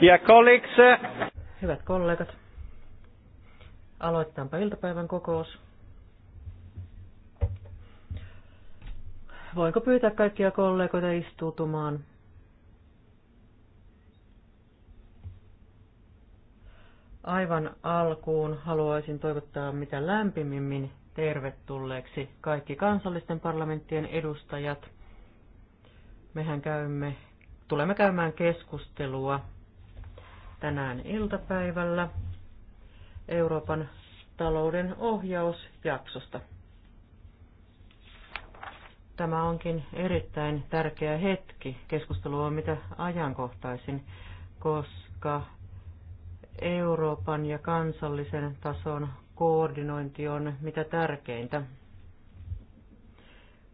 Ja colleagues. Eh, Hyvät kollegat, aloitetaanpa iltapäivän kokous. Voinko pyytää kaikkia kollegoita istuutumaan? Aivan alkuun haluaisin toivottaa mitä lämpimimmin tervetulleeksi kaikki kansallisten parlamenttien edustajat. Mehän käymme, tulemme käymään keskustelua tänään iltapäivällä Euroopan talouden ohjausjaksosta. Tämä onkin erittäin tärkeä hetki. Keskustelu on mitä ajankohtaisin, koska Euroopan ja kansallisen tason koordinointi on mitä tärkeintä.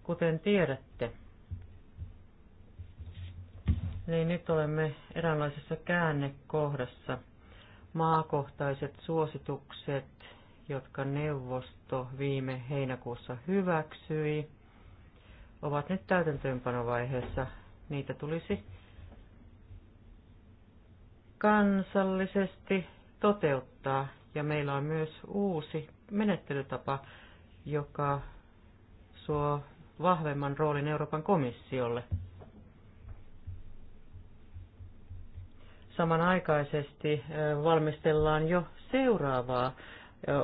Kuten tiedätte, niin nyt olemme eräänlaisessa käännekohdassa. Maakohtaiset suositukset, jotka neuvosto viime heinäkuussa hyväksyi, ovat nyt täytäntöönpanovaiheessa. Niitä tulisi kansallisesti toteuttaa ja meillä on myös uusi menettelytapa, joka suo vahvemman roolin Euroopan komissiolle. Samanaikaisesti valmistellaan jo seuraavaa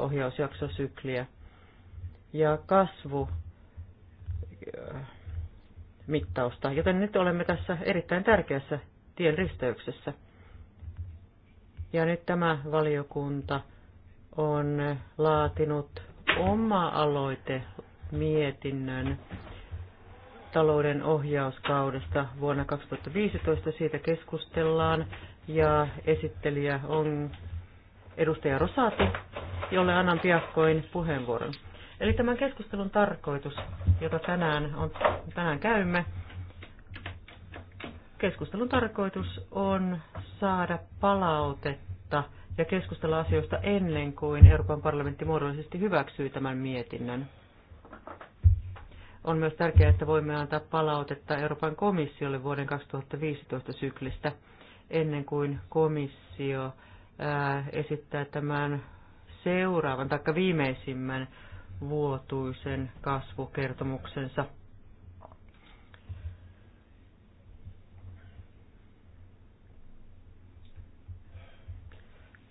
ohjausjaksosykliä. Ja kasvu mittausta, joten nyt olemme tässä erittäin tärkeässä tien risteyksessä. Ja nyt tämä valiokunta on laatinut oma-aloite mietinnön talouden ohjauskaudesta vuonna 2015. Siitä keskustellaan ja esittelijä on edustaja Rosati, jolle annan piakkoin puheenvuoron. Eli tämän keskustelun tarkoitus, jota tänään, on, tänään käymme, keskustelun tarkoitus on saada palautetta ja keskustella asioista ennen kuin Euroopan parlamentti muodollisesti hyväksyy tämän mietinnön. On myös tärkeää, että voimme antaa palautetta Euroopan komissiolle vuoden 2015 syklistä – ennen kuin komissio esittää tämän seuraavan tai viimeisimmän vuotuisen kasvukertomuksensa.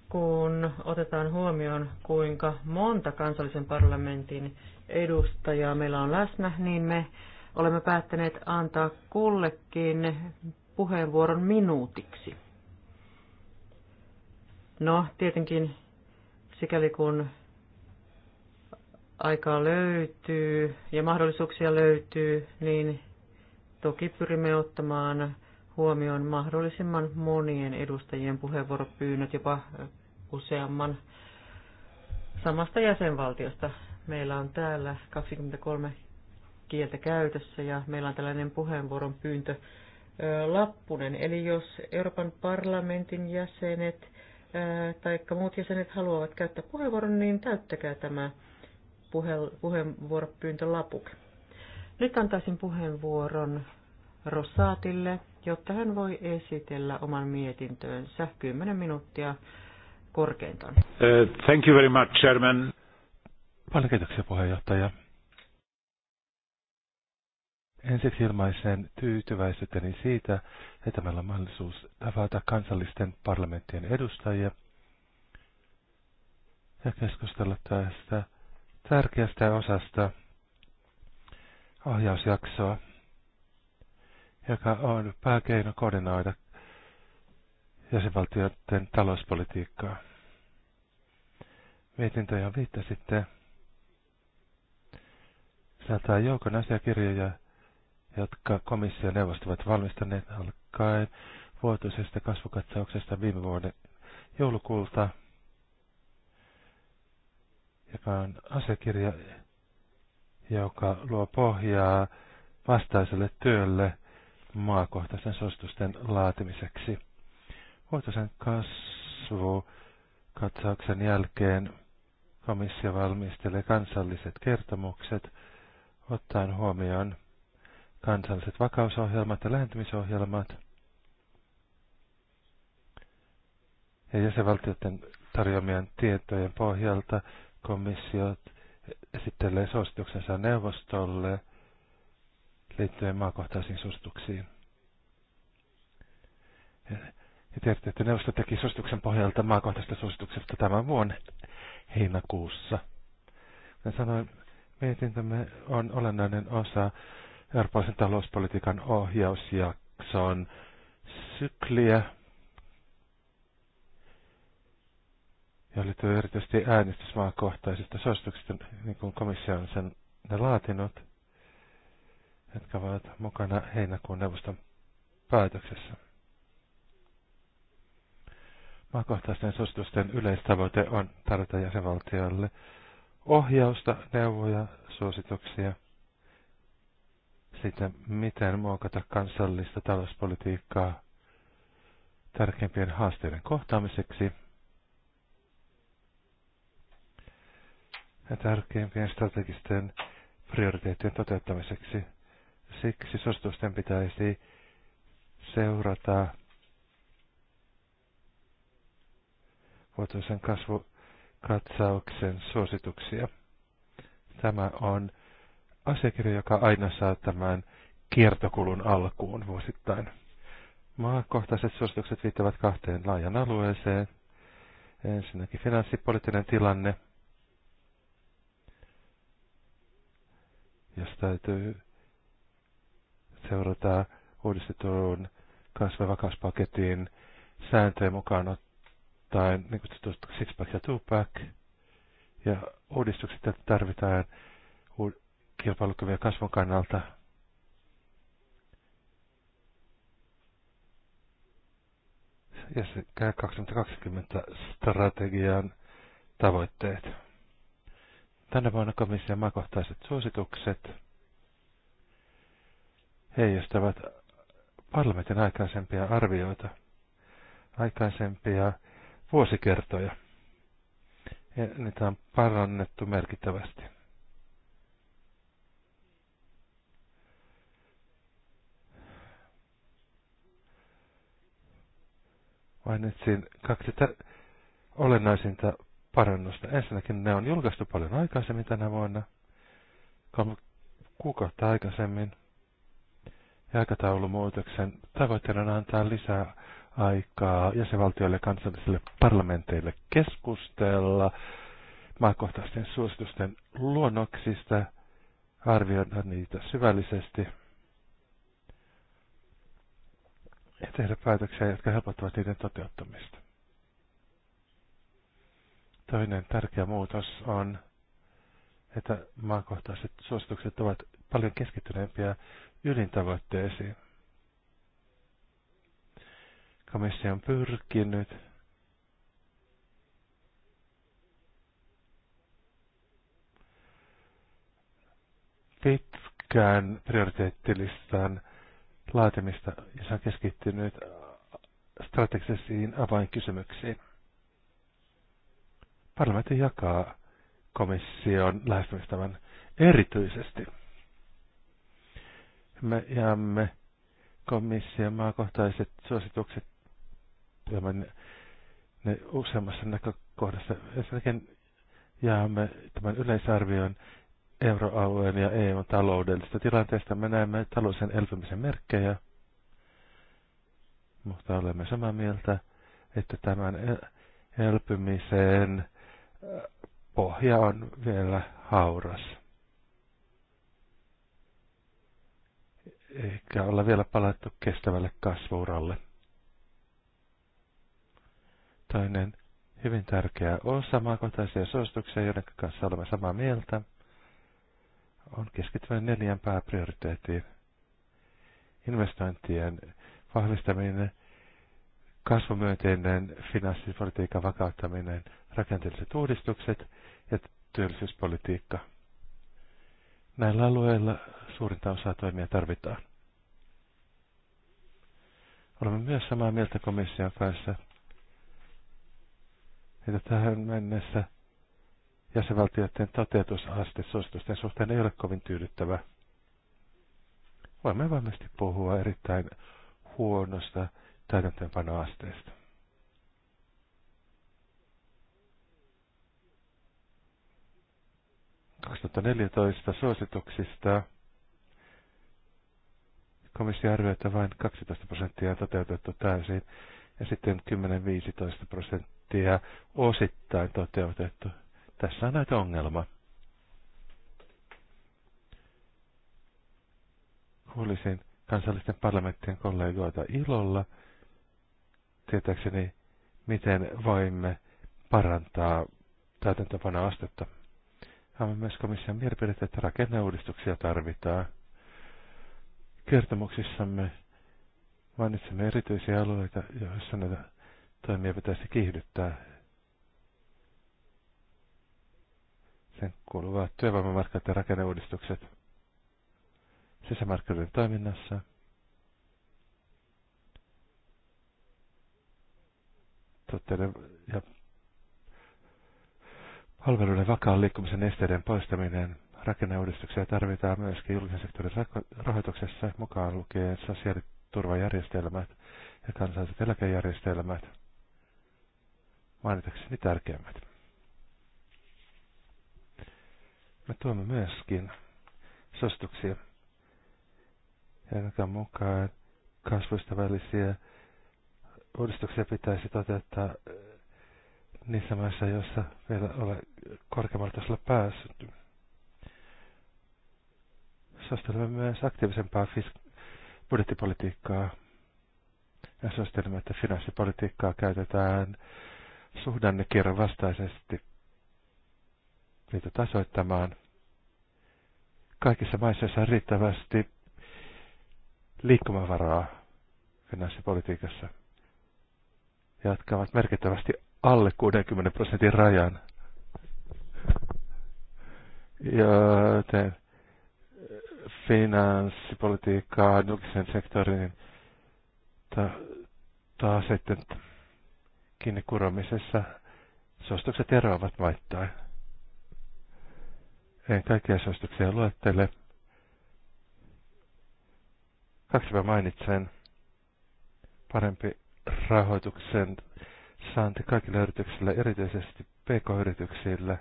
kun otetaan huomioon, kuinka monta kansallisen parlamentin edustajaa meillä on läsnä, niin me olemme päättäneet antaa kullekin puheenvuoron minuutiksi. No, tietenkin sikäli kun aikaa löytyy ja mahdollisuuksia löytyy, niin toki pyrimme ottamaan huomioon mahdollisimman monien edustajien puheenvuoropyynnöt, jopa useamman samasta jäsenvaltiosta. Meillä on täällä 23 kieltä käytössä ja meillä on tällainen puheenvuoron pyyntö lappunen. Eli jos Euroopan parlamentin jäsenet tai muut jäsenet haluavat käyttää puheenvuoron, niin täyttäkää tämä puhe, puheenvuoropyyntölapuke. Nyt antaisin puheenvuoron Rosaatille, jotta hän voi esitellä oman mietintöönsä 10 minuuttia korkeintaan. Uh, thank you very much, Chairman. Paljon kiitoksia puheenjohtaja. Ensiksi ilmaisen tyytyväisyyteni siitä, että meillä on mahdollisuus tavata kansallisten parlamenttien edustajia ja keskustella tästä tärkeästä osasta ohjausjaksoa, joka on pääkeino koordinoida jäsenvaltioiden talouspolitiikkaa. Mietintö, johon viittasitte, sisältää joukon asiakirjoja, jotka komission ovat valmistaneet alkaen vuotuisesta kasvukatsauksesta viime vuoden joulukuulta, joka on asiakirja, joka luo pohjaa vastaiselle työlle maakohtaisen suositusten laatimiseksi. Vuotuisen kasvukatsauksen jälkeen komissio valmistelee kansalliset kertomukset ottaen huomioon kansalliset vakausohjelmat ja lähentymisohjelmat ja jäsenvaltioiden tarjoamien tietojen pohjalta komissiot esittelee suosituksensa neuvostolle liittyen maakohtaisiin suosituksiin. Ja tiedätte, että neuvosto teki suosituksen pohjalta maakohtaisesta suosituksesta tämän vuoden heinäkuussa. Mä sanoin, mietintämme on olennainen osa eurooppalaisen talouspolitiikan ohjausjakson sykliä, ja liittyy erityisesti äänestysmaakohtaisista suosituksista, niin kuin komissio on sen ne laatinut, jotka ovat mukana heinäkuun neuvoston päätöksessä. Maakohtaisten suositusten yleistavoite on tarjota jäsenvaltioille ohjausta, neuvoja, suosituksia – siitä, miten muokata kansallista talouspolitiikkaa tärkeimpien haasteiden kohtaamiseksi ja tärkeimpien strategisten prioriteettien toteuttamiseksi. Siksi suositusten pitäisi seurata vuotuisen kasvukatsauksen suosituksia. Tämä on asiakirja, joka aina saa tämän kiertokulun alkuun vuosittain. Maakohtaiset suositukset viittavat kahteen laajan alueeseen. Ensinnäkin finanssipoliittinen tilanne, jos täytyy seurata uudistetun kasvavakauspaketin sääntöjen mukaan ottaen niin kutsutut six-pack ja two-pack. Ja uudistukset tarvitaan kilpailukyvyn ja kasvun kannalta. Ja sekä 2020 strategian tavoitteet. Tänä vuonna komission maakohtaiset suositukset heijastavat parlamentin aikaisempia arvioita, aikaisempia vuosikertoja. Ja niitä on parannettu merkittävästi. mainitsin kaksi olennaisinta parannusta. Ensinnäkin ne on julkaistu paljon aikaisemmin tänä vuonna, kolme kuukautta aikaisemmin. Ja aikataulumuutoksen tavoitteena on antaa lisää aikaa jäsenvaltioille ja kansallisille parlamenteille keskustella maakohtaisten suositusten luonnoksista, arvioida niitä syvällisesti – ja tehdä päätöksiä, jotka helpottavat niiden toteuttamista. Toinen tärkeä muutos on, että maakohtaiset suositukset ovat paljon keskittyneempiä ydintavoitteisiin. Komissio on pyrkinyt pitkään prioriteettilistan laatimista ja se on keskittynyt strategisiin avainkysymyksiin. Parlamentti jakaa komission lähestymistavan erityisesti. Me jaamme komission maakohtaiset suositukset ne, ne useammassa näkökohdassa. Ensinnäkin jaamme tämän yleisarvion euroalueen ja EUn taloudellisesta tilanteesta. Me näemme taloudellisen elpymisen merkkejä, mutta olemme samaa mieltä, että tämän elpymisen pohja on vielä hauras. Eikä olla vielä palattu kestävälle kasvuuralle. Toinen hyvin tärkeä on maakohtaisia suosituksia, joiden kanssa olemme samaa mieltä on keskittynyt neljän pääprioriteettiin. Investointien vahvistaminen, kasvumyönteinen finanssipolitiikan vakauttaminen, rakenteelliset uudistukset ja työllisyyspolitiikka. Näillä alueilla suurinta osaa toimia tarvitaan. Olemme myös samaa mieltä komission kanssa, että tähän mennessä – jäsenvaltioiden toteutusaste suositusten suhteen ei ole kovin tyydyttävä. Voimme varmasti puhua erittäin huonosta täytäntöönpanoasteesta. neljätoista suosituksista komissio arvioi, että vain 12 prosenttia on toteutettu täysin ja sitten 10-15 prosenttia osittain toteutettu. Tässä on näitä ongelma. Kuulisin kansallisten parlamenttien kollegoita ilolla, tietääkseni miten voimme parantaa astetta. Haluamme myös komission mielipidettä, että rakenneuudistuksia tarvitaan. Kertomuksissamme mainitsemme erityisiä alueita, joissa näitä toimia pitäisi kiihdyttää sen kuuluvat työvoimamarkkinoiden rakenneuudistukset sisämarkkinoiden toiminnassa. Tuotteiden ja palveluiden vakaan liikkumisen esteiden poistaminen. Rakenneuudistuksia tarvitaan myöskin julkisen sektorin rahoituksessa mukaan lukien sosiaaliturvajärjestelmät ja kansalliset eläkejärjestelmät, mainitakseni tärkeimmät. Me tuomme myöskin suosituksia, jonka mukaan välisiä uudistuksia pitäisi toteuttaa äh, niissä maissa, joissa vielä ole korkeammalla tasolla päässyt. Suosittelemme myös aktiivisempaa fisk- budjettipolitiikkaa ja suosittelemme, että finanssipolitiikkaa käytetään suhdannekierron vastaisesti niitä tasoittamaan. Kaikissa maissa on riittävästi liikkumavaraa finanssipolitiikassa, jotka jatkavat merkittävästi alle 60 prosentin rajan. Joten finanssipolitiikkaa julkisen sektorin niin taas sitten kiinni kuromisessa eroavat maittain. En kaikkia suosituksia luettele. Kaksi mä mainitsen. Parempi rahoituksen saanti kaikille yrityksille, erityisesti pk-yrityksille.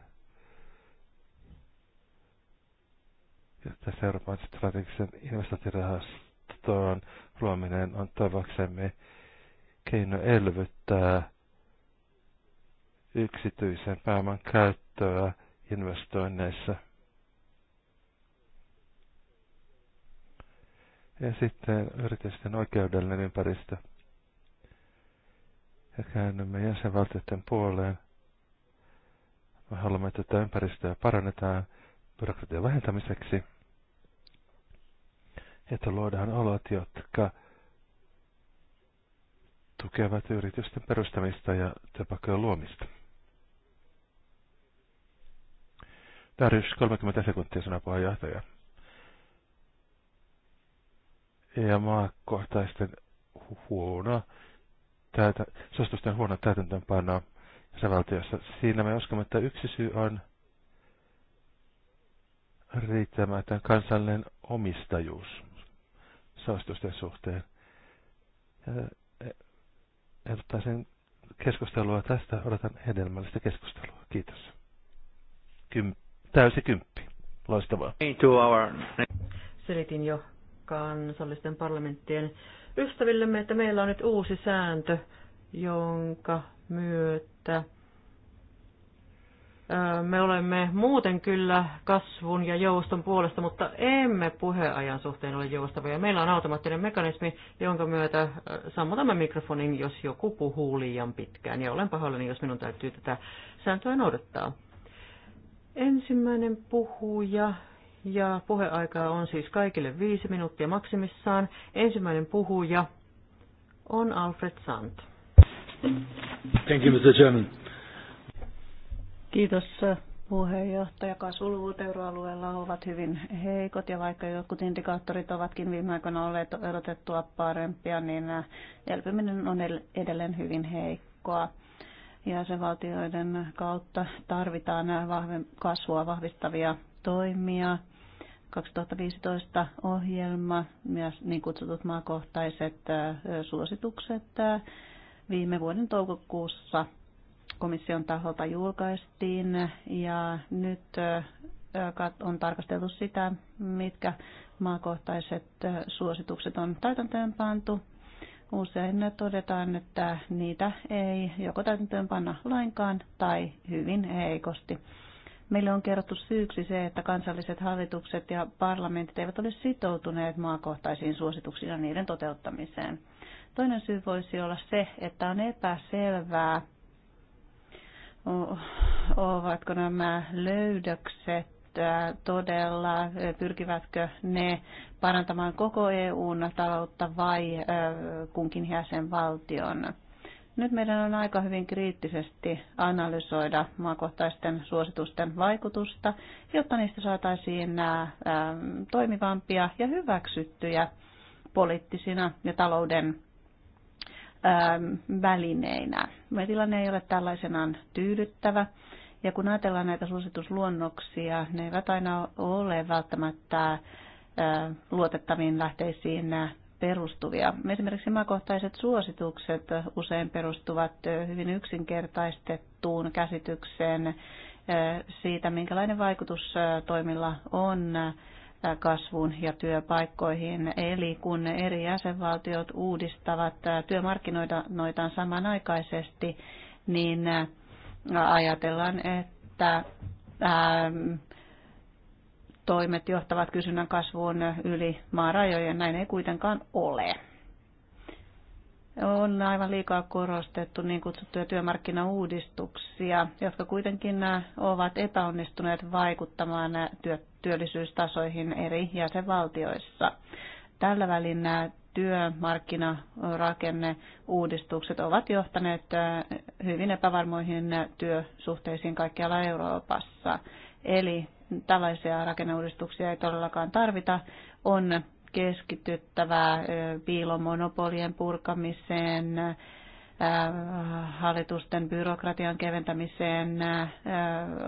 Ja tässä Euroopan strategisen investointirahastoon luominen on tavaksemme keino elvyttää yksityisen pääoman käyttöä investoinneissa – Ja sitten yritysten oikeudellinen ympäristö. Ja käännymme jäsenvaltioiden puoleen. Me haluamme, että tätä ympäristöä parannetaan byrokratian vähentämiseksi. Että luodaan olot, jotka tukevat yritysten perustamista ja työpaikkojen luomista. Tarjus 30 sekuntia sana puheenjohtaja ja maakohtaisten huono täytä, suositusten huono täytäntöönpano jäsenvaltiossa. Siinä me uskomme, että yksi syy on riittämätön kansallinen omistajuus suositusten suhteen. Eh, Ehdottaa sen keskustelua tästä. Odotan hedelmällistä keskustelua. Kiitos. Kym, täysi kymppi. Loistavaa. Selitin jo kansallisten parlamenttien ystävillemme, että meillä on nyt uusi sääntö, jonka myötä me olemme muuten kyllä kasvun ja jouston puolesta, mutta emme puheajan suhteen ole joustavia. Meillä on automaattinen mekanismi, jonka myötä sammutamme mikrofonin, jos joku puhuu liian pitkään. Ja olen pahoillani, jos minun täytyy tätä sääntöä noudattaa. Ensimmäinen puhuja ja puheaikaa on siis kaikille viisi minuuttia maksimissaan. Ensimmäinen puhuja on Alfred Sant. Thank you, Mr. Chairman. Kiitos äh, puheenjohtaja. Kasvuluvut euroalueella ovat hyvin heikot ja vaikka jotkut indikaattorit ovatkin viime aikoina olleet odotettua parempia, niin äh, elpyminen on edelleen hyvin heikkoa jäsenvaltioiden kautta tarvitaan äh, kasvua vahvistavia toimia. 2015 ohjelma, myös niin kutsutut maakohtaiset suositukset viime vuoden toukokuussa komission taholta julkaistiin ja nyt on tarkasteltu sitä, mitkä maakohtaiset suositukset on täytäntöönpantu. Usein todetaan, että niitä ei joko täytäntöönpanna lainkaan tai hyvin heikosti. Meille on kerrottu syyksi se, että kansalliset hallitukset ja parlamentit eivät ole sitoutuneet maakohtaisiin suosituksiin ja niiden toteuttamiseen. Toinen syy voisi olla se, että on epäselvää, ovatko nämä löydökset todella, pyrkivätkö ne parantamaan koko EUn taloutta vai kunkin jäsenvaltion nyt meidän on aika hyvin kriittisesti analysoida maakohtaisten suositusten vaikutusta, jotta niistä saataisiin nämä ähm, toimivampia ja hyväksyttyjä poliittisina ja talouden ähm, välineinä. Me tilanne ei ole tällaisenaan tyydyttävä. Ja kun ajatellaan näitä suositusluonnoksia, ne eivät aina ole välttämättä äh, luotettaviin lähteisiin äh, perustuvia. Esimerkiksi makohtaiset suositukset usein perustuvat hyvin yksinkertaistettuun käsitykseen eh, siitä, minkälainen vaikutus eh, toimilla on eh, kasvuun ja työpaikkoihin. Eli kun eri jäsenvaltiot uudistavat työmarkkinoita noitaan samanaikaisesti, niin ajatellaan, että toimet johtavat kysynnän kasvuun yli maarajojen. Näin ei kuitenkaan ole. On aivan liikaa korostettu niin kutsuttuja työmarkkinauudistuksia, jotka kuitenkin ovat epäonnistuneet vaikuttamaan työllisyystasoihin eri jäsenvaltioissa. Tällä välin nämä työmarkkinarakenneuudistukset ovat johtaneet hyvin epävarmoihin työsuhteisiin kaikkialla Euroopassa. Eli tällaisia rakenneuudistuksia ei todellakaan tarvita, on keskityttävää piilomonopolien purkamiseen, hallitusten byrokratian keventämiseen,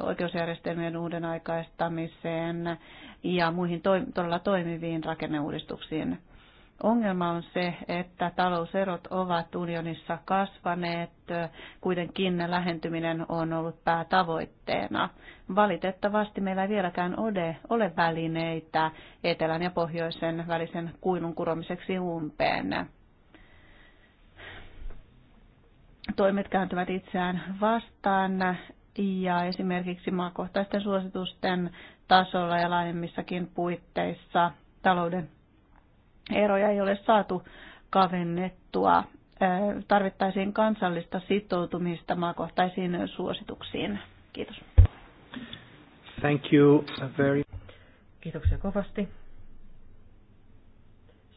oikeusjärjestelmien uuden aikaistamiseen ja muihin todella toimiviin rakenneuudistuksiin. Ongelma on se, että talouserot ovat unionissa kasvaneet, kuitenkin lähentyminen on ollut päätavoitteena. Valitettavasti meillä ei vieläkään ole, ole välineitä etelän ja pohjoisen välisen kuilun kuromiseksi umpeen. Toimet kääntyvät itseään vastaan ja esimerkiksi maakohtaisten suositusten tasolla ja laajemmissakin puitteissa talouden eroja ei ole saatu kavennettua. Tarvittaisiin kansallista sitoutumista maakohtaisiin suosituksiin. Kiitos. Thank you very... Kiitoksia kovasti.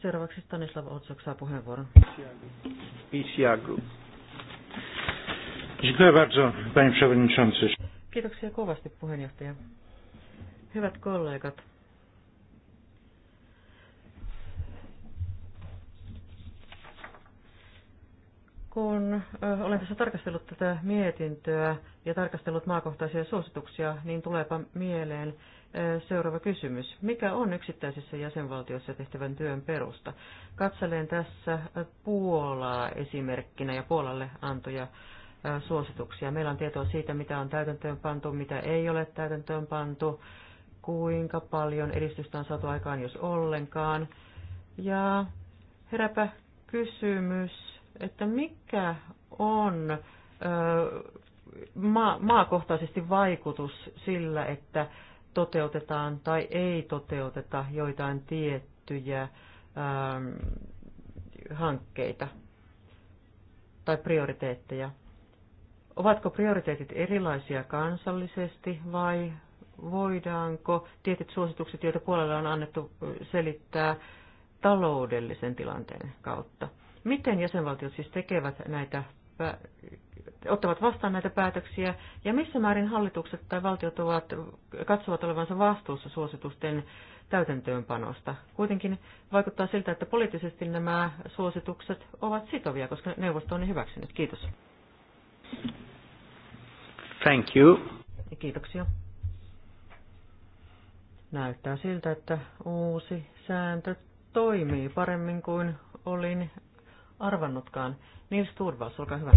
Seuraavaksi Stanislav Otsok saa puheenvuoron. Kiitoksia kovasti, puheenjohtaja. Hyvät kollegat, Kun olen tässä tarkastellut tätä mietintöä ja tarkastellut maakohtaisia suosituksia, niin tuleepa mieleen seuraava kysymys. Mikä on yksittäisissä jäsenvaltioissa tehtävän työn perusta? Katselen tässä Puolaa esimerkkinä ja Puolalle antoja suosituksia. Meillä on tietoa siitä, mitä on täytäntöön pantu, mitä ei ole täytäntöön pantu, kuinka paljon edistystä on saatu aikaan, jos ollenkaan. Ja heräpä kysymys että mikä on ö, maakohtaisesti vaikutus sillä, että toteutetaan tai ei toteuteta joitain tiettyjä ö, hankkeita tai prioriteetteja. Ovatko prioriteetit erilaisia kansallisesti vai voidaanko tietyt suositukset, joita puolella on annettu, selittää taloudellisen tilanteen kautta? Miten jäsenvaltiot siis tekevät näitä, ottavat vastaan näitä päätöksiä ja missä määrin hallitukset tai valtiot ovat, katsovat olevansa vastuussa suositusten täytäntöönpanosta. Kuitenkin vaikuttaa siltä, että poliittisesti nämä suositukset ovat sitovia, koska neuvosto on ne hyväksynyt. Kiitos. Thank you. Kiitoksia. Näyttää siltä, että uusi sääntö toimii paremmin kuin olin arvannutkaan. Nils Turvaus, olkaa hyvä.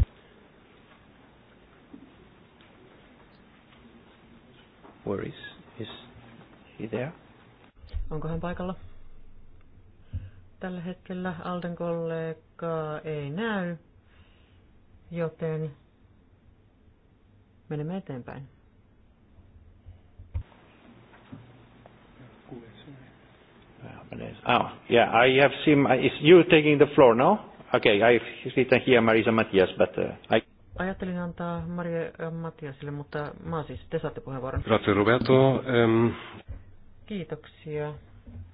Where is, is he there? Onko hän paikalla? Tällä hetkellä Alden kollega ei näy, joten menemme eteenpäin. Ah, yeah, I have seen. Is you taking the floor now? Okei, okay, sitten here Marisa Matias, but uh, I... Ajattelin antaa Maria äh, Matiasille, mutta mä siis, te saatte puheenvuoron. Grazie Roberto. Um... Kiitoksia.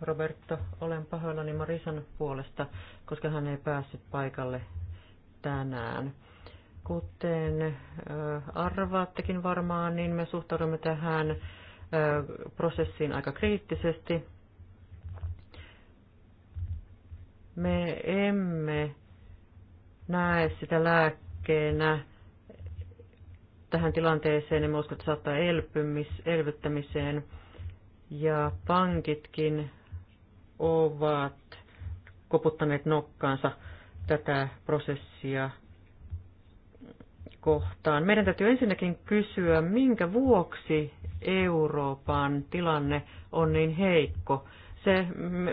Roberto, olen pahoillani Marisan puolesta, koska hän ei päässyt paikalle tänään. Kuten äh, arvaattekin varmaan, niin me suhtaudumme tähän äh, prosessiin aika kriittisesti. Me emme näe sitä lääkkeenä tähän tilanteeseen, niin uskon, että saattaa elpymis, elvyttämiseen. Ja pankitkin ovat koputtaneet nokkaansa tätä prosessia kohtaan. Meidän täytyy ensinnäkin kysyä, minkä vuoksi Euroopan tilanne on niin heikko se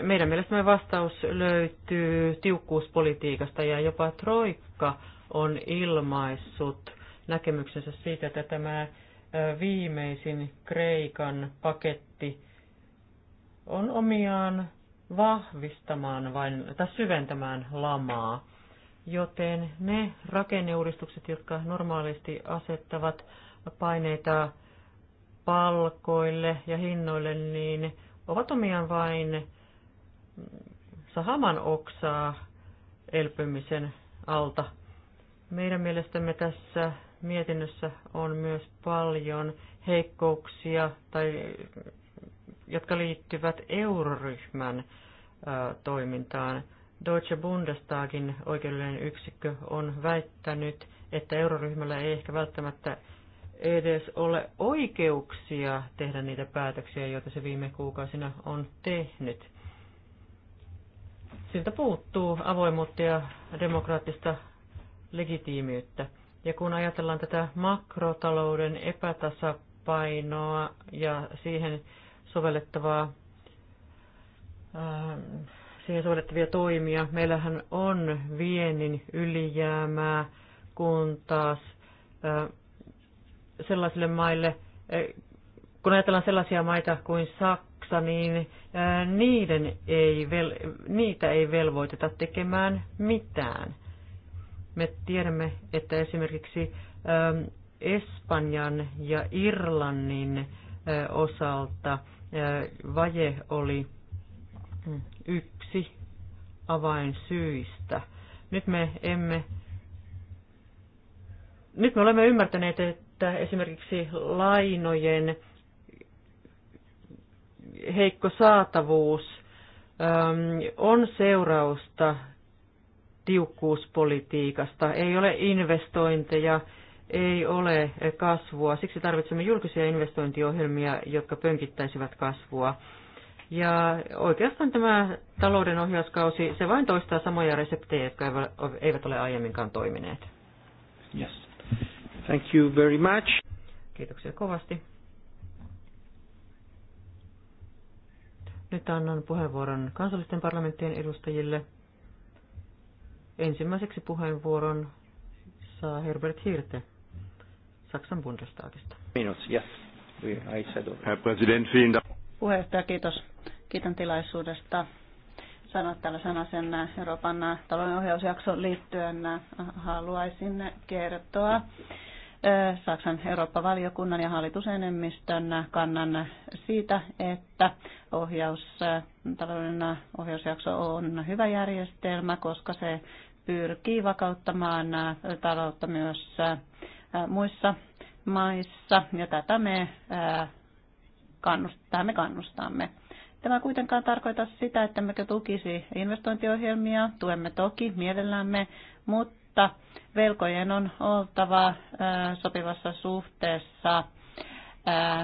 meidän mielestämme vastaus löytyy tiukkuuspolitiikasta ja jopa Troikka on ilmaissut näkemyksensä siitä, että tämä viimeisin Kreikan paketti on omiaan vahvistamaan vain, tai syventämään lamaa. Joten ne rakenneuudistukset, jotka normaalisti asettavat paineita palkoille ja hinnoille, niin ovat omiaan vain sahaman oksaa elpymisen alta. Meidän mielestämme tässä mietinnössä on myös paljon heikkouksia, tai, jotka liittyvät euroryhmän toimintaan. Deutsche Bundestagin oikeudellinen yksikkö on väittänyt, että euroryhmällä ei ehkä välttämättä edes ole oikeuksia tehdä niitä päätöksiä, joita se viime kuukausina on tehnyt. Siltä puuttuu avoimuutta ja demokraattista legitiimiyttä. Ja kun ajatellaan tätä makrotalouden epätasapainoa ja siihen sovellettavaa ähm, siihen sovellettavia toimia. Meillähän on viennin ylijäämää, kun taas äh, sellaisille maille, eh, kun ajatellaan sellaisia maita kuin Saksa, niin eh, niiden ei niitä ei velvoiteta tekemään mitään. Me tiedämme, että esimerkiksi eh, Espanjan ja Irlannin osalta vaje oli yksi avainsyistä. Nyt me emme nyt me olemme ymmärtäneet, että esimerkiksi lainojen heikko saatavuus ähm, on seurausta tiukkuuspolitiikasta. Ei ole investointeja, ei ole kasvua. Siksi tarvitsemme julkisia investointiohjelmia, jotka pönkittäisivät kasvua. Ja oikeastaan tämä talouden ohjauskausi, se vain toistaa samoja reseptejä, jotka eivät ole aiemminkaan toimineet. Yes. Thank you very much. Kiitoksia kovasti. Nyt annan puheenvuoron kansallisten parlamenttien edustajille. Ensimmäiseksi puheenvuoron saa Herbert Hirte Saksan Bundestagista. Minus, yes. I vielen Dank. Puheenjohtaja, kiitos. Kiitän tilaisuudesta sanoa tällä sanasen Euroopan talouden ohjausjakson liittyen. Haluaisin kertoa Saksan Eurooppa-valiokunnan ja hallitusenemmistön kannan siitä, että ohjaus, taloudellinen ohjausjakso on hyvä järjestelmä, koska se pyrkii vakauttamaan taloutta myös muissa maissa, ja tätä me, kannustamme. me kannustamme. Tämä kuitenkaan tarkoita sitä, että mekö tukisi investointiohjelmia, tuemme toki mielellämme, mutta mutta velkojen on oltava sopivassa suhteessa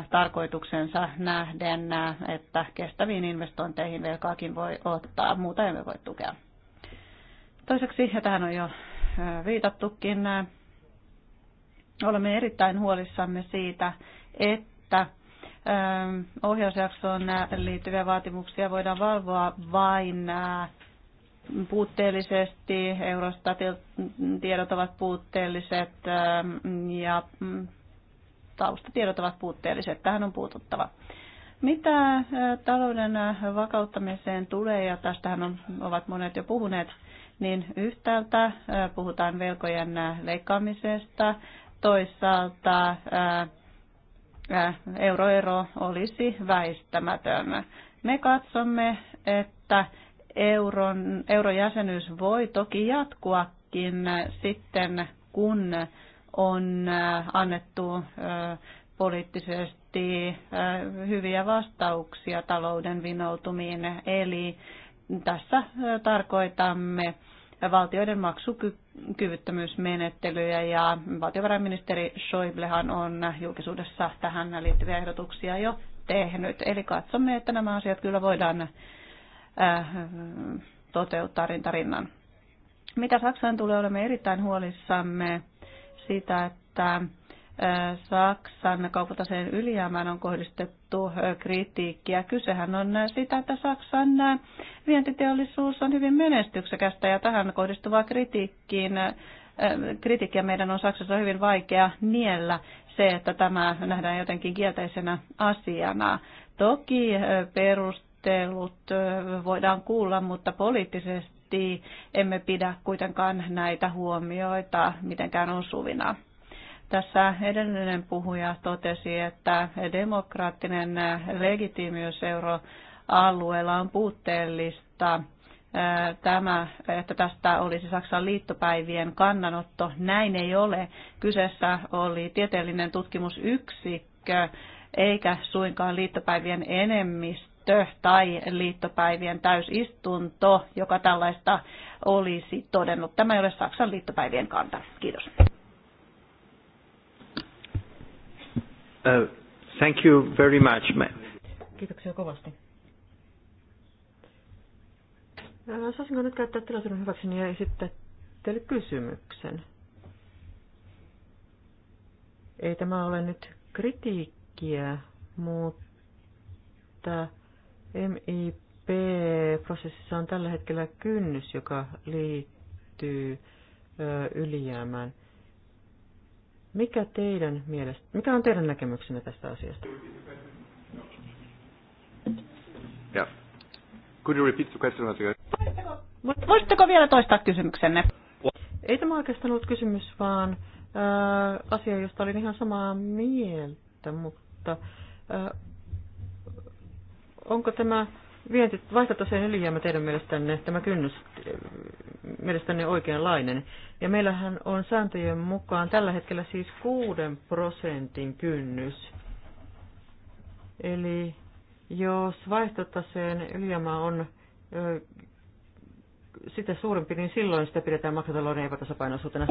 tarkoituksensa nähden, että kestäviin investointeihin velkaakin voi ottaa, muuta emme voi tukea. Toiseksi, ja tähän on jo viitattukin, olemme erittäin huolissamme siitä, että ohjausjaksoon liittyviä vaatimuksia voidaan valvoa vain puutteellisesti, Eurostatin tiedot ovat puutteelliset ähm, ja mm, taustatiedot ovat puutteelliset. Tähän on puututtava. Mitä äh, talouden äh, vakauttamiseen tulee, ja tästähän on, ovat monet jo puhuneet, niin yhtäältä äh, puhutaan velkojen leikkaamisesta, toisaalta euroero olisi väistämätön. Me katsomme, että euron, eurojäsenyys voi toki jatkuakin sitten, kun on äh, annettu äh, poliittisesti äh, hyviä vastauksia talouden vinoutumiin. Eli tässä tarkoitamme valtioiden maksukyvyttömyysmenettelyjä ja valtiovarainministeri Schäublehan on julkisuudessa tähän liittyviä ehdotuksia jo tehnyt. Eli katsomme, että nämä asiat kyllä voidaan Äh, toteuttaa rintarinnan. Mitä Saksaan tulee, olemme erittäin huolissamme siitä, että äh, Saksan kauppataseen ylijäämään on kohdistettu äh, kritiikkiä. Kysehän on sitä, että Saksan vientiteollisuus on hyvin menestyksekästä ja tähän kohdistuvaa kritiikkiin, kritiikkiä meidän on Saksassa hyvin vaikea niellä se, että tämä nähdään jotenkin kielteisenä asiana. Toki perust perustelut voidaan kuulla, mutta poliittisesti emme pidä kuitenkaan näitä huomioita mitenkään osuvina. Tässä edellinen puhuja totesi, että demokraattinen legitiimius euroalueella on puutteellista. Tämä, että tästä olisi Saksan liittopäivien kannanotto, näin ei ole. Kyseessä oli tieteellinen tutkimusyksikkö, eikä suinkaan liittopäivien enemmistö tai liittopäivien täysistunto, joka tällaista olisi todennut. Tämä ei ole Saksan liittopäivien kanta. Kiitos. Uh, thank you very much. Kiitoksia kovasti. Saisinko nyt käyttää tilaisuuden hyväkseni ja esittää teille kysymyksen? Ei tämä ole nyt kritiikkiä, mutta MIP-prosessissa on tällä hetkellä kynnys, joka liittyy ylijäämään. Mikä, teidän mielestä, mikä on teidän näkemyksenne tästä asiasta? Yeah. Could you repeat the question once again? Voisitteko vielä toistaa kysymyksenne? Ei tämä oikeastaan ollut kysymys, vaan ö, asia, josta olin ihan samaa mieltä, mutta ö, Onko tämä vienti vaihtotaseen ylijäämä teidän mielestänne, tämä kynnys mielestänne oikeanlainen? Ja meillähän on sääntöjen mukaan tällä hetkellä siis 6 prosentin kynnys. Eli jos vaihtotaseen ylijäämä on sitä suurempi, niin silloin sitä pidetään maksatalouden epätasapainoisuutena.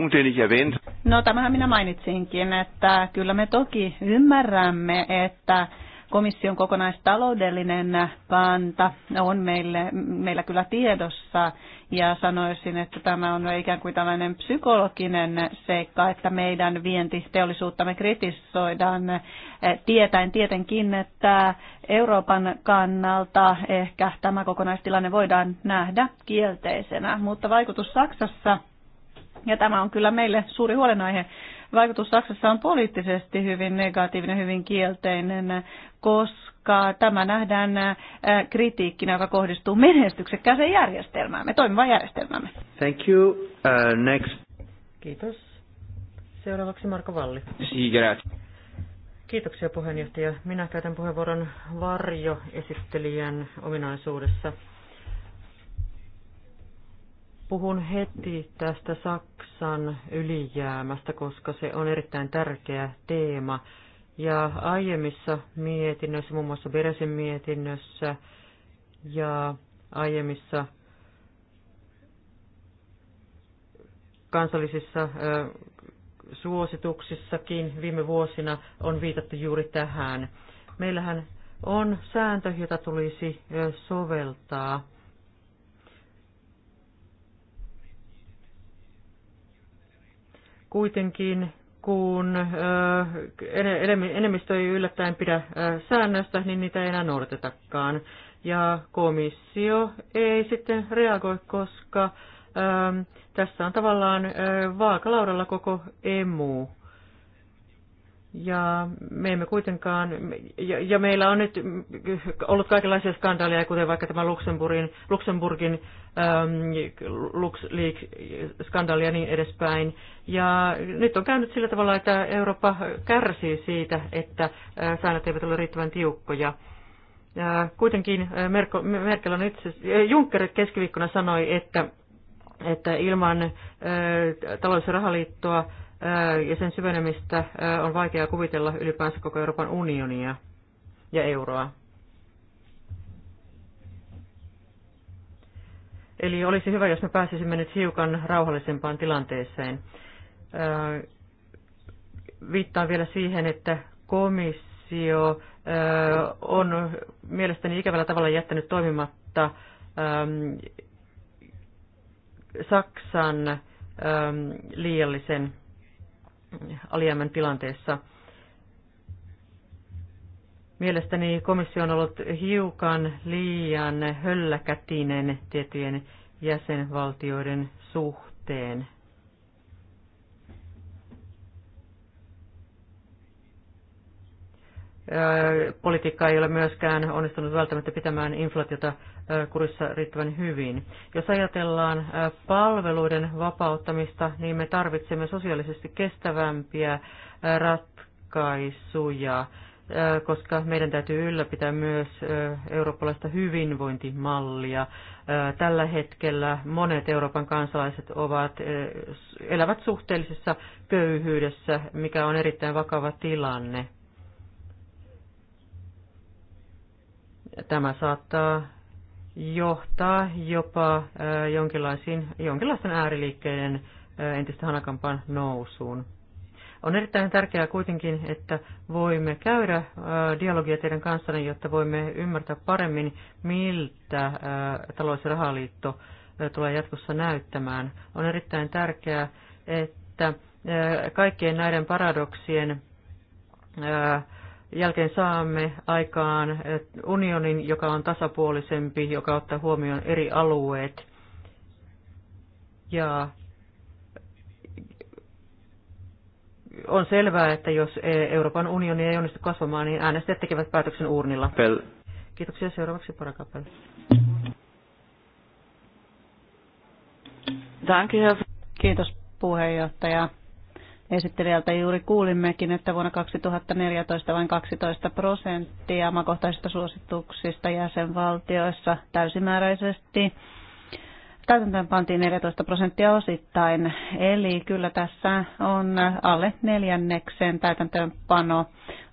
No tämähän minä mainitsinkin, että kyllä me toki ymmärrämme, että komission kokonaistaloudellinen kanta on meille, meillä kyllä tiedossa ja sanoisin, että tämä on ikään kuin tällainen psykologinen seikka, että meidän vientiteollisuuttamme kritisoidaan tietäen tietenkin, että Euroopan kannalta ehkä tämä kokonaistilanne voidaan nähdä kielteisenä, mutta vaikutus Saksassa ja tämä on kyllä meille suuri huolenaihe vaikutus Saksassa on poliittisesti hyvin negatiivinen, hyvin kielteinen, koska tämä nähdään äh, kritiikkinä, joka kohdistuu menestyksekkääseen järjestelmäämme, toimivaan järjestelmäämme. Thank you. Uh, next. Kiitos. Seuraavaksi Marko Valli. Kiitoksia puheenjohtaja. Minä käytän puheenvuoron varjoesittelijän ominaisuudessa. Puhun heti tästä Saksan ylijäämästä, koska se on erittäin tärkeä teema. Ja aiemmissa mietinnöissä, muun muassa Beresin mietinnössä ja aiemmissa kansallisissa suosituksissakin viime vuosina on viitattu juuri tähän. Meillähän on sääntö, jota tulisi soveltaa Kuitenkin kun enemmistö ei yllättäen pidä säännöstä niin niitä ei enää noudatetakaan. Ja komissio ei sitten reagoi, koska tässä on tavallaan vaakalaudalla koko emu ja me emme kuitenkaan, ja, ja meillä on nyt ollut kaikenlaisia skandaaleja, kuten vaikka tämä Luxemburgin, Luxemburgin ähm, LuxLeaks-skandaali ja niin edespäin. Ja nyt on käynyt sillä tavalla, että Eurooppa kärsii siitä, että äh, säännöt eivät ole riittävän tiukkoja. Ja kuitenkin äh, Merkel, Merkel on itse, äh, Juncker keskiviikkona sanoi, että, että ilman äh, talous- ja rahaliittoa äh, ja sen syvenemistä on vaikea kuvitella ylipäänsä koko Euroopan unionia ja euroa. Eli olisi hyvä, jos me pääsisimme nyt hiukan rauhallisempaan tilanteeseen. Viittaan vielä siihen, että komissio on mielestäni ikävällä tavalla jättänyt toimimatta Saksan liiallisen alijäämän tilanteessa. Mielestäni komissio on ollut hiukan liian hölläkätinen tiettyjen jäsenvaltioiden suhteen. Politiikka ei ole myöskään onnistunut välttämättä pitämään inflaatiota kurissa riittävän hyvin. Jos ajatellaan palveluiden vapauttamista, niin me tarvitsemme sosiaalisesti kestävämpiä ratkaisuja, koska meidän täytyy ylläpitää myös eurooppalaista hyvinvointimallia. Tällä hetkellä monet Euroopan kansalaiset ovat, elävät suhteellisessa köyhyydessä, mikä on erittäin vakava tilanne. Tämä saattaa johtaa jopa äh, jonkinlaisiin, jonkinlaisten ääriliikkeiden äh, entistä hanakampaan nousuun. On erittäin tärkeää kuitenkin, että voimme käydä äh, dialogia teidän kanssanne, jotta voimme ymmärtää paremmin, miltä talous- ja rahaliitto tulee jatkossa näyttämään. On erittäin tärkeää, että kaikkien näiden paradoksien jälkeen saamme aikaan unionin, joka on tasapuolisempi, joka ottaa huomioon eri alueet. Ja on selvää, että jos e- Euroopan unioni ei onnistu kasvamaan, niin äänestäjät tekevät päätöksen uurnilla. Pel. Kiitoksia. Seuraavaksi Parakapel. Kiitos puheenjohtaja esittelijältä juuri kuulimmekin, että vuonna 2014 vain 12 prosenttia makohtaisista suosituksista jäsenvaltioissa täysimääräisesti täytäntöön pantiin 14 prosenttia osittain, eli kyllä tässä on alle neljänneksen täytäntöönpano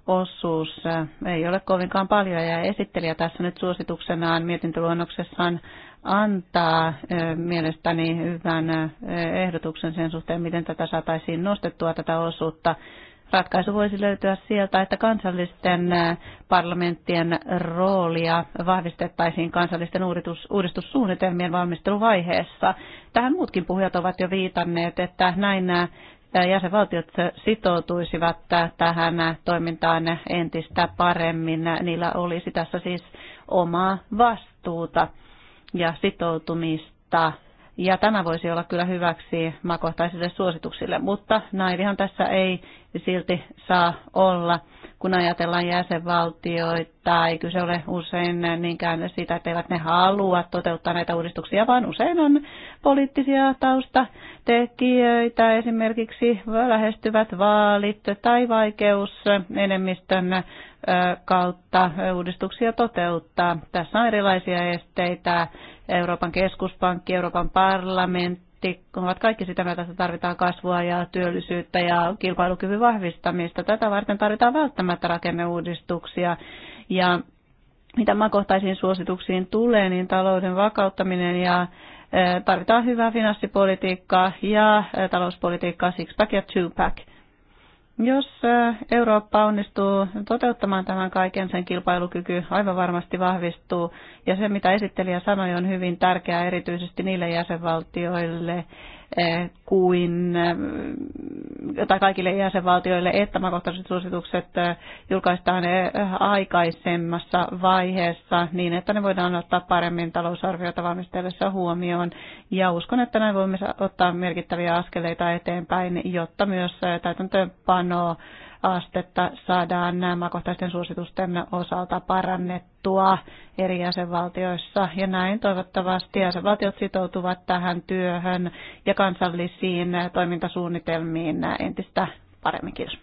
osuus ei ole kovinkaan paljon ja esittelijä tässä nyt suosituksenaan mietintöluonnoksessaan antaa mielestäni hyvän ehdotuksen sen suhteen, miten tätä saataisiin nostettua tätä osuutta. Ratkaisu voisi löytyä sieltä, että kansallisten parlamenttien roolia vahvistettaisiin kansallisten uudistussuunnitelmien valmisteluvaiheessa. Tähän muutkin puhujat ovat jo viitanneet, että näin jäsenvaltiot sitoutuisivat tähän toimintaan entistä paremmin. Niillä olisi tässä siis omaa vastuuta ja sitoutumista. Ja tämä voisi olla kyllä hyväksi makohtaisille suosituksille, mutta naivihan tässä ei silti saa olla, kun ajatellaan jäsenvaltioita. Ei kyse ole usein niinkään sitä, että eivät ne halua toteuttaa näitä uudistuksia, vaan usein on poliittisia taustatekijöitä, esimerkiksi lähestyvät vaalit tai vaikeus enemmistön kautta uudistuksia toteuttaa. Tässä on erilaisia esteitä Euroopan keskuspankki, Euroopan parlamentti ovat kaikki sitä mieltä, että tarvitaan kasvua ja työllisyyttä ja kilpailukyvyn vahvistamista. Tätä varten tarvitaan välttämättä rakenneuudistuksia ja mitä makohtaisiin suosituksiin tulee, niin talouden vakauttaminen ja eh, tarvitaan hyvää finanssipolitiikkaa ja eh, talouspolitiikkaa six-pack ja two-pack. Jos Eurooppa onnistuu toteuttamaan tämän kaiken, sen kilpailukyky aivan varmasti vahvistuu. Ja se, mitä esittelijä sanoi, on hyvin tärkeää erityisesti niille jäsenvaltioille, Eh, kuin, eh, tai kaikille jäsenvaltioille, että makohtaiset suositukset eh, julkaistaan aikaisemmassa vaiheessa niin, että ne voidaan ottaa paremmin talousarviota valmistellessa huomioon. Ja uskon, että näin voimme ottaa merkittäviä askeleita eteenpäin, jotta myös täytäntöönpano astetta saadaan nämä maakohtaisten suositusten osalta parannettua eri jäsenvaltioissa. Ja näin toivottavasti jäsenvaltiot sitoutuvat tähän työhön ja kansallisiin toimintasuunnitelmiin entistä paremmin. Kiitos.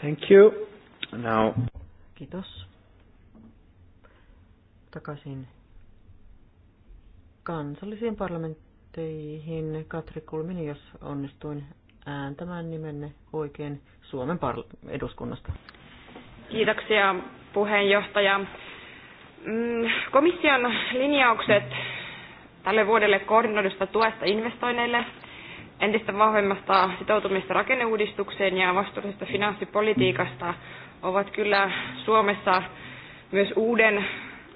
Thank you. Now. Kiitos. Takaisin kansallisiin parlamenttiin teihin. Katri Kulmini, jos onnistuin ääntämään nimenne oikein Suomen eduskunnasta. Kiitoksia puheenjohtaja. Mm, komission linjaukset tälle vuodelle koordinoidusta tuesta investoinneille, entistä vahvemmasta sitoutumista rakenneuudistukseen ja vastuullisesta finanssipolitiikasta ovat kyllä Suomessa myös uuden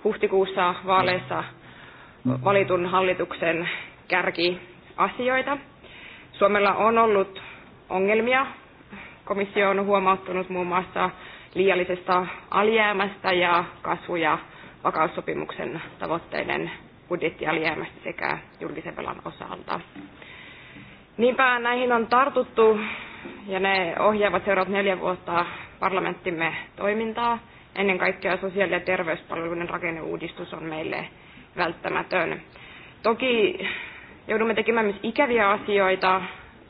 huhtikuussa vaaleissa valitun hallituksen kärkiasioita. Suomella on ollut ongelmia. Komissio on huomauttanut muun muassa liiallisesta alijäämästä ja kasvu- ja vakaussopimuksen tavoitteiden budjettialijäämästä sekä julkisen velan osalta. Niinpä näihin on tartuttu ja ne ohjaavat seuraavat neljä vuotta parlamenttimme toimintaa. Ennen kaikkea sosiaali- ja terveyspalveluiden rakenneuudistus on meille välttämätön. Toki Joudumme tekemään myös ikäviä asioita.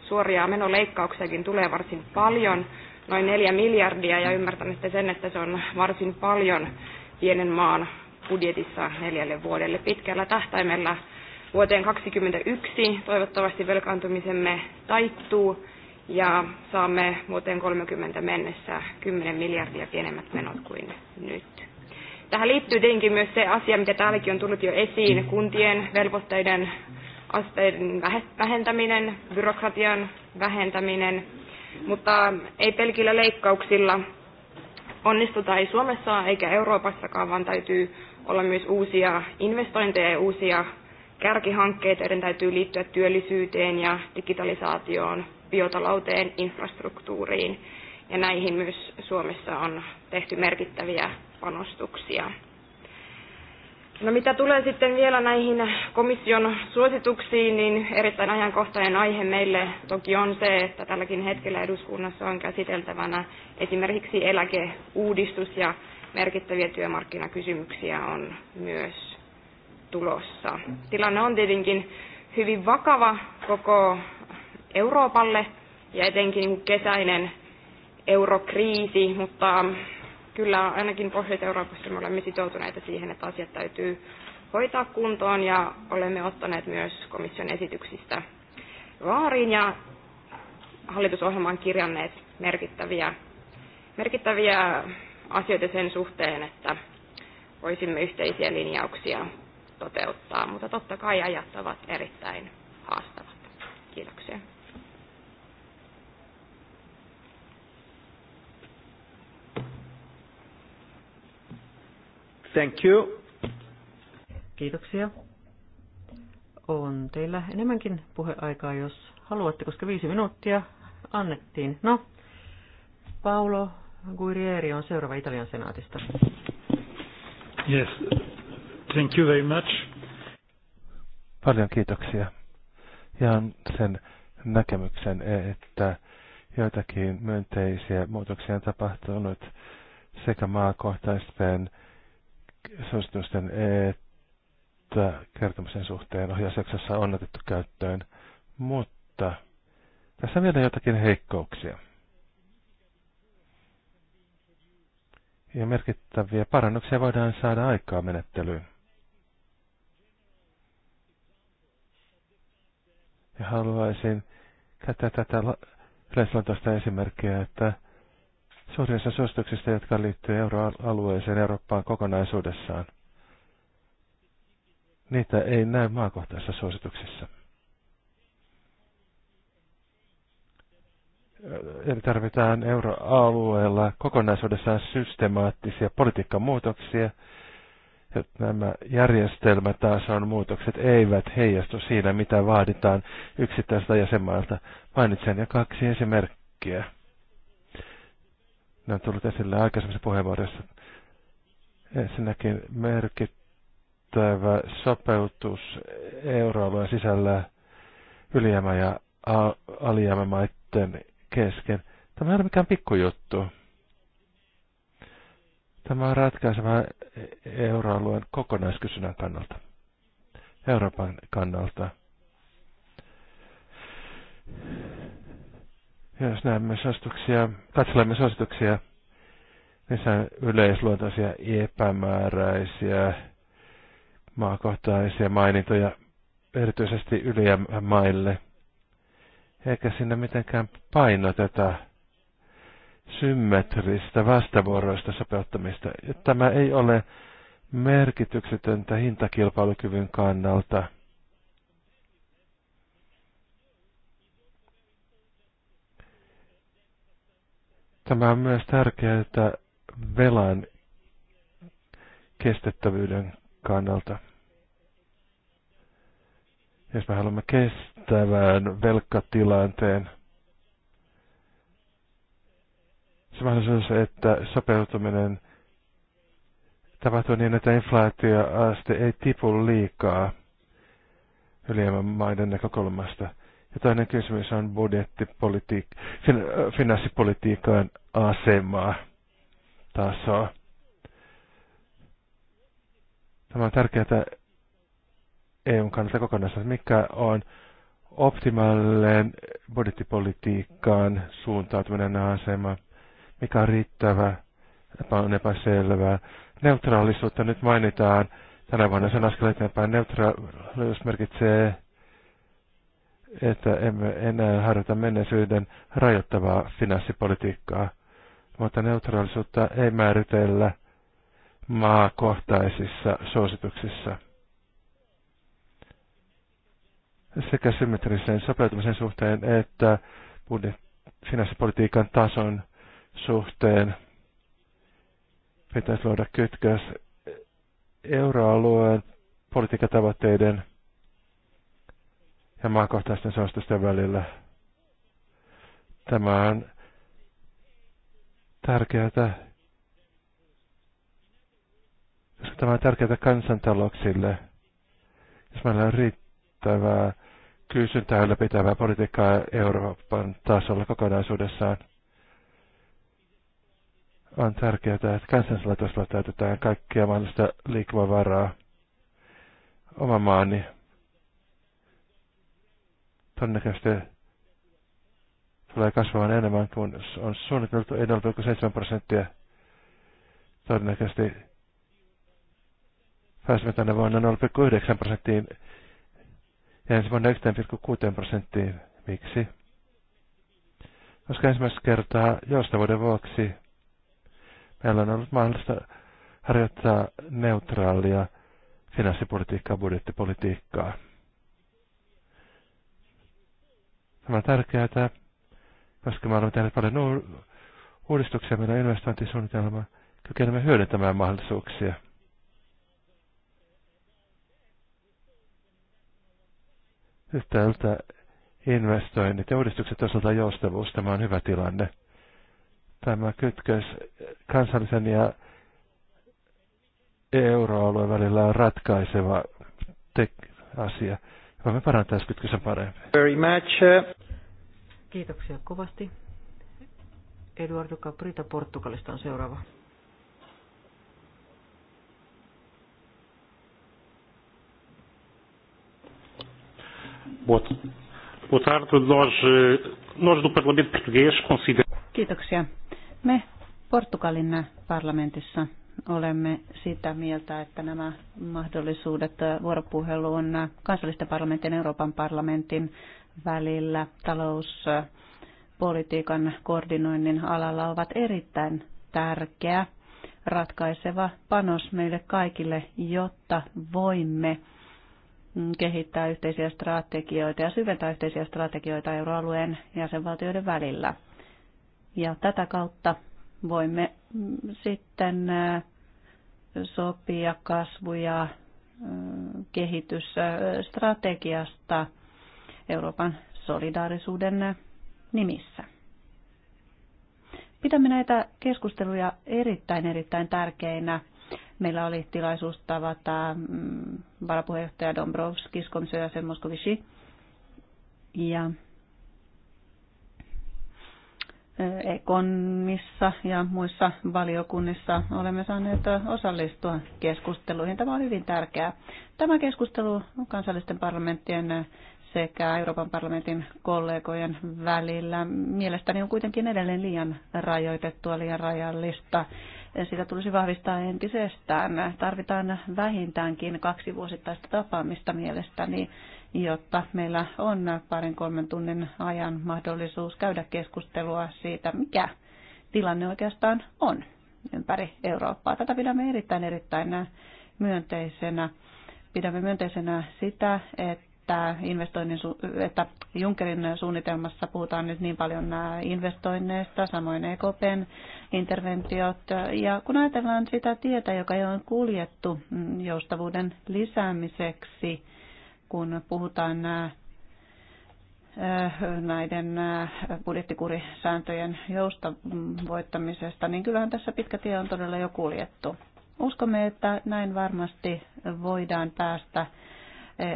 Suoria menoleikkauksiakin tulee varsin paljon, noin neljä miljardia, ja ymmärtämättä sen, että se on varsin paljon pienen maan budjetissa neljälle vuodelle pitkällä tähtäimellä vuoteen 2021. Toivottavasti velkaantumisemme taittuu ja saamme vuoteen 30 mennessä 10 miljardia pienemmät menot kuin nyt. Tähän liittyy tietenkin myös se asia, mitä täälläkin on tullut jo esiin, kuntien velvoitteiden asteiden vähentäminen, byrokratian vähentäminen, mutta ei pelkillä leikkauksilla onnistuta ei Suomessa eikä Euroopassakaan, vaan täytyy olla myös uusia investointeja ja uusia kärkihankkeita, joiden täytyy liittyä työllisyyteen ja digitalisaatioon, biotalouteen, infrastruktuuriin. Ja näihin myös Suomessa on tehty merkittäviä panostuksia. No mitä tulee sitten vielä näihin komission suosituksiin, niin erittäin ajankohtainen aihe meille toki on se, että tälläkin hetkellä eduskunnassa on käsiteltävänä esimerkiksi eläkeuudistus ja merkittäviä työmarkkinakysymyksiä on myös tulossa. Tilanne on tietenkin hyvin vakava koko Euroopalle ja etenkin kesäinen eurokriisi, mutta kyllä ainakin Pohjois-Euroopassa me olemme sitoutuneita siihen, että asiat täytyy hoitaa kuntoon ja olemme ottaneet myös komission esityksistä vaariin ja hallitusohjelmaan kirjanneet merkittäviä, merkittäviä asioita sen suhteen, että voisimme yhteisiä linjauksia toteuttaa, mutta totta kai ajat ovat erittäin haastavat. Kiitoksia. Thank you. Kiitoksia. On teillä enemmänkin puheaikaa, jos haluatte, koska viisi minuuttia annettiin. No, Paolo Guirieri on seuraava Italian senaatista. Yes, thank you very much. Paljon kiitoksia. ja sen näkemyksen, että joitakin myönteisiä muutoksia on tapahtunut sekä maakohtaisten suositusten että kertomisen suhteen ohjausjaksossa on otettu käyttöön, mutta tässä on vielä jotakin heikkouksia. Ja merkittäviä parannuksia voidaan saada aikaa menettelyyn. Ja haluaisin käyttää tätä yleisluontoista esimerkkiä, että suurissa suosituksista, jotka liittyvät euroalueeseen Eurooppaan kokonaisuudessaan. Niitä ei näy maakohtaisissa suosituksissa. Eli tarvitaan euroalueella kokonaisuudessaan systemaattisia politiikan muutoksia, että nämä järjestelmätason on muutokset eivät heijastu siinä, mitä vaaditaan yksittäistä jäsenmaalta. Mainitsen jo kaksi esimerkkiä. Ne on tullut esille aikaisemmissa puheenvuoroissa. Ensinnäkin merkittävä sopeutus euroalueen sisällä ylijäämä- ja alijäämämaiden kesken. Tämä ei ole mikään pikkujuttu. Tämä on ratkaiseva euroalueen kokonaiskysynnän kannalta, Euroopan kannalta. Ja jos näemme suosituksia, katselemme suosituksia, niissä on yleisluontoisia epämääräisiä maakohtaisia mainintoja erityisesti ylijäämämaille. Eikä sinne mitenkään painoteta symmetristä vastavuoroista sopeuttamista. Tämä ei ole merkityksetöntä hintakilpailukyvyn kannalta. Tämä on myös tärkeää että velan kestettävyyden kannalta. Jos me haluamme kestävään velkatilanteen, se mahdollisuus, että sopeutuminen tapahtuu niin, että inflaatioaste ei tipu liikaa ylijäämän maiden näkökulmasta – ja toinen kysymys on budjettipolitiik- fin- finanssipolitiikan asemaa, tasoa. Tämä on tärkeää EUn kannalta kokonaisuudessa. Mikä on optimaalinen budjettipolitiikkaan suuntautuminen asema? Mikä on riittävä? On epäselvää. Neutraalisuutta nyt mainitaan tänä vuonna sen askel eteenpäin. Neutraalisuus merkitsee että emme enää harjoita menneisyyden rajoittavaa finanssipolitiikkaa, mutta neutraalisuutta ei määritellä maakohtaisissa suosituksissa. Sekä symmetrisen sopeutumisen suhteen että finanssipolitiikan tason suhteen pitäisi luoda kytkös euroalueen politiikkatavoitteiden ja maakohtaisten suositusten välillä. Tämä on tärkeää, koska tämä on tärkeää kansantalouksille. Jos meillä on riittävää kysyntää ylläpitävää politiikkaa Euroopan tasolla kokonaisuudessaan, on tärkeää, että kansansalaitoisella täytetään kaikkia mahdollista varaa, Oma maani todennäköisesti tulee kasvamaan enemmän kuin on suunniteltu 1,7 prosenttia. Todennäköisesti pääsemme tänä vuonna 0,9 prosenttiin ja ensi vuonna 1,6 prosenttiin. Miksi? Koska ensimmäistä kertaa joustavuuden vuoksi meillä on ollut mahdollista harjoittaa neutraalia finanssipolitiikkaa, budjettipolitiikkaa. Tämä on tärkeää, koska me olemme tehneet paljon uudistuksia meidän investointisuunnitelmaan. Kykenemme hyödyntämään mahdollisuuksia. Yhtäältä investoinnit ja uudistukset osalta joustavuus. Tämä on hyvä tilanne. Tämä kytkös kansallisen ja euroalueen välillä on ratkaiseva asia. Voimme parantaa kytkösen parempi. Very much. Kiitoksia kovasti. Eduardo Caprita Portugalista on seuraava. Boa tarde. Nós, nós do Parlamento Português consideramos... Kiitoksia. Me Portugalin parlamentissa olemme sitä mieltä, että nämä mahdollisuudet vuoropuheluun kansallisten parlamentin ja Euroopan parlamentin välillä talouspolitiikan koordinoinnin alalla ovat erittäin tärkeä, ratkaiseva panos meille kaikille, jotta voimme kehittää yhteisiä strategioita ja syventää yhteisiä strategioita euroalueen jäsenvaltioiden välillä. Ja tätä kautta voimme mm, sitten sopia kasvu- ja kehitysstrategiasta Euroopan solidaarisuuden nimissä. Pidämme näitä keskusteluja erittäin erittäin tärkeinä. Meillä oli tilaisuus tavata mm, varapuheenjohtaja Dombrovskis, komissaari Moskovici ja Ekonissa ja muissa valiokunnissa olemme saaneet osallistua keskusteluihin. Tämä on hyvin tärkeää. Tämä keskustelu kansallisten parlamenttien sekä Euroopan parlamentin kollegojen välillä mielestäni on kuitenkin edelleen liian rajoitettua, liian rajallista. Sitä tulisi vahvistaa entisestään. Tarvitaan vähintäänkin kaksi vuosittaista tapaamista mielestäni jotta meillä on parin kolmen tunnin ajan mahdollisuus käydä keskustelua siitä, mikä tilanne oikeastaan on ympäri Eurooppaa. Tätä pidämme erittäin erittäin myönteisenä. Pidämme myönteisenä sitä, että, investoinnin, että Junckerin suunnitelmassa puhutaan nyt niin paljon investoinneista, samoin EKPn interventiot. Ja kun ajatellaan sitä tietä, joka jo on kuljettu joustavuuden lisäämiseksi, kun puhutaan äh, näiden äh, budjettikurisääntöjen joustavoittamisesta, niin kyllähän tässä pitkä tie on todella jo kuljettu. Uskomme, että näin varmasti voidaan päästä äh,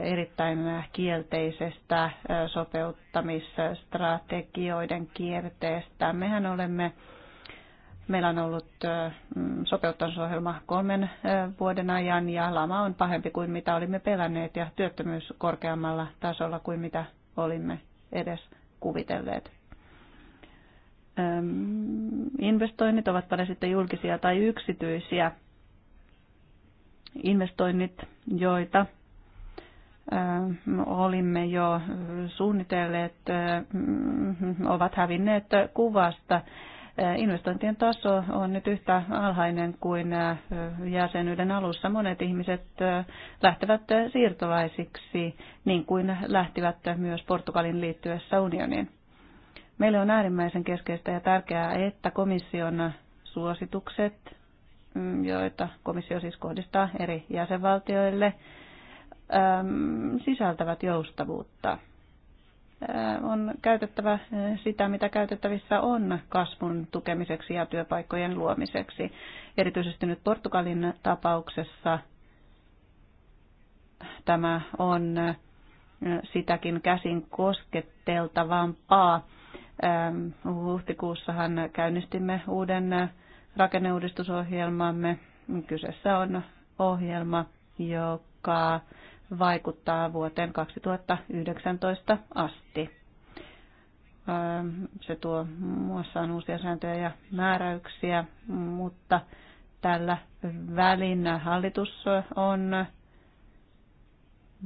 erittäin kielteisestä sopeuttamisstrategioiden kierteestä. Mehän olemme Meillä on ollut mm, sopeuttamisohjelma kolmen vuoden ajan ja lama on pahempi kuin mitä olimme pelänneet ja työttömyys korkeammalla tasolla kuin mitä olimme edes kuvitelleet. Investoinnit ovat paljon sitten julkisia tai yksityisiä investoinnit, joita olimme jo suunnitelleet, mm, ovat hävinneet kuvasta Investointien taso on nyt yhtä alhainen kuin jäsenyyden alussa. Monet ihmiset lähtevät siirtolaisiksi, niin kuin lähtivät myös Portugalin liittyessä unioniin. Meille on äärimmäisen keskeistä ja tärkeää, että komission suositukset, mm, joita komissio siis kohdistaa eri jäsenvaltioille, sisältävät joustavuutta on käytettävä sitä, mitä käytettävissä on kasvun tukemiseksi ja työpaikkojen luomiseksi. Erityisesti nyt Portugalin tapauksessa tämä on sitäkin käsin kosketteltavampaa. Huhtikuussahan käynnistimme uuden rakenneuudistusohjelmamme. Kyseessä on ohjelma, joka vaikuttaa vuoteen 2019 asti. Ähm, se tuo muassaan uusia sääntöjä ja määräyksiä, mutta tällä välin hallitus on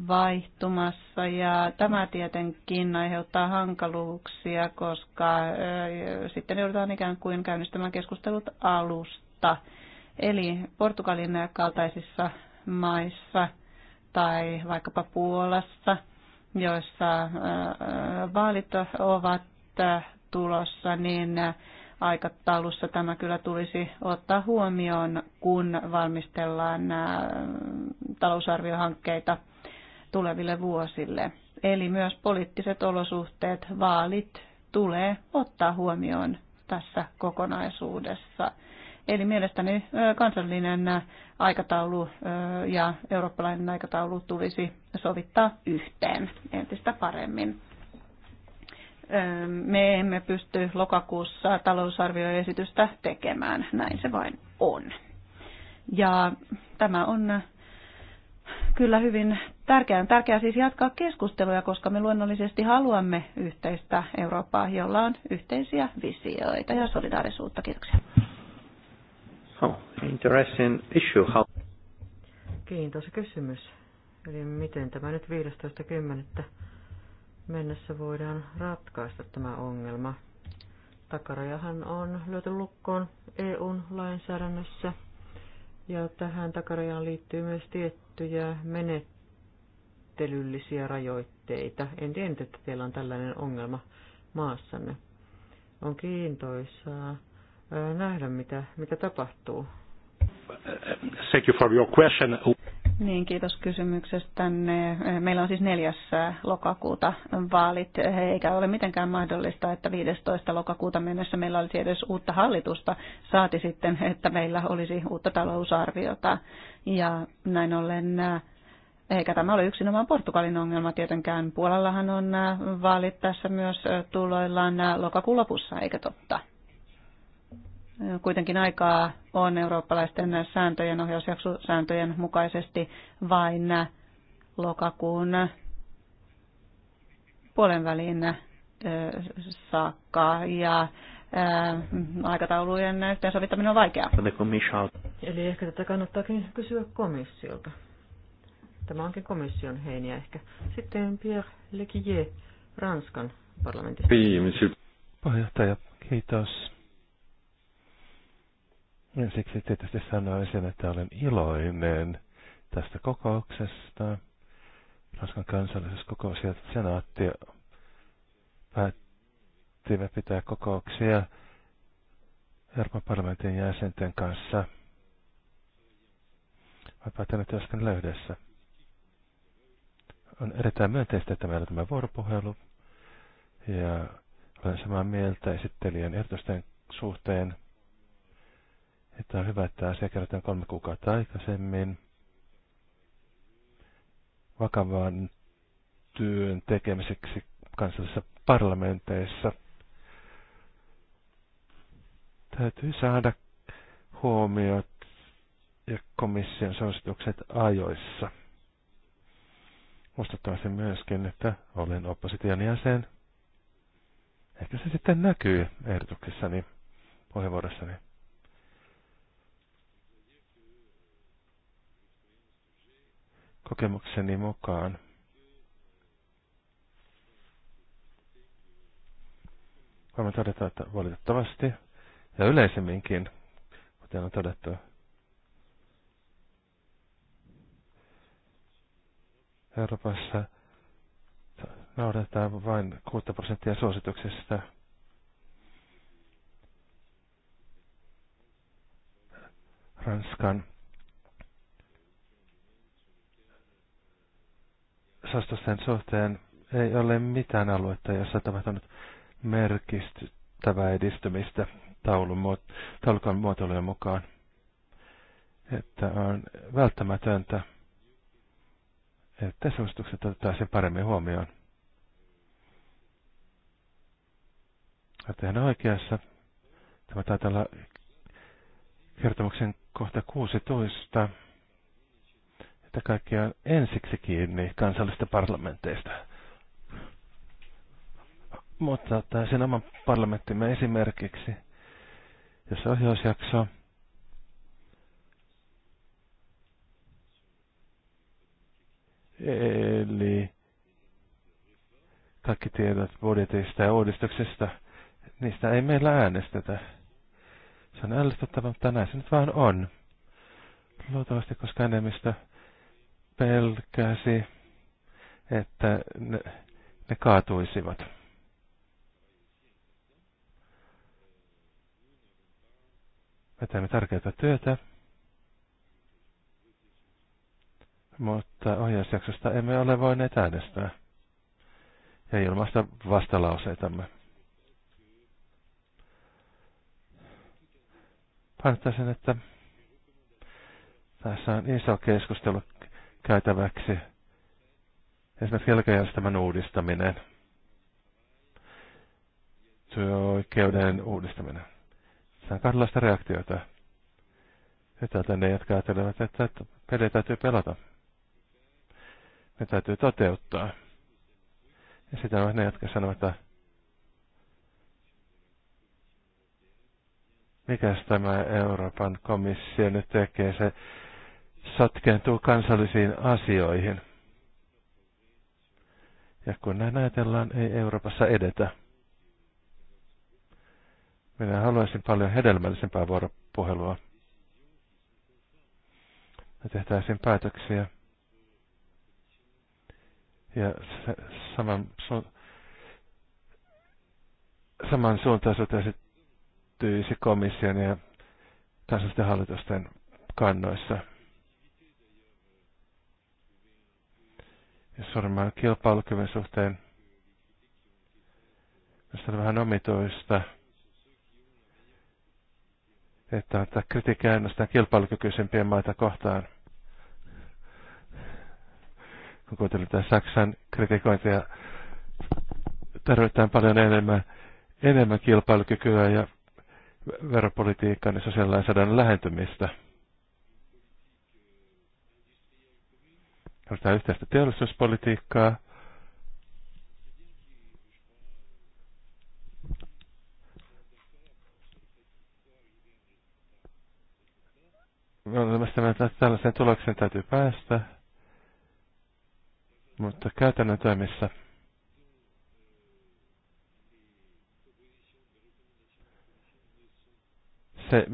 vaihtumassa ja tämä tietenkin aiheuttaa hankaluuksia, koska äh, sitten joudutaan ikään kuin käynnistämään keskustelut alusta. Eli Portugalin kaltaisissa maissa – tai vaikkapa Puolassa, joissa äh, äh, vaalit ovat äh, tulossa, niin aikataulussa tämä kyllä tulisi ottaa huomioon, kun valmistellaan talousarviohankkeita tuleville vuosille. Eli myös poliittiset olosuhteet, vaalit tulee ottaa huomioon tässä kokonaisuudessa. Eli mielestäni kansallinen aikataulu ja eurooppalainen aikataulu tulisi sovittaa yhteen entistä paremmin. Me emme pysty lokakuussa talousarvioesitystä tekemään, näin se vain on. Ja tämä on kyllä hyvin tärkeää. On tärkeää siis jatkaa keskusteluja, koska me luonnollisesti haluamme yhteistä Eurooppaa, jolla on yhteisiä visioita ja solidaarisuutta. Kiitoksia. Oh, interesting issue. How... Kiintoisa kysymys. Eli miten tämä nyt 15.10. mennessä voidaan ratkaista tämä ongelma? Takarajahan on lyöty lukkoon EUn lainsäädännössä ja tähän takarajaan liittyy myös tiettyjä menettelyllisiä rajoitteita. En tiedä, että teillä on tällainen ongelma maassanne. On kiintoisaa nähdä, mitä, mitä tapahtuu. Thank you for your question. Niin, kiitos kysymyksestä. Meillä on siis 4. lokakuuta vaalit, eikä ole mitenkään mahdollista, että 15. lokakuuta mennessä meillä olisi edes uutta hallitusta, saati sitten, että meillä olisi uutta talousarviota. Ja näin ollen, eikä tämä ole yksinomaan Portugalin ongelma tietenkään. Puolallahan on vaalit tässä myös tuloillaan lokakuun lopussa, eikä totta? kuitenkin aikaa on eurooppalaisten sääntöjen, ohjausjaksosääntöjen mukaisesti vain lokakuun puolen väliin saakka ja aikataulujen yhteensovittaminen on vaikeaa. Eli ehkä tätä kannattaakin kysyä komissiolta. Tämä onkin komission heiniä ehkä. Sitten Pierre Lequier Ranskan parlamentista. Puheenjohtaja, kiitos. Siksi tietysti sanoisin, että olen iloinen tästä kokouksesta. Ranskan kansallisuuskokous ja senaatti päätti pitää kokouksia Euroopan parlamentin jäsenten kanssa. Olen päättänyt työskennellä löydessä. On erittäin myönteistä, että meillä on tämä vuoropuhelu. Ja olen samaa mieltä esittelijän ehdotusten suhteen että on hyvä, että asia kerrotaan kolme kuukautta aikaisemmin. Vakavaan työn tekemiseksi kansallisissa parlamenteissa täytyy saada huomiot ja komission suositukset ajoissa. Muistuttaisin myöskin, että olen opposition jäsen. Ehkä se sitten näkyy ehdotuksissani, puheenvuorossani. kokemukseni mukaan. Voimme todeta, että valitettavasti ja yleisemminkin, kuten on todettu, Euroopassa noudatetaan vain 6 prosenttia suosituksista. Ranskan saastusten suhteen ei ole mitään aluetta, jossa on tapahtunut merkistyttävää edistymistä taulun muot- taulukon muotoilujen mukaan. Että on välttämätöntä, että suositukset otetaan sen paremmin huomioon. Olette oikeassa. Tämä taitaa olla kertomuksen kohta 16 että kaikki on ensiksi kiinni kansallisista parlamenteista. Mutta ottaisin oman parlamenttimme esimerkiksi, jos ohjausjakso Eli kaikki tiedot budjetista ja uudistuksista, niistä ei meillä äänestetä. Se on äänestettävä, mutta näin se nyt vaan on. Luultavasti, koska enemmistö pelkäsi, että ne, ne kaatuisivat. Me teemme tärkeää työtä, mutta ohjausjaksosta emme ole voineet äänestää ja ilmaista vastalauseitamme. Painottaisin, että tässä on iso keskustelu käytäväksi. Esimerkiksi velkajärjestelmän uudistaminen, työoikeuden uudistaminen. Se on kahdenlaista reaktiota. Yhtäältä ne, jotka ajattelevat, että peli täytyy pelata. Ne täytyy toteuttaa. Ja sitten on ne, jotka sanovat, että mikäs tämä Euroopan komissio nyt tekee, se sotkeentuu kansallisiin asioihin. Ja kun näin ajatellaan, ei Euroopassa edetä. Minä haluaisin paljon hedelmällisempää vuoropuhelua. Me tehtäisiin päätöksiä. Ja saman, su, saman suuntaisuutta esittyisi komission ja kansallisten hallitusten kannoissa. ja kilpailukyvyn suhteen. Minusta on vähän omituista, että on tämä kritiikki ainoastaan kilpailukykyisempien maita kohtaan. Kun kuuntelin tämän Saksan kritikointia, tarvitaan paljon enemmän, enemmän kilpailukykyä ja veropolitiikkaa, niin sosiaalilainsäädännön lähentymistä – tarvitaan yhteistä teollisuuspolitiikkaa. Me olemme sitä mieltä, että tällaiseen tulokseen täytyy päästä, mutta käytännön toimissa se,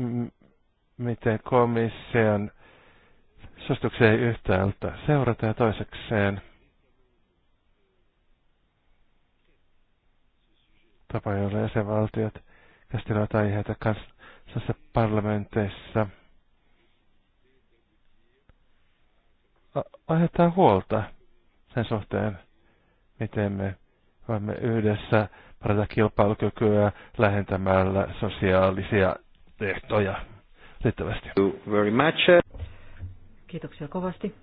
miten komission suositukseen yhtäältä seurata ja toisekseen tapa, jolla jäsenvaltiot käsittelevät aiheita kanssa parlamenteissa. Aiheuttaa huolta sen suhteen, miten me voimme yhdessä parata kilpailukykyä lähentämällä sosiaalisia ehtoja riittävästi. very much. Kiitoksia kovasti.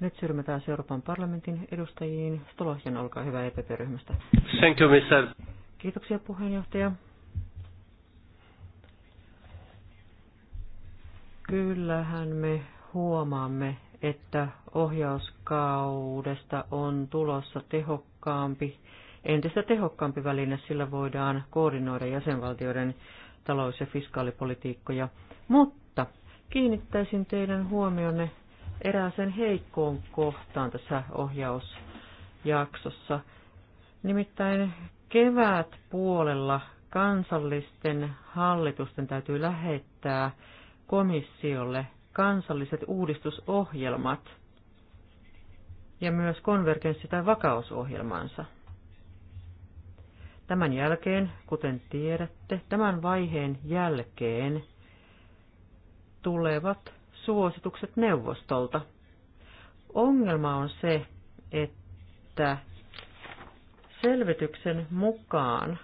Nyt syrmätään Euroopan parlamentin edustajiin. Stolohjan, olkaa hyvä EPP-ryhmästä. Thank you, Mr. Kiitoksia puheenjohtaja. Kyllähän me huomaamme, että ohjauskaudesta on tulossa tehokkaampi, entistä tehokkaampi väline, sillä voidaan koordinoida jäsenvaltioiden talous- ja fiskaalipolitiikkoja. Mutta Kiinnittäisin teidän huomionne erääseen heikkoon kohtaan tässä ohjausjaksossa. Nimittäin kevät puolella kansallisten hallitusten täytyy lähettää komissiolle kansalliset uudistusohjelmat ja myös konvergenssi- tai vakausohjelmansa. Tämän jälkeen, kuten tiedätte, tämän vaiheen jälkeen tulevat suositukset neuvostolta. Ongelma on se, että selvityksen mukaan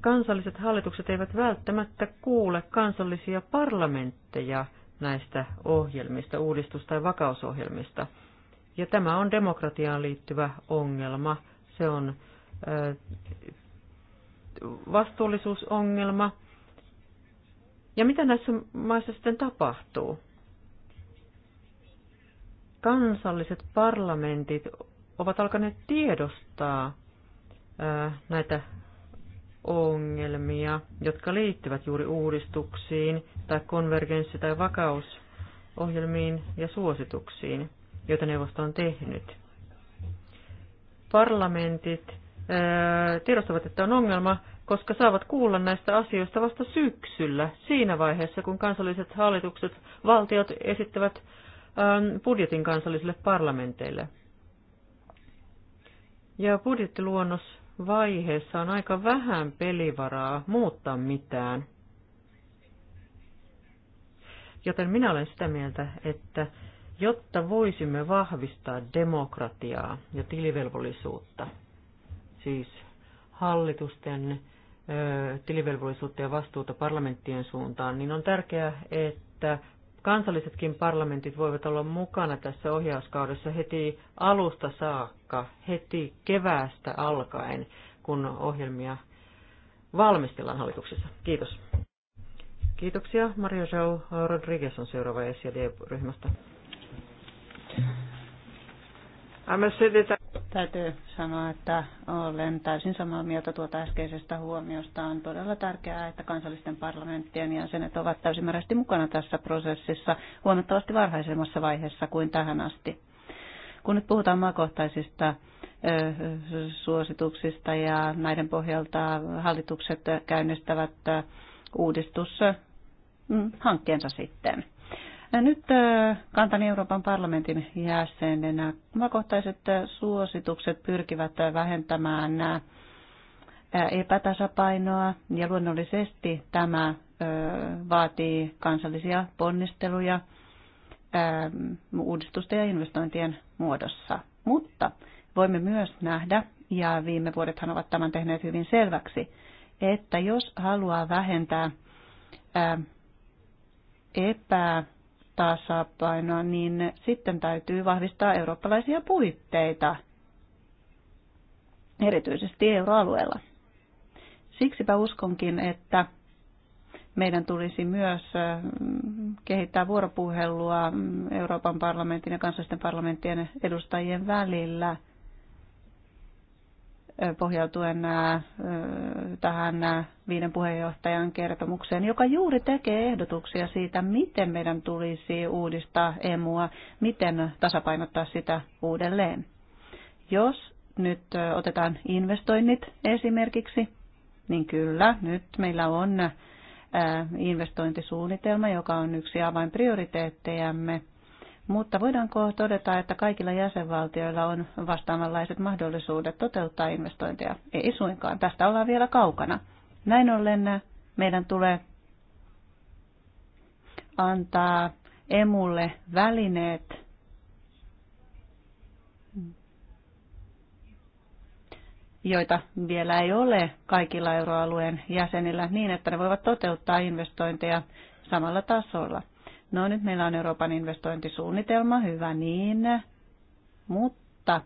kansalliset hallitukset eivät välttämättä kuule kansallisia parlamentteja näistä ohjelmista, uudistus- tai vakausohjelmista. Ja tämä on demokratiaan liittyvä ongelma. Se on vastuullisuusongelma. Ja mitä näissä maissa sitten tapahtuu? Kansalliset parlamentit ovat alkaneet tiedostaa näitä ongelmia, jotka liittyvät juuri uudistuksiin tai konvergenssi- tai vakausohjelmiin ja suosituksiin, joita neuvosto on tehnyt. Parlamentit tiedostavat, että on ongelma koska saavat kuulla näistä asioista vasta syksyllä, siinä vaiheessa, kun kansalliset hallitukset, valtiot esittävät ähm, budjetin kansallisille parlamenteille. Ja budjettiluonnos vaiheessa on aika vähän pelivaraa muuttaa mitään. Joten minä olen sitä mieltä, että jotta voisimme vahvistaa demokratiaa ja tilivelvollisuutta, siis hallitusten tilivelvollisuutta ja vastuuta parlamenttien suuntaan, niin on tärkeää, että kansallisetkin parlamentit voivat olla mukana tässä ohjauskaudessa heti alusta saakka, heti keväästä alkaen, kun ohjelmia valmistellaan hallituksessa. Kiitos. Kiitoksia. Maria Jau Rodriguez on seuraava SJD-ryhmästä. Täytyy sanoa, että olen täysin samaa mieltä tuota äskeisestä huomiosta. On todella tärkeää, että kansallisten parlamenttien jäsenet ovat täysimääräisesti mukana tässä prosessissa huomattavasti varhaisemmassa vaiheessa kuin tähän asti. Kun nyt puhutaan maakohtaisista suosituksista ja näiden pohjalta hallitukset käynnistävät uudistushankkeensa mm, sitten. Nyt äh, kantani Euroopan parlamentin jäsenenä. Omakohtaiset äh, suositukset pyrkivät äh, vähentämään epätasapainoa ja luonnollisesti tämä vaatii kansallisia ponnisteluja ähm, uudistusten ja investointien muodossa. Mutta voimme myös nähdä, ja viime vuodethan ovat tämän tehneet hyvin selväksi, että jos haluaa vähentää epä tasapainoa, niin sitten täytyy vahvistaa eurooppalaisia puitteita, erityisesti euroalueella. Siksipä uskonkin, että meidän tulisi myös kehittää vuoropuhelua Euroopan parlamentin ja kansallisten parlamenttien edustajien välillä – pohjautuen tähän viiden puheenjohtajan kertomukseen, joka juuri tekee ehdotuksia siitä, miten meidän tulisi uudistaa emua, miten tasapainottaa sitä uudelleen. Jos nyt otetaan investoinnit esimerkiksi, niin kyllä, nyt meillä on investointisuunnitelma, joka on yksi avainprioriteettejamme mutta voidaanko todeta, että kaikilla jäsenvaltioilla on vastaavanlaiset mahdollisuudet toteuttaa investointeja? Ei suinkaan. Tästä ollaan vielä kaukana. Näin ollen meidän tulee antaa emulle välineet joita vielä ei ole kaikilla euroalueen jäsenillä niin, että ne voivat toteuttaa investointeja samalla tasolla. No nyt meillä on Euroopan investointisuunnitelma, hyvä niin, mutta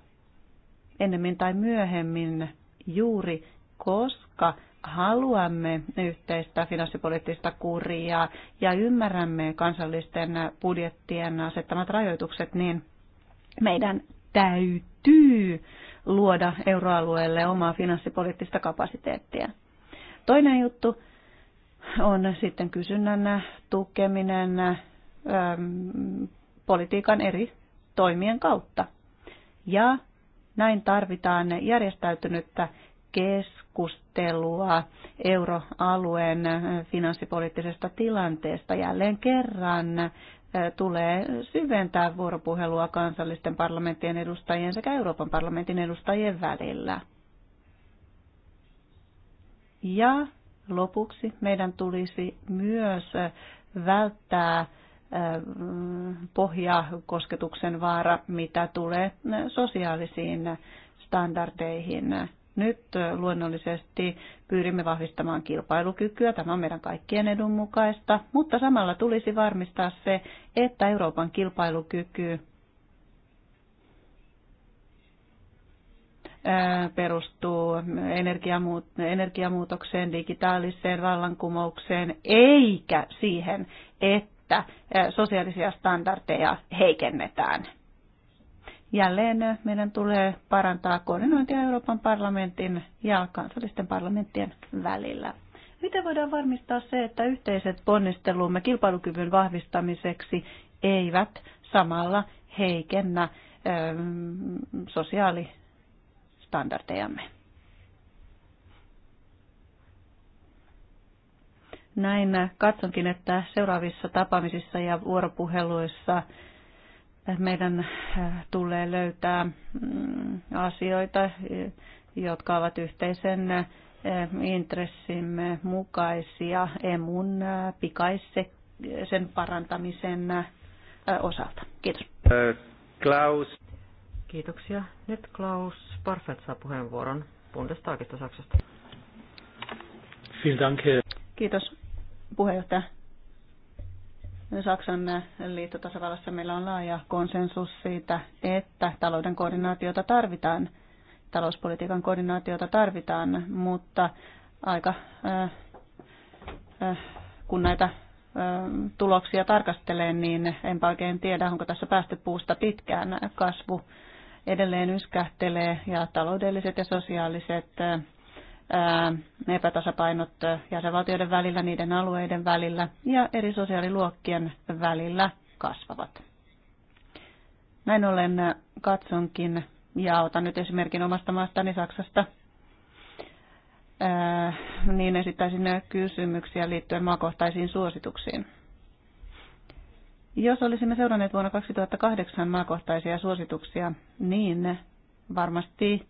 ennemmin tai myöhemmin juuri koska haluamme yhteistä finanssipoliittista kuria ja ymmärrämme kansallisten budjettien asettamat rajoitukset, niin meidän täytyy luoda euroalueelle omaa finanssipoliittista kapasiteettia. Toinen juttu on sitten kysynnän tukeminen politiikan eri toimien kautta. Ja näin tarvitaan järjestäytynyttä keskustelua euroalueen finanssipoliittisesta tilanteesta. Jälleen kerran tulee syventää vuoropuhelua kansallisten parlamenttien edustajien sekä Euroopan parlamentin edustajien välillä. Ja lopuksi meidän tulisi myös välttää Mm, pohjakosketuksen vaara, mitä tulee sosiaalisiin standardeihin. Nyt luonnollisesti pyrimme vahvistamaan kilpailukykyä, tämä on meidän kaikkien edun mukaista, mutta samalla tulisi varmistaa se, että Euroopan kilpailukyky perustuu energiamuutokseen, digitaaliseen vallankumoukseen, eikä siihen, että että sosiaalisia standardeja heikennetään. Jälleen meidän tulee parantaa koordinointia Euroopan parlamentin ja kansallisten parlamenttien välillä. Miten voidaan varmistaa se, että yhteiset ponnistelumme kilpailukyvyn vahvistamiseksi eivät samalla heikennä sosiaalistandardejamme? Näin katsonkin, että seuraavissa tapaamisissa ja vuoropuheluissa meidän äh, tulee löytää mm, asioita, jotka ovat yhteisen äh, intressimme mukaisia emun äh, pikaisen parantamisen osalta. Kiitos. Klaus. Kiitoksia. Nyt Klaus Parfet saa puheenvuoron Bundestagista Saksasta. Vielen Kiitos puheenjohtaja. Saksan liittotasavallassa meillä on laaja konsensus siitä, että talouden koordinaatiota tarvitaan, talouspolitiikan koordinaatiota tarvitaan, mutta aika äh, äh, kun näitä äh, tuloksia tarkastelee, niin enpä oikein tiedä, onko tässä päästy puusta pitkään. Kasvu edelleen yskähtelee ja taloudelliset ja sosiaaliset äh, epätasapainot jäsenvaltioiden välillä, niiden alueiden välillä ja eri sosiaaliluokkien välillä kasvavat. Näin ollen katsonkin ja otan nyt esimerkin omasta maastani Saksasta, niin esittäisin kysymyksiä liittyen maakohtaisiin suosituksiin. Jos olisimme seuranneet vuonna 2008 maakohtaisia suosituksia, niin varmasti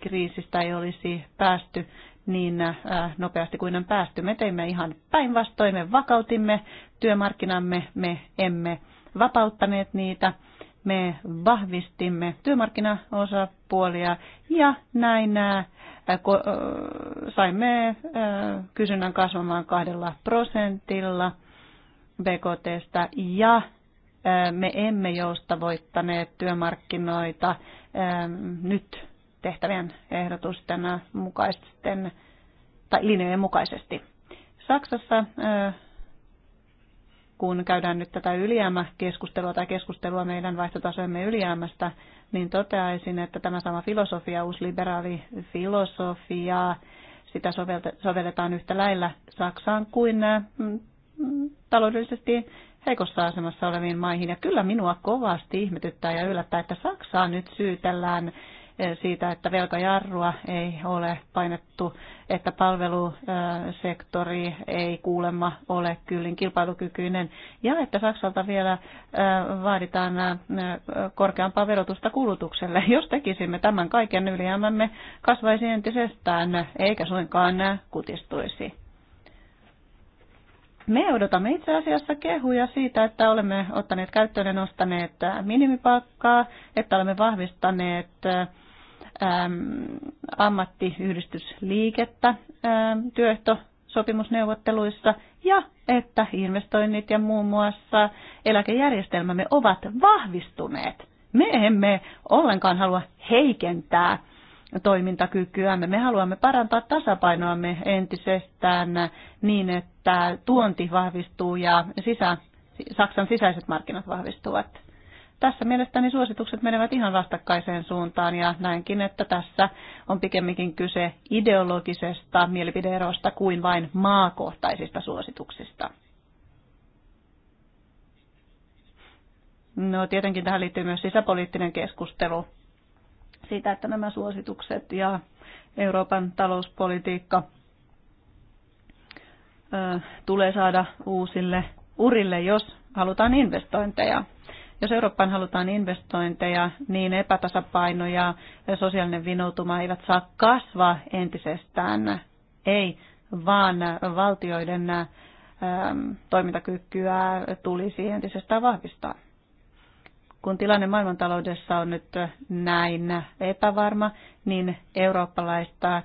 kriisistä ei olisi päästy niin nopeasti kuin on päästy. Me teimme ihan päinvastoin, me vakautimme työmarkkinamme, me emme vapauttaneet niitä, me vahvistimme työmarkkinaosapuolia ja näin saimme kysynnän kasvamaan kahdella prosentilla BKTstä ja me emme joustavoittaneet työmarkkinoita Ähm, nyt tehtävien ehdotusten mukaisten tai linjojen mukaisesti. Saksassa, äh, kun käydään nyt tätä ylijäämäkeskustelua tai keskustelua meidän vaihtotasoimme ylijäämästä, niin toteaisin, että tämä sama filosofia, liberaali filosofia, sitä sovelletaan yhtä lailla Saksaan kuin äh, mm, taloudellisesti heikossa asemassa oleviin maihin. Ja kyllä minua kovasti ihmetyttää ja yllättää, että Saksaa nyt syytellään eh, siitä, että velkajarrua ei ole painettu, että palvelusektori ei kuulemma ole kyllin kilpailukykyinen ja että Saksalta vielä eh, vaaditaan eh, korkeampaa verotusta kulutukselle. Jos tekisimme tämän kaiken ylijäämämme kasvaisi entisestään eikä suinkaan kutistuisi. Me odotamme itse asiassa kehuja siitä, että olemme ottaneet käyttöön ja nostaneet äh, minimipalkkaa, että olemme vahvistaneet äh, ammattiyhdistysliikettä työehtosopimusneuvotteluissa ja että investoinnit ja muun muassa eläkejärjestelmämme ovat vahvistuneet. Me emme ollenkaan halua heikentää toimintakykyämme. Me haluamme parantaa tasapainoamme entisestään niin, että tuonti vahvistuu ja sisä, Saksan sisäiset markkinat vahvistuvat. Tässä mielestäni suositukset menevät ihan vastakkaiseen suuntaan ja näinkin, että tässä on pikemminkin kyse ideologisesta mielipideerosta kuin vain maakohtaisista suosituksista. No tietenkin tähän liittyy myös sisäpoliittinen keskustelu siitä, että nämä suositukset ja Euroopan talouspolitiikka tulee saada uusille urille, jos halutaan investointeja. Jos Eurooppaan halutaan investointeja, niin epätasapaino ja sosiaalinen vinoutuma eivät saa kasvaa entisestään, ei, vaan valtioiden toimintakykyä tulisi entisestään vahvistaa kun tilanne maailmantaloudessa on nyt äh, näin epävarma, niin eurooppalaista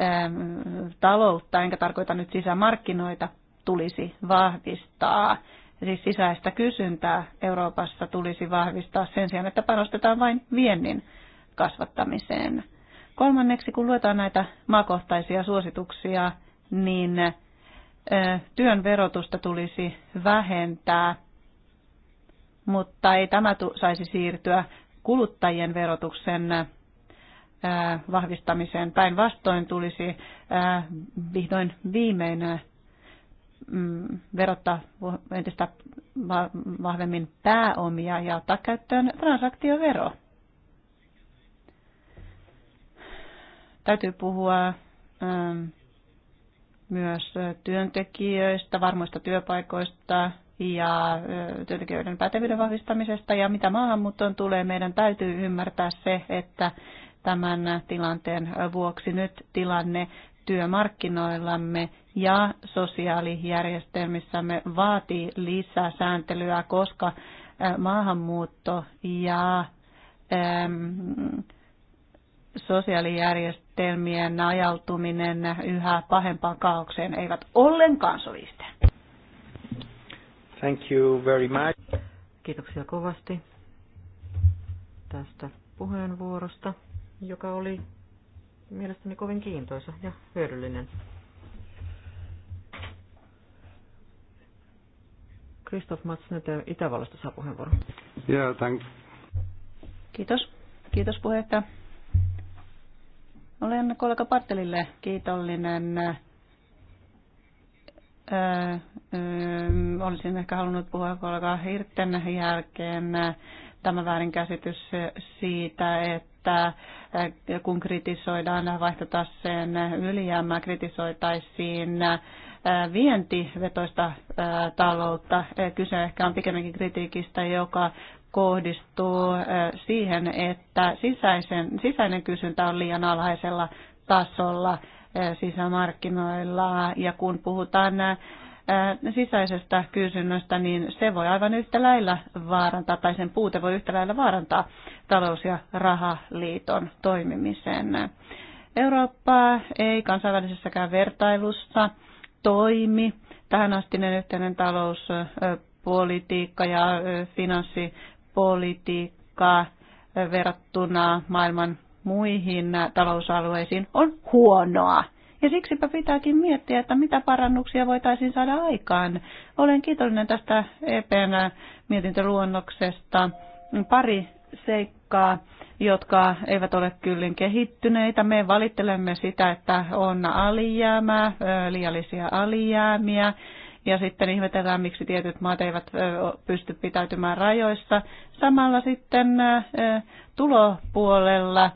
ähm, taloutta, enkä tarkoita nyt sisämarkkinoita, tulisi vahvistaa. Siis sisäistä kysyntää Euroopassa tulisi vahvistaa sen sijaan, että panostetaan vain viennin kasvattamiseen. Kolmanneksi, kun luetaan näitä maakohtaisia suosituksia, niin äh, työn verotusta tulisi vähentää mutta ei tämä saisi siirtyä kuluttajien verotuksen vahvistamiseen. Päinvastoin tulisi vihdoin viimein mm, verottaa entistä vahvemmin pääomia ja ottaa käyttöön transaktiovero. Täytyy puhua myös työntekijöistä, varmoista työpaikoista, ja työntekijöiden pätevyyden vahvistamisesta. Ja mitä maahanmuuttoon tulee, meidän täytyy ymmärtää se, että tämän tilanteen vuoksi nyt tilanne työmarkkinoillamme ja sosiaalijärjestelmissämme vaatii lisää sääntelyä, koska maahanmuutto ja äm, sosiaalijärjestelmien ajautuminen yhä pahempaan kaaukseen eivät ollenkaan sovi Thank you very much. Kiitoksia kovasti tästä puheenvuorosta, joka oli mielestäni kovin kiintoisa ja hyödyllinen. Kristof Matsnete Itävallasta saa puheenvuoron. Yeah, thank. Kiitos. Kiitos puheenjohtaja. Olen kollega Pattelille kiitollinen Äh, äh, olisin ehkä halunnut puhua alkaa Hirten jälkeen tämä väärinkäsitys siitä, että äh, kun kritisoidaan vaihtotaseen ylijäämää, kritisoitaisiin vientivetoista taloutta. Kyse ehkä on pikemminkin kritiikistä, joka kohdistuu siihen, että sisäisen, sisäinen kysyntä on liian alhaisella tasolla Äh, sisämarkkinoilla. Ja kun puhutaan äh, sisäisestä kysynnöstä, niin se voi aivan yhtä lailla vaarantaa, tai sen puute voi yhtä lailla vaarantaa talous- ja rahaliiton toimimisen. Eurooppa ei kansainvälisessäkään vertailussa toimi. Tähän astinen yhteinen talouspolitiikka ja finanssipolitiikka verrattuna maailman muihin talousalueisiin on huonoa. Ja siksipä pitääkin miettiä, että mitä parannuksia voitaisiin saada aikaan. Olen kiitollinen tästä EPn mietintöluonnoksesta. Pari seikkaa, jotka eivät ole kyllin kehittyneitä. Me valittelemme sitä, että on alijäämää, liiallisia alijäämiä. Ja sitten ihmetellään, miksi tietyt maat eivät pysty pitäytymään rajoissa. Samalla sitten tulopuolella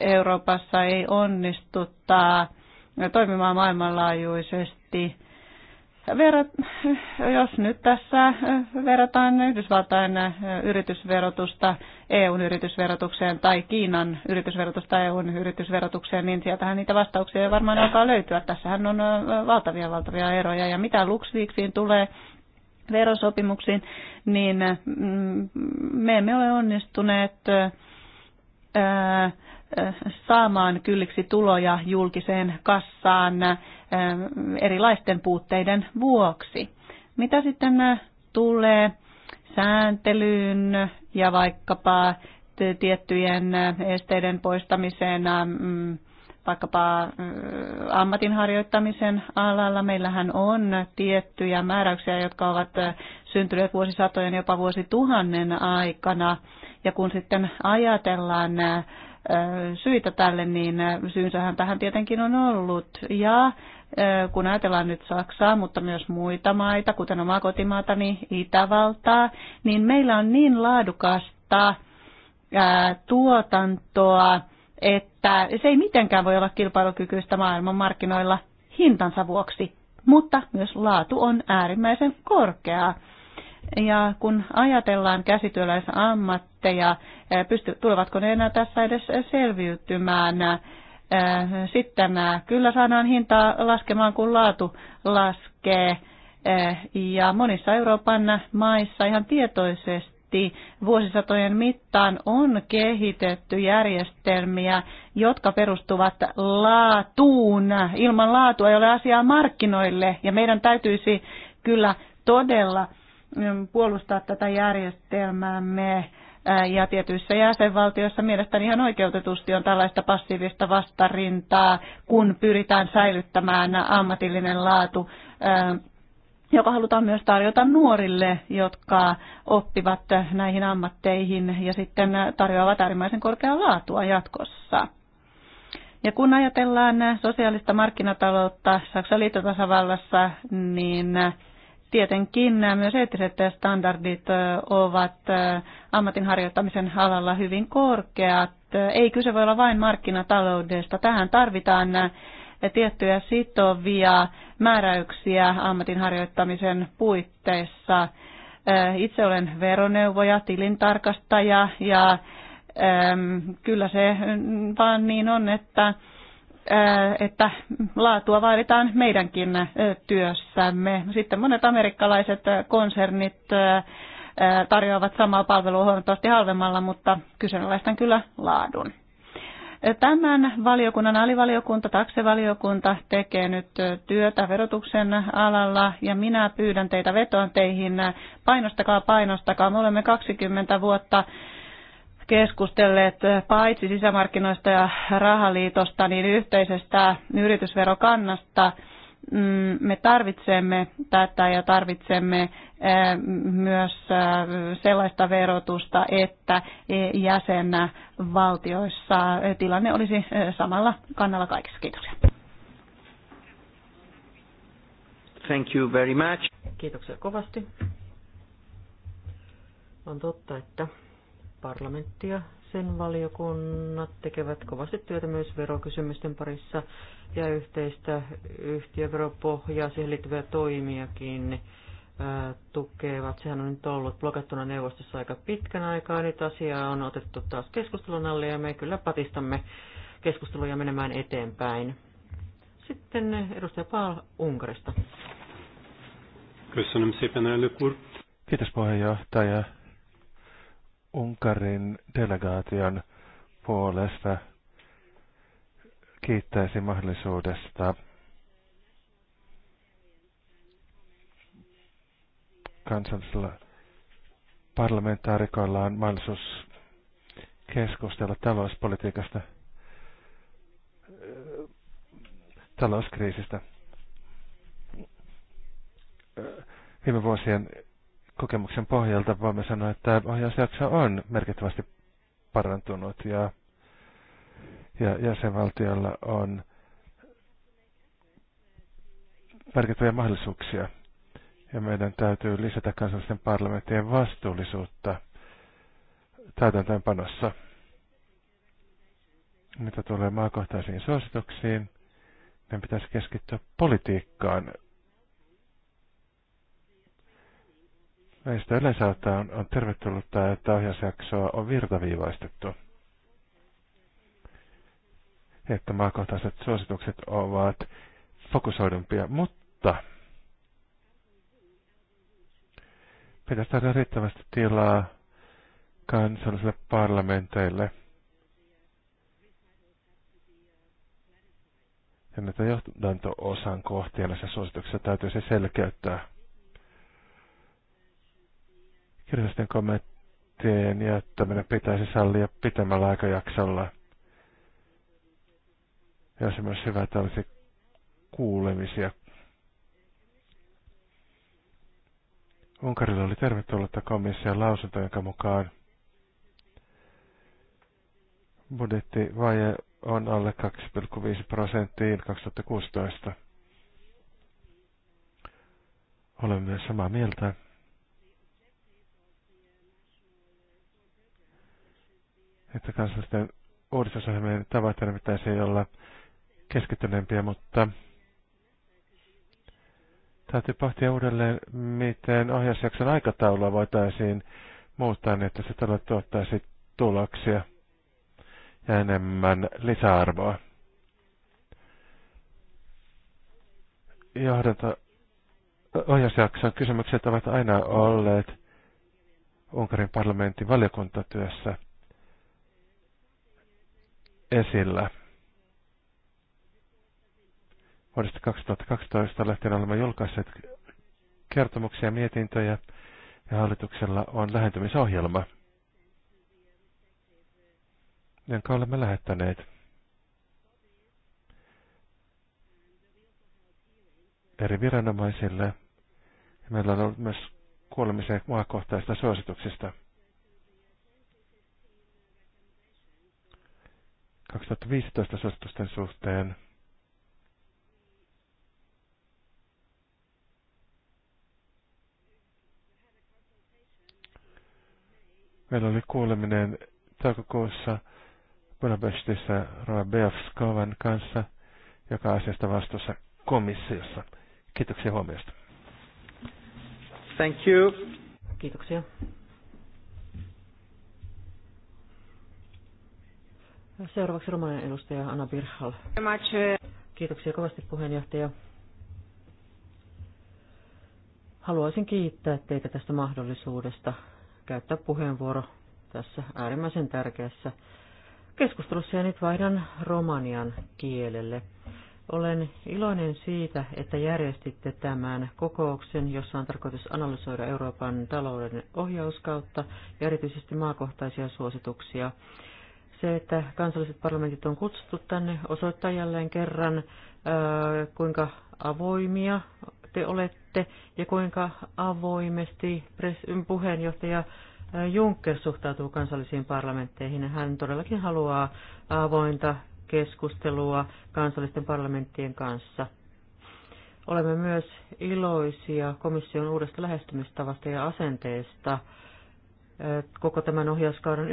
Euroopassa ei onnistuttaa toimimaan maailmanlaajuisesti. Verrat, jos nyt tässä verrataan Yhdysvaltain yritysverotusta EUn yritysverotukseen tai Kiinan yritysverotusta EUn yritysverotukseen, niin sieltähän niitä vastauksia ei varmaan alkaa löytyä. Tässähän on valtavia valtavia eroja ja mitä LuxLeaksiin tulee verosopimuksiin, niin mm, me emme ole onnistuneet saamaan kylliksi tuloja julkiseen kassaan erilaisten puutteiden vuoksi. Mitä sitten tulee sääntelyyn ja vaikkapa tiettyjen esteiden poistamiseen vaikkapa ammatinharjoittamisen alalla. Meillähän on tiettyjä määräyksiä, jotka ovat syntyneet vuosisatojen, jopa vuosituhannen aikana. Ja kun sitten ajatellaan äh, syitä tälle, niin äh, syynsähän tähän tietenkin on ollut. Ja äh, kun ajatellaan nyt Saksaa, mutta myös muita maita, kuten omaa kotimaatani Itävaltaa, niin meillä on niin laadukasta tuotantoa, että se ei mitenkään voi olla kilpailukykyistä maailmanmarkkinoilla hintansa vuoksi, mutta myös laatu on äärimmäisen korkeaa. Ja kun ajatellaan käsityöläisammatteja, eh, pysty, tulevatko ne enää tässä edes selviytymään? Eh, sitten eh, kyllä saadaan hintaa laskemaan, kun laatu laskee. Ja monissa Euroopan maissa ihan tietoisesti vuosisatojen mittaan on kehitetty järjestelmiä, jotka perustuvat laatuun. Ilman laatua ei ole asiaa markkinoille ja meidän täytyisi kyllä todella Mm, puolustaa tätä järjestelmäämme. Äh, ja tietyissä jäsenvaltioissa mielestäni ihan oikeutetusti on tällaista passiivista vastarintaa, kun pyritään säilyttämään ammatillinen laatu, äh, joka halutaan myös tarjota nuorille, jotka oppivat näihin ammatteihin ja sitten tarjoavat äärimmäisen korkeaa laatua jatkossa. Ja kun ajatellaan sosiaalista markkinataloutta Saksan liittotasavallassa, niin Tietenkin myös eettiset standardit ovat ammatinharjoittamisen alalla hyvin korkeat. Ei kyse voi olla vain markkinataloudesta. Tähän tarvitaan tiettyjä sitovia määräyksiä ammatinharjoittamisen puitteissa. Itse olen veroneuvoja, tilintarkastaja ja kyllä se mm, vaan niin on, että että laatua vaaditaan meidänkin työssämme. Sitten monet amerikkalaiset konsernit tarjoavat samaa palvelua huomattavasti halvemmalla, mutta kyseenalaistan kyllä laadun. Tämän valiokunnan alivaliokunta, taksevaliokunta tekee nyt työtä verotuksen alalla ja minä pyydän teitä vetoan teihin, painostakaa, painostakaa. Me olemme 20 vuotta keskustelleet eh, paitsi sisämarkkinoista ja rahaliitosta, niin yhteisestä yritysverokannasta. Mm, me tarvitsemme tätä ja tarvitsemme eh, myös eh, sellaista verotusta, että jäsenvaltioissa tilanne olisi samalla kannalla kaikissa. Kiitoksia. Thank you very much. Kiitoksia kovasti. On totta, että parlamentti ja sen valiokunnat tekevät kovasti työtä myös verokysymysten parissa ja yhteistä yhtiöveropohjaa, siihen liittyviä toimiakin tukevat. Sehän on nyt ollut blokattuna neuvostossa aika pitkän aikaa. Nyt asia on otettu taas keskustelun alle ja me kyllä patistamme keskusteluja menemään eteenpäin. Sitten edustaja Paal Unkarista. Kiitos puheenjohtaja. Unkarin delegaation puolesta kiittäisi mahdollisuudesta kansallisella parlamentaarikoilla on mahdollisuus keskustella talouspolitiikasta, talouskriisistä. Viime vuosien kokemuksen pohjalta voimme sanoa, että ohjausjakso on merkittävästi parantunut ja, ja jäsenvaltiolla on merkittäviä mahdollisuuksia. Ja meidän täytyy lisätä kansallisten parlamenttien vastuullisuutta täytäntöönpanossa. Mitä tulee maakohtaisiin suosituksiin, meidän pitäisi keskittyä politiikkaan Meistä yleensä on, on tervetullutta, että ohjausjaksoa on virtaviivaistettu. Että maakohtaiset suositukset ovat fokusoidumpia, mutta pitäisi saada riittävästi tilaa kansallisille parlamenteille. Ja näitä johdanto-osan kohtia näissä suosituksissa täytyisi selkeyttää kirjallisten kommenttien jättäminen pitäisi sallia pitemmällä aikajaksolla. Ja se myös hyvä, että olisi kuulemisia. Unkarilla oli tervetullutta komission lausunto, jonka mukaan budjettivaje on alle 2,5 prosenttiin 2016. Olen myös samaa mieltä. että kansallisten uudistusohjelmien tavoitteena pitäisi olla keskittyneempiä, mutta täytyy pohtia uudelleen, miten ohjausjakson aikataulua voitaisiin muuttaa niin, että se todella tuottaisi tuloksia ja enemmän lisäarvoa. Johdanto ohjausjakson kysymykset ovat aina olleet Unkarin parlamentin valiokuntatyössä – esillä. Vuodesta 2012 lähtien olemme julkaisseet kertomuksia ja mietintöjä, ja hallituksella on lähentymisohjelma, jonka olemme lähettäneet. eri viranomaisille. Meillä on ollut myös kuulemisia maakohtaisista suosituksista. 2015 suositusten suhteen meillä oli kuuleminen toukokuussa Budapestissa Roa Beavskovan kanssa, joka asiasta vastuussa komissiossa. Kiitoksia huomiosta. Thank you. Kiitoksia. Seuraavaksi Romanen edustaja Anna Birhal. Kiitoksia kovasti puheenjohtaja. Haluaisin kiittää teitä tästä mahdollisuudesta käyttää puheenvuoro tässä äärimmäisen tärkeässä keskustelussa ja nyt vaihdan romanian kielelle. Olen iloinen siitä, että järjestitte tämän kokouksen, jossa on tarkoitus analysoida Euroopan talouden ohjauskautta ja erityisesti maakohtaisia suosituksia. Se, että kansalliset parlamentit on kutsuttu tänne, osoittaa jälleen kerran, kuinka avoimia te olette ja kuinka avoimesti puheenjohtaja Juncker suhtautuu kansallisiin parlamentteihin. Hän todellakin haluaa avointa keskustelua kansallisten parlamenttien kanssa. Olemme myös iloisia komission uudesta lähestymistavasta ja asenteesta koko tämän ohjauskauden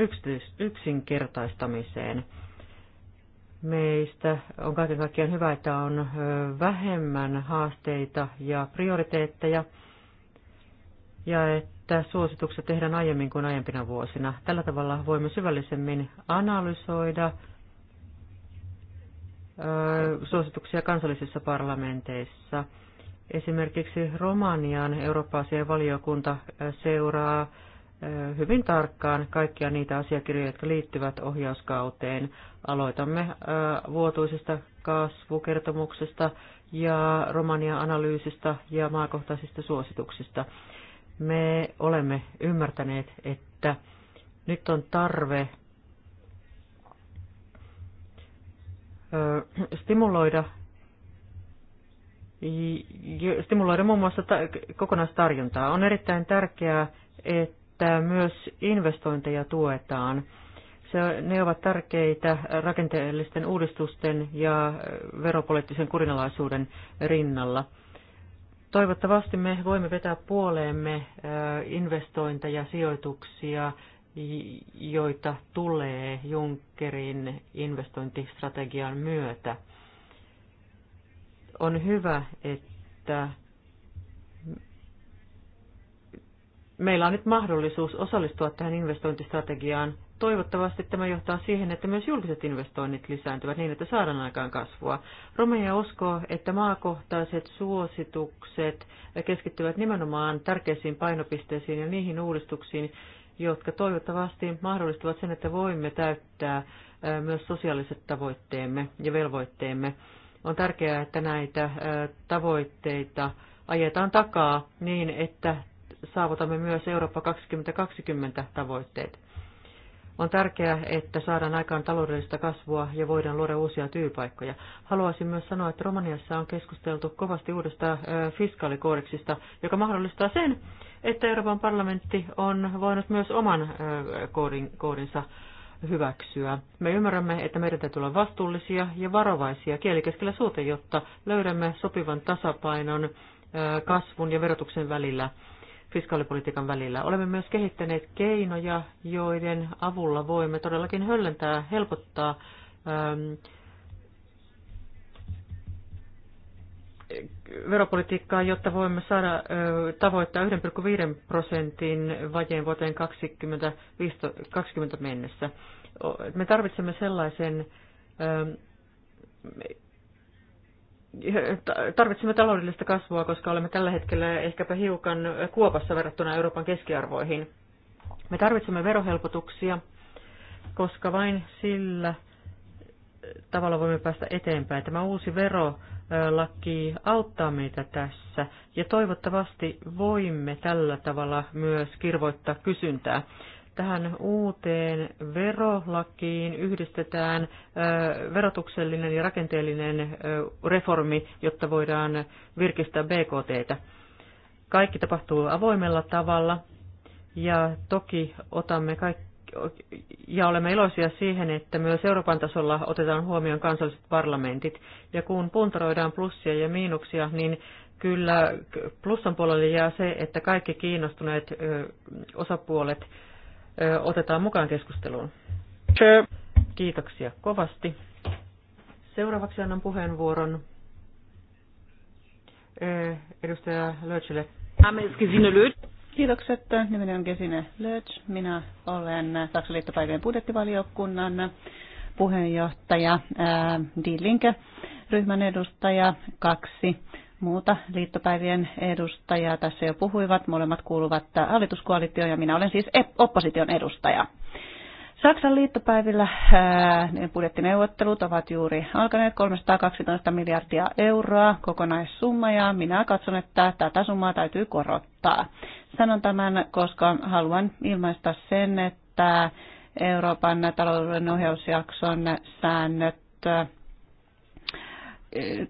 yksinkertaistamiseen. Meistä on kaiken kaikkiaan hyvä, että on vähemmän haasteita ja prioriteetteja ja että suositukset tehdään aiemmin kuin aiempina vuosina. Tällä tavalla voimme syvällisemmin analysoida suosituksia kansallisissa parlamenteissa. Esimerkiksi Romanian eurooppa valiokunta seuraa hyvin tarkkaan kaikkia niitä asiakirjoja, jotka liittyvät ohjauskauteen. Aloitamme vuotuisesta kasvukertomuksesta ja Romania-analyysistä ja maakohtaisista suosituksista. Me olemme ymmärtäneet, että nyt on tarve stimuloida stimuloida muun muassa kokonaistarjontaa. On erittäin tärkeää, että että myös investointeja tuetaan. Se, ne ovat tärkeitä rakenteellisten uudistusten ja veropoliittisen kurinalaisuuden rinnalla. Toivottavasti me voimme vetää puoleemme investointeja, sijoituksia, joita tulee Junckerin investointistrategian myötä. On hyvä, että meillä on nyt mahdollisuus osallistua tähän investointistrategiaan. Toivottavasti tämä johtaa siihen, että myös julkiset investoinnit lisääntyvät niin, että saadaan aikaan kasvua. Romeja uskoo, että maakohtaiset suositukset keskittyvät nimenomaan tärkeisiin painopisteisiin ja niihin uudistuksiin, jotka toivottavasti mahdollistavat sen, että voimme täyttää myös sosiaaliset tavoitteemme ja velvoitteemme. On tärkeää, että näitä tavoitteita ajetaan takaa niin, että saavutamme myös Eurooppa 2020 tavoitteet. On tärkeää, että saadaan aikaan taloudellista kasvua ja voidaan luoda uusia työpaikkoja. Haluaisin myös sanoa, että Romaniassa on keskusteltu kovasti uudesta fiskaalikoodeksista, joka mahdollistaa sen, että Euroopan parlamentti on voinut myös oman koodinsa hyväksyä. Me ymmärrämme, että meidän täytyy olla vastuullisia ja varovaisia kielikeskellä suuteen, jotta löydämme sopivan tasapainon kasvun ja verotuksen välillä – fiskaalipolitiikan välillä. Olemme myös kehittäneet keinoja, joiden avulla voimme todellakin höllentää, helpottaa ähm, veropolitiikkaa, jotta voimme saada äh, tavoittaa 1,5 prosentin vajeen vuoteen 2020, mennessä. Me tarvitsemme sellaisen ähm, tarvitsemme taloudellista kasvua, koska olemme tällä hetkellä ehkäpä hiukan kuopassa verrattuna Euroopan keskiarvoihin. Me tarvitsemme verohelpotuksia, koska vain sillä tavalla voimme päästä eteenpäin. Tämä uusi verolaki auttaa meitä tässä ja toivottavasti voimme tällä tavalla myös kirvoittaa kysyntää tähän uuteen verolakiin yhdistetään verotuksellinen ja rakenteellinen reformi, jotta voidaan virkistää BKTtä. Kaikki tapahtuu avoimella tavalla ja toki otamme kaikki ja olemme iloisia siihen, että myös Euroopan tasolla otetaan huomioon kansalliset parlamentit. Ja kun puntaroidaan plussia ja miinuksia, niin kyllä plussan puolelle jää se, että kaikki kiinnostuneet osapuolet otetaan mukaan keskusteluun. Kiitoksia kovasti. Seuraavaksi annan puheenvuoron edustaja Lötsille. Kiitokset. Nimeni on Gesine Lötz. Minä olen Saksan liittopäivien budjettivaliokunnan puheenjohtaja, Die Linke, ryhmän edustaja, kaksi muuta liittopäivien edustajaa tässä jo puhuivat. Molemmat kuuluvat hallituskoalitioon ja minä olen siis e- opposition edustaja. Saksan liittopäivillä budjettineuvottelut ovat juuri alkaneet 312 miljardia euroa kokonaissumma ja minä katson, että tätä summaa täytyy korottaa. Sanon tämän, koska haluan ilmaista sen, että Euroopan talouden ohjausjakson säännöt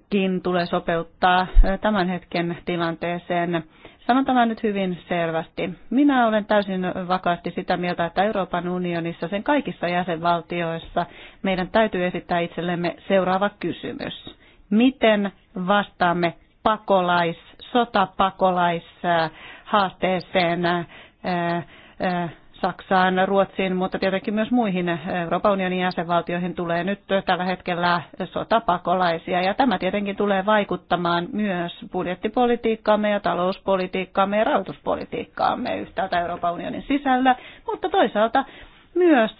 kin tulee sopeuttaa tämän hetken tilanteeseen. Sanon tämän nyt hyvin selvästi. Minä olen täysin vakaasti sitä mieltä, että Euroopan unionissa, sen kaikissa jäsenvaltioissa, meidän täytyy esittää itsellemme seuraava kysymys. Miten vastaamme pakolais, sotapakolais haasteeseen Saksaan, Ruotsiin, mutta tietenkin myös muihin Euroopan unionin jäsenvaltioihin tulee nyt tällä hetkellä sotapakolaisia. Ja tämä tietenkin tulee vaikuttamaan myös budjettipolitiikkaamme ja talouspolitiikkaamme ja rahoituspolitiikkaamme yhtäältä Euroopan unionin sisällä, mutta toisaalta myös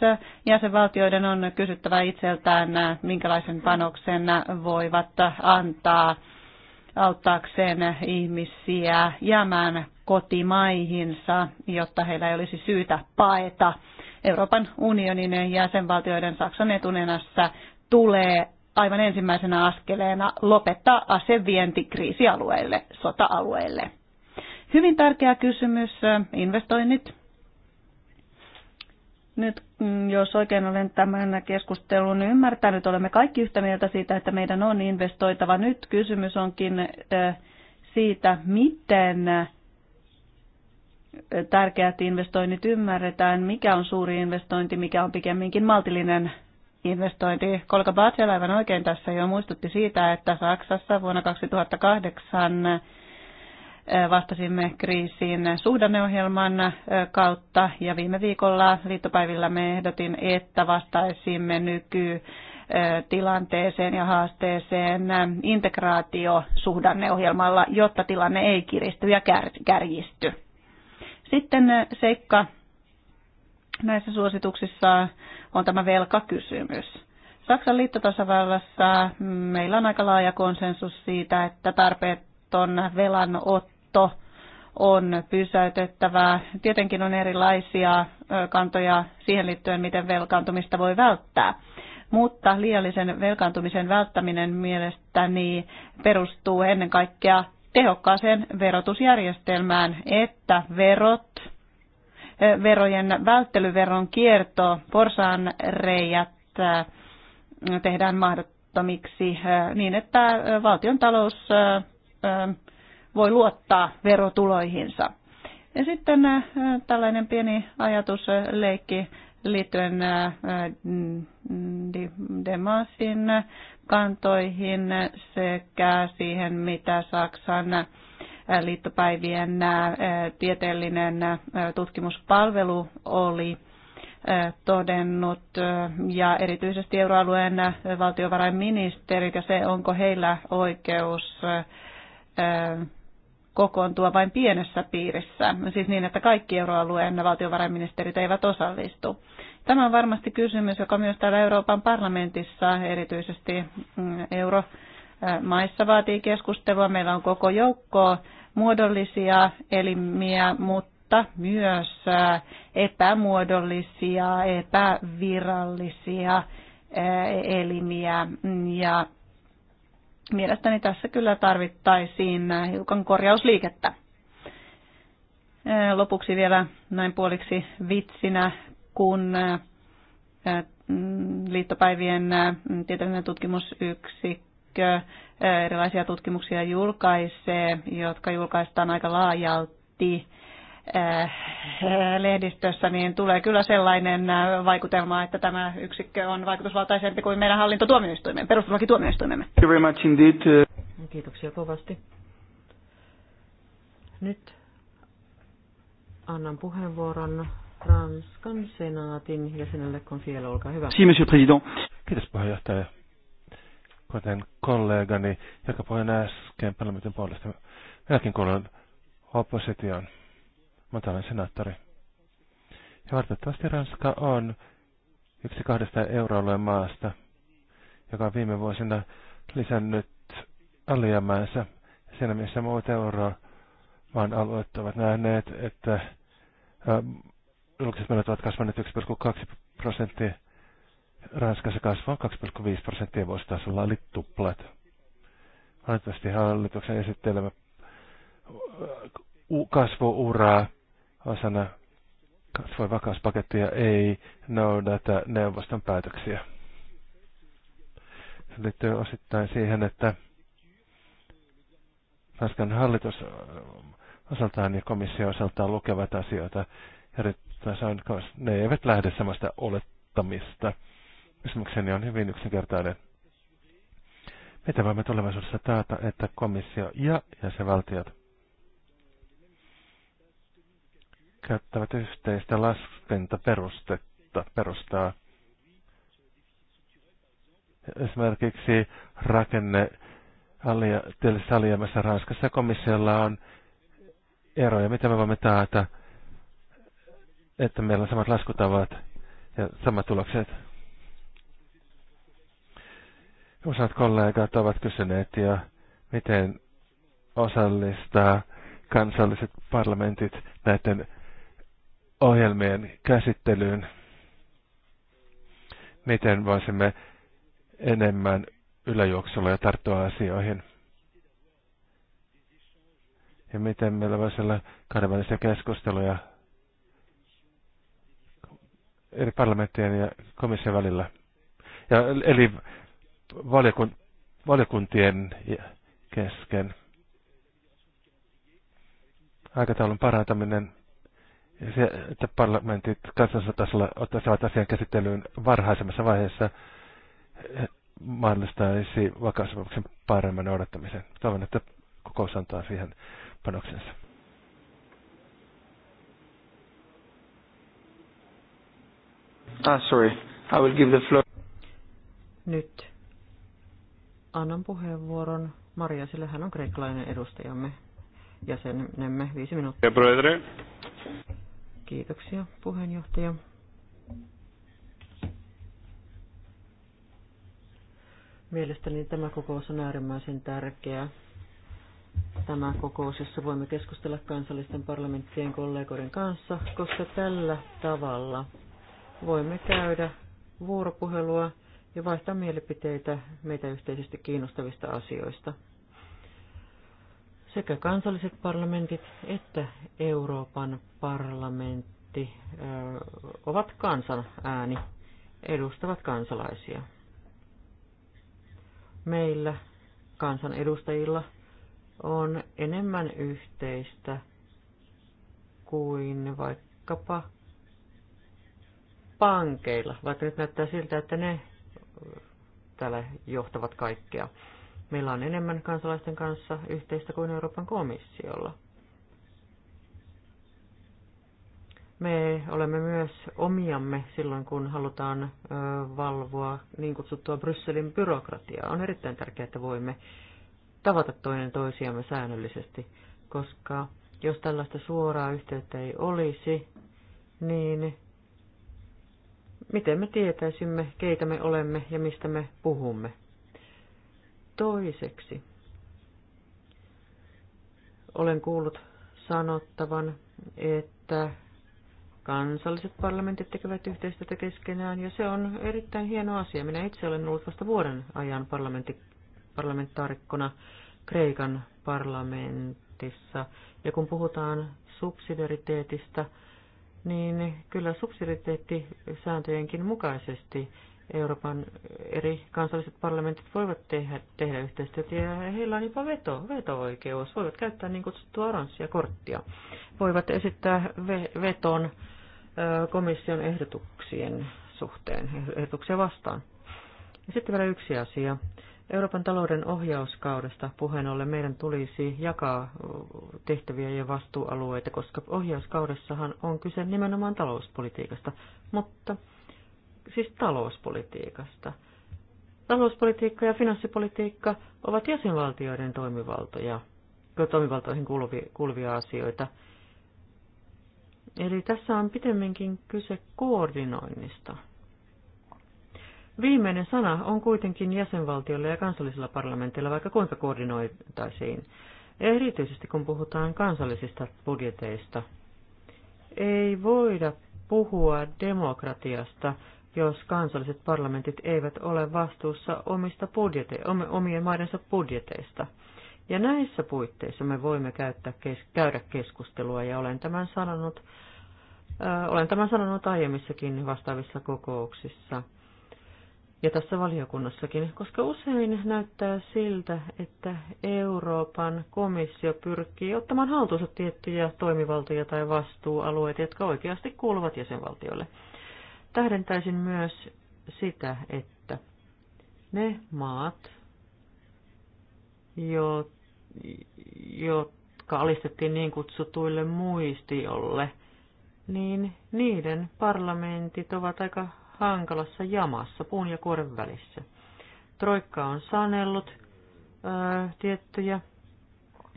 jäsenvaltioiden on kysyttävä itseltään, minkälaisen panoksen voivat antaa auttaakseen ihmisiä jäämään kotimaihinsa, jotta heillä ei olisi syytä paeta. Euroopan unionin jäsenvaltioiden Saksan etunenässä tulee aivan ensimmäisenä askeleena lopettaa asevienti kriisialueille, sota-alueille. Hyvin tärkeä kysymys, investoinnit. Nyt mm, jos oikein olen tämän keskustelun ymmärtänyt, olemme kaikki yhtä mieltä siitä, että meidän on investoitava. Nyt kysymys onkin siitä, miten tärkeät investoinnit ymmärretään, mikä on suuri investointi, mikä on pikemminkin maltillinen investointi. Kolka Batsel aivan oikein tässä jo muistutti siitä, että Saksassa vuonna 2008 eh, vastasimme kriisiin suhdanneohjelman eh, kautta ja viime viikolla liittopäivillä me ehdotin, että vastaisimme nyky eh, tilanteeseen ja haasteeseen integraatiosuhdanneohjelmalla, jotta tilanne ei kiristy ja kärjisty. Sitten seikka näissä suosituksissa on tämä velkakysymys. Saksan liittotasavallassa meillä on aika laaja konsensus siitä, että tarpeeton velanotto on pysäytettävää. Tietenkin on erilaisia kantoja siihen liittyen, miten velkaantumista voi välttää. Mutta liiallisen velkaantumisen välttäminen mielestäni perustuu ennen kaikkea tehokkaaseen verotusjärjestelmään, että verot, eh, verojen välttelyveron kierto, porsaan reijät eh, tehdään mahdottomiksi eh, niin, että valtion talous voi luottaa verotuloihinsa. Ja sitten tällainen pieni ajatusleikki liittyen mm, Demasin kantoihin sekä siihen, mitä Saksan liittopäivien tieteellinen tutkimuspalvelu oli todennut ja erityisesti euroalueen valtiovarainministerit ja se, onko heillä oikeus kokoontua vain pienessä piirissä, siis niin, että kaikki euroalueen valtiovarainministerit eivät osallistu. Tämä on varmasti kysymys, joka myös täällä Euroopan parlamentissa, erityisesti mm, euromaissa, vaatii keskustelua. Meillä on koko joukko muodollisia elimiä, mutta myös epämuodollisia, epävirallisia elimiä. Ja mielestäni tässä kyllä tarvittaisiin hiukan korjausliikettä. Lopuksi vielä näin puoliksi vitsinä kun liittopäivien tieteellinen tutkimusyksikkö erilaisia tutkimuksia julkaisee, jotka julkaistaan aika laajalti lehdistössä, niin tulee kyllä sellainen vaikutelma, että tämä yksikkö on vaikutusvaltaisempi kuin meidän hallintotuomioistuimemme, perustuslakituomioistuimemme. Kiitoksia kovasti. Nyt annan puheenvuoron Ranskan senaatin jäsenelle Confiel, olkaa hyvä. Si, monsieur président. Kiitos puheenjohtaja. Kuten kollegani, joka puhui äsken parlamentin puolesta, minäkin kuulun opposition. Mä olen senaattori. Ja valitettavasti Ranska on yksi kahdesta euroalueen maasta, joka on viime vuosina lisännyt alijäämäänsä. Siinä missä muut euromaan alueet ovat nähneet, että julkiset menot ovat kasvaneet 1,2 prosenttia. Ranskassa kasvaa 2,5 prosenttia vuositasolla, eli tuplat. Valitettavasti hallituksen esittelemä kasvuuraa osana kasvoi vakauspakettia ei noudata neuvoston päätöksiä. Se liittyy osittain siihen, että Ranskan hallitus osaltaan ja komissio osaltaan lukevat asioita eri tässä on, ne eivät lähde sellaista olettamista. Kysymykseni on hyvin yksinkertainen. Mitä voimme tulevaisuudessa taata, että komissio ja jäsenvaltiot käyttävät yhteistä laskentaperustetta perustaa esimerkiksi rakenne alia, alijäämässä Ranskassa komissiolla on eroja, mitä me voimme taata että meillä on samat laskutavat ja samat tulokset. Useat kollegat ovat kysyneet, jo, miten osallistaa kansalliset parlamentit näiden ohjelmien käsittelyyn. Miten voisimme enemmän yläjuoksulla ja tarttua asioihin. Ja miten meillä voisi olla kahdenvälisiä keskusteluja eri parlamenttien ja komission välillä. Ja, eli valiokun, valiokuntien kesken. Aikataulun parantaminen ja se, että parlamentit kansallisella ottaisivat asian käsittelyyn varhaisemmassa vaiheessa eh, mahdollistaisi vakausopimuksen paremman odottamisen. Toivon, että kokous antaa siihen panoksensa. Ah, sorry. I will give the floor. Nyt annan puheenvuoron Maria, sillä hän on kreikkalainen edustajamme, jäsenemme viisi minuuttia. Kiitoksia puheenjohtaja. Mielestäni tämä kokous on äärimmäisen tärkeä. Tämä kokous, jossa voimme keskustella kansallisten parlamenttien kollegoiden kanssa, koska tällä tavalla voimme käydä vuoropuhelua ja vaihtaa mielipiteitä meitä yhteisesti kiinnostavista asioista. Sekä kansalliset parlamentit että Euroopan parlamentti ovat kansan ääni, edustavat kansalaisia. Meillä kansanedustajilla on enemmän yhteistä kuin vaikkapa pankeilla, vaikka nyt näyttää siltä, että ne täällä johtavat kaikkea. Meillä on enemmän kansalaisten kanssa yhteistä kuin Euroopan komissiolla. Me olemme myös omiamme silloin, kun halutaan valvoa niin kutsuttua Brysselin byrokratiaa. On erittäin tärkeää, että voimme tavata toinen toisiamme säännöllisesti, koska jos tällaista suoraa yhteyttä ei olisi, niin Miten me tietäisimme, keitä me olemme ja mistä me puhumme? Toiseksi, olen kuullut sanottavan, että kansalliset parlamentit tekevät yhteistyötä keskenään, ja se on erittäin hieno asia. Minä itse olen ollut vasta vuoden ajan parlamentti, parlamentaarikkona Kreikan parlamentissa, ja kun puhutaan subsidiariteetista, niin kyllä subsidiariteettisääntöjenkin mukaisesti Euroopan eri kansalliset parlamentit voivat tehdä, tehdä yhteistyötä ja heillä on jopa veto, veto-oikeus. Voivat käyttää niin kutsuttua oranssia korttia. Voivat esittää ve, veton ö, komission ehdotuksien suhteen, ehdotuksia vastaan. Ja sitten vielä yksi asia. Euroopan talouden ohjauskaudesta puheen ollen meidän tulisi jakaa tehtäviä ja vastuualueita, koska ohjauskaudessahan on kyse nimenomaan talouspolitiikasta, mutta siis talouspolitiikasta. Talouspolitiikka ja finanssipolitiikka ovat jäsenvaltioiden toimivaltoja, toimivaltoihin kuuluvia, kuuluvia asioita. Eli tässä on pitemminkin kyse koordinoinnista. Viimeinen sana on kuitenkin jäsenvaltiolla ja kansallisilla parlamentilla, vaikka kuinka koordinoitaisiin, erityisesti kun puhutaan kansallisista budjeteista. Ei voida puhua demokratiasta, jos kansalliset parlamentit eivät ole vastuussa omista budjete, omien maidensa budjeteista. Ja näissä puitteissa me voimme käyttää, kes, käydä keskustelua, ja olen tämän sanonut, äh, olen tämän sanonut aiemmissakin vastaavissa kokouksissa – ja tässä valiokunnassakin, koska usein näyttää siltä, että Euroopan komissio pyrkii ottamaan haltuunsa tiettyjä toimivaltoja tai vastuualueita, jotka oikeasti kuuluvat jäsenvaltioille. Tähdentäisin myös sitä, että ne maat, jo, jotka alistettiin niin kutsutuille muistiolle, niin niiden parlamentit ovat aika hankalassa jamassa puun ja kuoren välissä. Troikka on sanellut ää, tiettyjä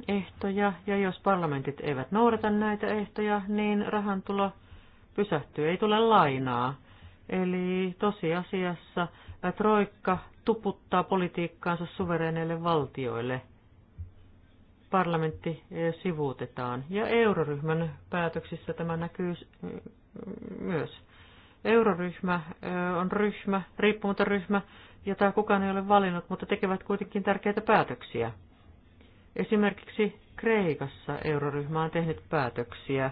ehtoja, ja jos parlamentit eivät noudata näitä ehtoja, niin rahantulo pysähtyy, ei tule lainaa. Eli tosiasiassa Troikka tuputtaa politiikkaansa suvereneille valtioille. Parlamentti sivuutetaan, ja euroryhmän päätöksissä tämä näkyy myös. Euroryhmä on ryhmä, riippumaton ryhmä, jota kukaan ei ole valinnut, mutta tekevät kuitenkin tärkeitä päätöksiä. Esimerkiksi Kreikassa euroryhmä on tehnyt päätöksiä.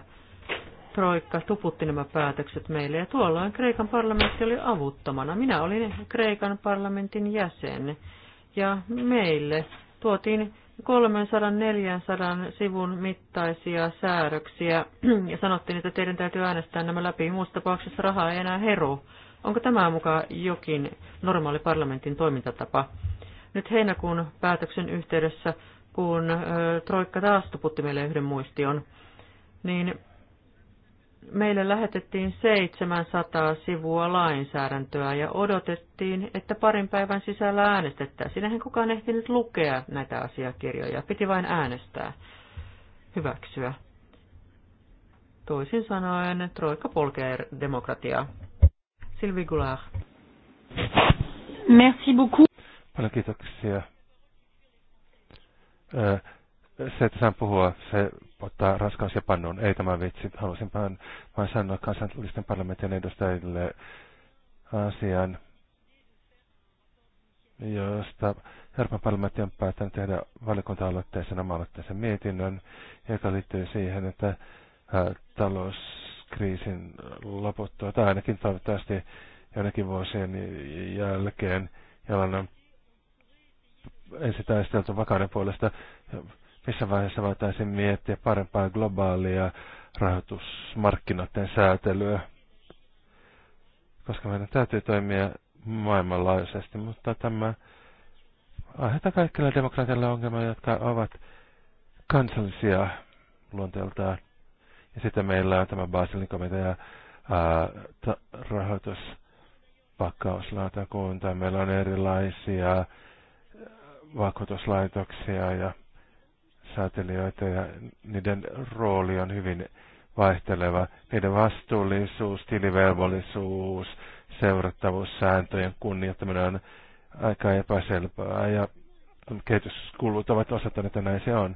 Troikka tuputti nämä päätökset meille ja tuolloin Kreikan parlamentti oli avuttamana. Minä olin Kreikan parlamentin jäsen ja meille tuotiin 300-400 sivun mittaisia säädöksiä ja sanottiin, että teidän täytyy äänestää nämä läpi. Muussa tapauksessa rahaa ei enää heru. Onko tämä mukaan jokin normaali parlamentin toimintatapa? Nyt heinäkuun päätöksen yhteydessä, kun Troikka taas tuputti meille yhden muistion, niin Meille lähetettiin 700 sivua lainsäädäntöä ja odotettiin, että parin päivän sisällä äänestettäisiin. Sinähän kukaan ehtinyt lukea näitä asiakirjoja, piti vain äänestää, hyväksyä. Toisin sanoen, Troika polkee demokratiaa. Sylvie Goulart. Merci beaucoup. Paljon kiitoksia se, että saan puhua, se ottaa raskaus ja pannun. Ei tämä vitsi. Halusin vain, vain sanoa kansallisten parlamentin edustajille asian, josta Euroopan parlamentti on päättänyt tehdä valikunta-aloitteisen oma mietinnön, joka liittyy siihen, että ää, talouskriisin loputtua, tai ainakin toivottavasti jonnekin vuosien jälkeen, jolloin on ensin taisteltu vakauden puolesta missä vaiheessa voitaisiin miettiä parempaa globaalia rahoitusmarkkinoiden säätelyä, koska meidän täytyy toimia maailmanlaajuisesti, mutta tämä aiheuttaa kaikille demokratialle ongelmia, jotka ovat kansallisia luonteeltaan. Ja sitten meillä on tämä Baselin komitea ja rahoituspakkauslautakunta. Meillä on erilaisia vakuutuslaitoksia ja säätelijöitä ja niiden rooli on hyvin vaihteleva. Niiden vastuullisuus, tilivelvollisuus, seurattavuus, sääntöjen kunnioittaminen on aika epäselvää ja kehityskulut ovat osoittaneet, että näin se on.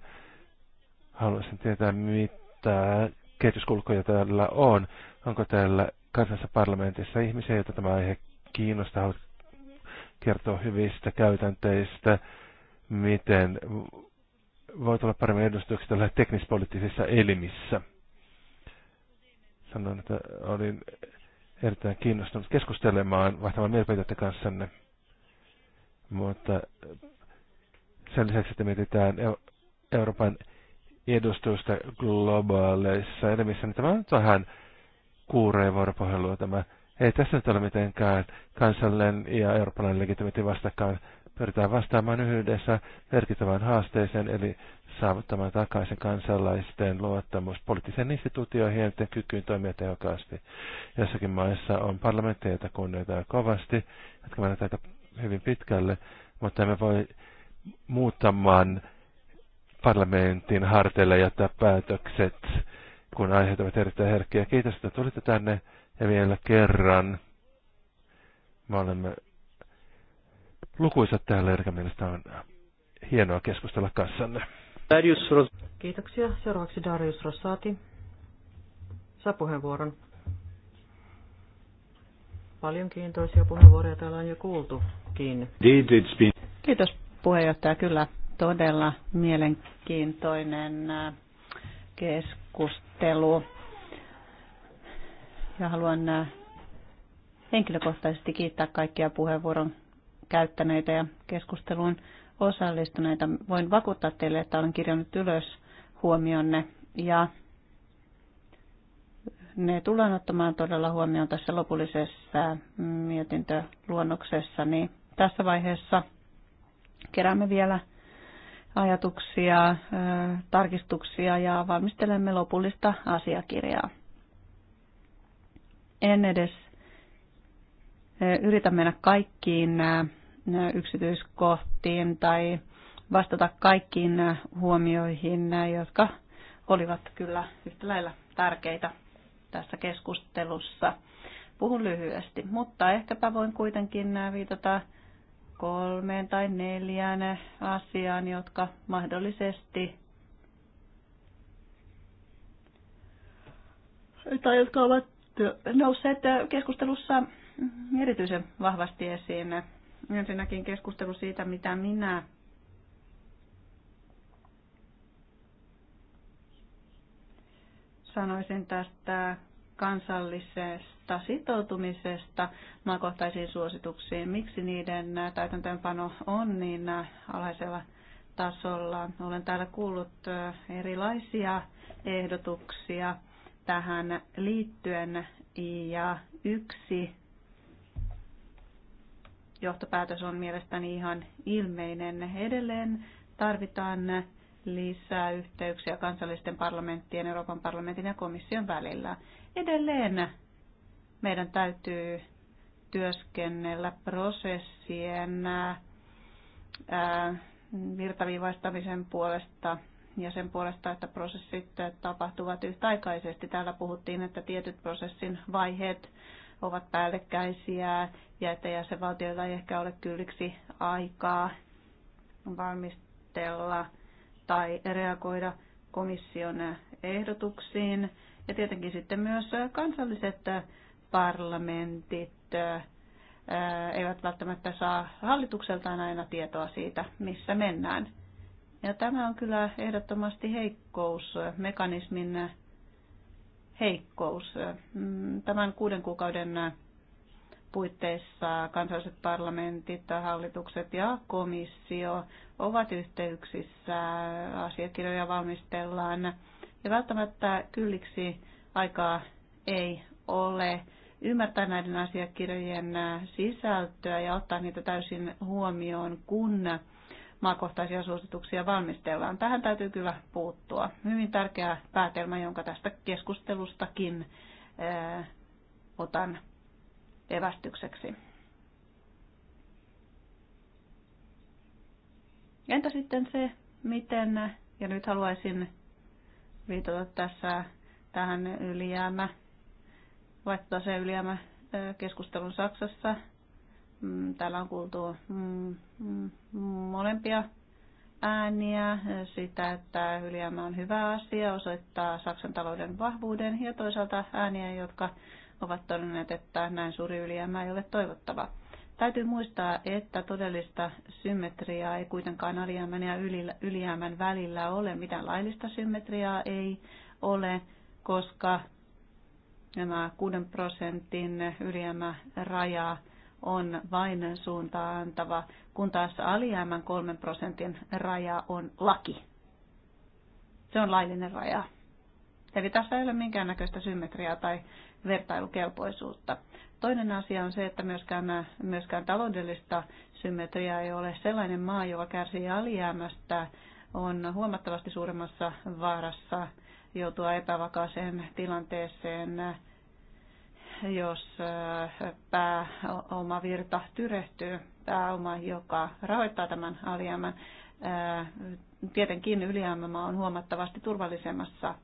Haluaisin tietää, mitä kehityskulkuja täällä on. Onko täällä kansallisessa parlamentissa ihmisiä, joita tämä aihe kiinnostaa, kertoo hyvistä käytänteistä, miten voit olla paremmin edustuksi tällä teknispoliittisissa elimissä. Sanoin, että olin erittäin kiinnostunut keskustelemaan, vaihtamaan mielipiteitä kanssanne. Mutta sen lisäksi, että mietitään Euroopan edustusta globaaleissa elimissä, niin tämä on vähän kuureen vuoropuhelua tämä. Ei tässä nyt ole mitenkään kansallinen ja eurooppalainen legitimiteetti vastakkain pyritään vastaamaan yhdessä merkittävään haasteeseen, eli saavuttamaan takaisin kansalaisten luottamus poliittisen instituutioihin ja kykyyn toimia tehokkaasti. Jossakin maissa on parlamentteja, joita kunnioitetaan kovasti, jotka menevät aika hyvin pitkälle, mutta me voi muuttamaan parlamentin harteille jättää päätökset, kun aiheet ovat erittäin herkkiä. Kiitos, että tulitte tänne ja vielä kerran. Me olemme lukuisat täällä, joiden mielestä on hienoa keskustella kanssanne. Ros- Kiitoksia. Seuraavaksi Darius Rossati. Saa puheenvuoron. Paljon kiintoisia puheenvuoroja täällä on jo kuultukin. Kiitos puheenjohtaja. Kyllä todella mielenkiintoinen äh, keskustelu. Ja haluan äh, henkilökohtaisesti kiittää kaikkia puheenvuoron käyttäneitä ja keskusteluun osallistuneita. Voin vakuuttaa teille, että olen kirjannut ylös huomionne ja ne tullaan ottamaan todella huomioon tässä lopullisessa mietintöluonnoksessa. Niin tässä vaiheessa keräämme vielä ajatuksia, tarkistuksia ja valmistelemme lopullista asiakirjaa. En edes yritä mennä kaikkiin yksityiskohtiin tai vastata kaikkiin huomioihin, jotka olivat kyllä yhtä lailla tärkeitä tässä keskustelussa. Puhun lyhyesti, mutta ehkäpä voin kuitenkin viitata kolmeen tai neljään asiaan, jotka mahdollisesti tai jotka ovat nousseet keskustelussa erityisen vahvasti esiin ensinnäkin keskustelu siitä, mitä minä sanoisin tästä kansallisesta sitoutumisesta maakohtaisiin suosituksiin. Miksi niiden täytäntöönpano on niin alhaisella tasolla? Olen täällä kuullut erilaisia ehdotuksia tähän liittyen ja yksi johtopäätös on mielestäni ihan ilmeinen. Edelleen tarvitaan lisää yhteyksiä kansallisten parlamenttien, Euroopan parlamentin ja komission välillä. Edelleen meidän täytyy työskennellä prosessien äh, virtaviivaistamisen puolesta ja sen puolesta, että prosessit tapahtuvat yhtäaikaisesti. Täällä puhuttiin, että tietyt prosessin vaiheet ovat päällekkäisiä ja että jäsenvaltioilla ei ehkä ole kylliksi aikaa valmistella tai reagoida komission ehdotuksiin. Ja tietenkin sitten myös kansalliset parlamentit eivät välttämättä saa hallitukseltaan aina tietoa siitä, missä mennään. Ja tämä on kyllä ehdottomasti heikkous mekanismin heikkous. Mm, tämän kuuden kuukauden puitteissa kansalliset parlamentit, hallitukset ja komissio ovat yhteyksissä, asiakirjoja valmistellaan ja välttämättä kylliksi aikaa ei ole ymmärtää näiden asiakirjojen sisältöä ja ottaa niitä täysin huomioon, kun maakohtaisia suosituksia valmistellaan. Tähän täytyy kyllä puuttua. Hyvin tärkeä päätelmä, jonka tästä keskustelustakin eh, otan evästykseksi. Entä sitten se, miten, ja nyt haluaisin viitata tässä tähän ylijäämä, se ylijäämä eh, keskustelun Saksassa Mm, täällä on kuultu mm, mm, molempia ääniä sitä, että ylijäämä on hyvä asia, osoittaa Saksan talouden vahvuuden ja toisaalta ääniä, jotka ovat todenneet, että näin suuri ylijäämä ei ole toivottava. Täytyy muistaa, että todellista symmetriaa ei kuitenkaan alijäämän ja ylijäämän välillä ole. Mitään laillista symmetriaa ei ole, koska nämä 6 prosentin ylijäämärajaa on vain suuntaa antava, kun taas alijäämän kolmen prosentin raja on laki. Se on laillinen raja. Eli tässä ei ole minkäännäköistä symmetriaa tai vertailukelpoisuutta. Toinen asia on se, että myöskään, myöskään taloudellista symmetriaa ei ole. Sellainen maa, joka kärsii alijäämästä, on huomattavasti suuremmassa vaarassa joutua epävakaaseen tilanteeseen jos äh, pääomavirta tyrehtyy, pääoma, joka rahoittaa tämän alijäämän, äh, tietenkin ylijäämämä on huomattavasti turvallisemmassa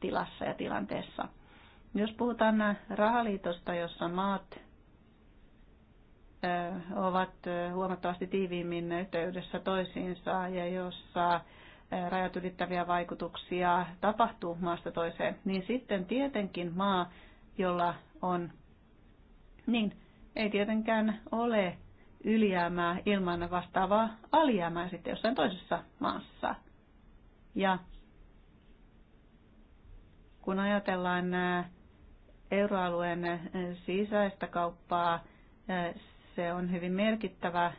tilassa ja tilanteessa. Jos puhutaan äh, rahaliitosta, jossa maat ovat huomattavasti tiiviimmin yhteydessä toisiinsa ja jossa rajat ylittäviä vaikutuksia tapahtuu maasta toiseen, niin sitten tietenkin maa, jolla on, niin ei tietenkään ole ylijäämää ilman vastaavaa alijäämää sitten jossain toisessa maassa. Ja kun ajatellaan euroalueen sisäistä kauppaa, se on hyvin merkittävä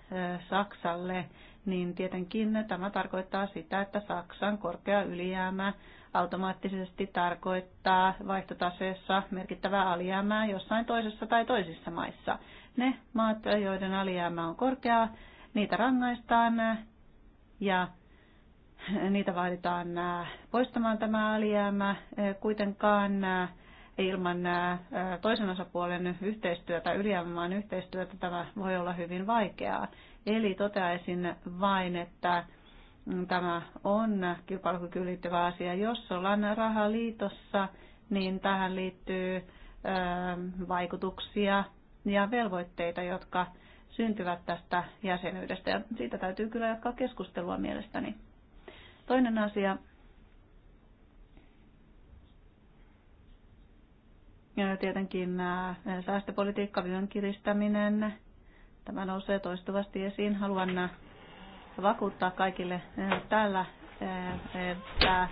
Saksalle, niin tietenkin tämä tarkoittaa sitä, että Saksan korkea ylijäämä automaattisesti tarkoittaa vaihtotaseessa merkittävää alijäämää jossain toisessa tai toisissa maissa. Ne maat, joiden alijäämä on korkea, niitä rangaistaan ja niitä vaaditaan poistamaan tämä alijäämä. Kuitenkaan ilman toisen osapuolen yhteistyötä, ylijäämään yhteistyötä, tämä voi olla hyvin vaikeaa. Eli toteaisin vain, että mm, tämä on kilpailukykyyn liittyvä asia. Jos ollaan rahaliitossa, niin tähän liittyy vaikutuksia ja velvoitteita, jotka syntyvät tästä jäsenyydestä. Ja siitä täytyy kyllä jatkaa keskustelua mielestäni. Toinen asia, tietenkin äh, säästöpolitiikka, vyön kiristäminen, tämä nousee toistuvasti esiin. Haluan äh, vakuuttaa kaikille äh, täällä, että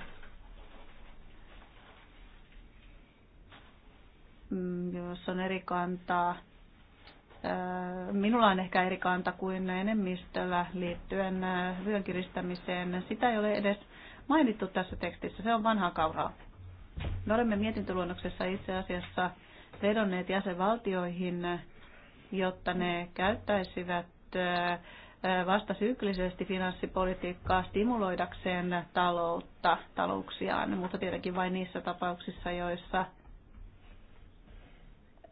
mm, jos on eri kantaa, minulla on ehkä eri kanta kuin enemmistöllä liittyen vyön kiristämiseen. Sitä ei ole edes mainittu tässä tekstissä, se on vanha kauraa. Me olemme mietintöluonnoksessa itse asiassa vedonneet jäsenvaltioihin, jotta ne käyttäisivät vastasyklisesti finanssipolitiikkaa stimuloidakseen taloutta, talouksiaan, mutta tietenkin vain niissä tapauksissa, joissa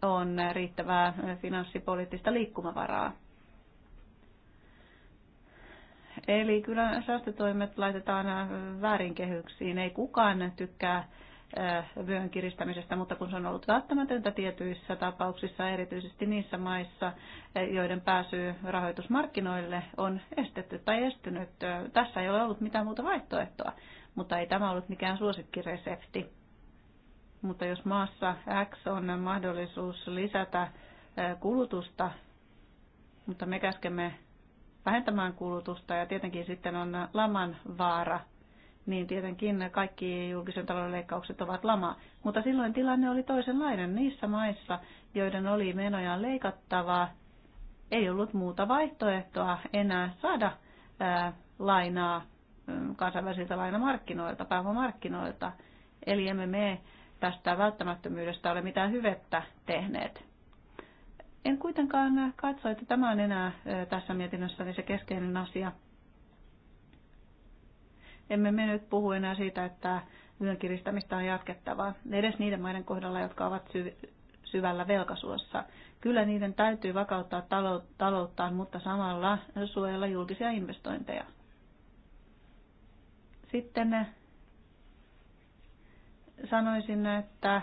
on riittävää finanssipoliittista liikkumavaraa. Eli kyllä säästötoimet laitetaan väärinkehyksiin. Ei kukaan tykkää vyön kiristämisestä, mutta kun se on ollut välttämätöntä tietyissä tapauksissa, erityisesti niissä maissa, joiden pääsy rahoitusmarkkinoille on estetty tai estynyt. Tässä ei ole ollut mitään muuta vaihtoehtoa, mutta ei tämä ollut mikään suosikkiresepti. Mutta jos maassa X on mahdollisuus lisätä kulutusta, mutta me käskemme vähentämään kulutusta ja tietenkin sitten on laman vaara – niin tietenkin kaikki julkisen talouden leikkaukset ovat lama. Mutta silloin tilanne oli toisenlainen. Niissä maissa, joiden oli menojaan leikattavaa, ei ollut muuta vaihtoehtoa enää saada ää, lainaa kansainvälisiltä lainamarkkinoilta, pääomamarkkinoilta. Eli emme me tästä välttämättömyydestä ole mitään hyvettä tehneet. En kuitenkaan katso, että tämä on enää tässä mietinnössäni se keskeinen asia. Emme me nyt puhu enää siitä, että vyön kiristämistä on jatkettava edes niiden maiden kohdalla, jotka ovat syv- syvällä velkasuossa. Kyllä niiden täytyy vakauttaa talou- talouttaan, mutta samalla suojella julkisia investointeja. Sitten eh, sanoisin, että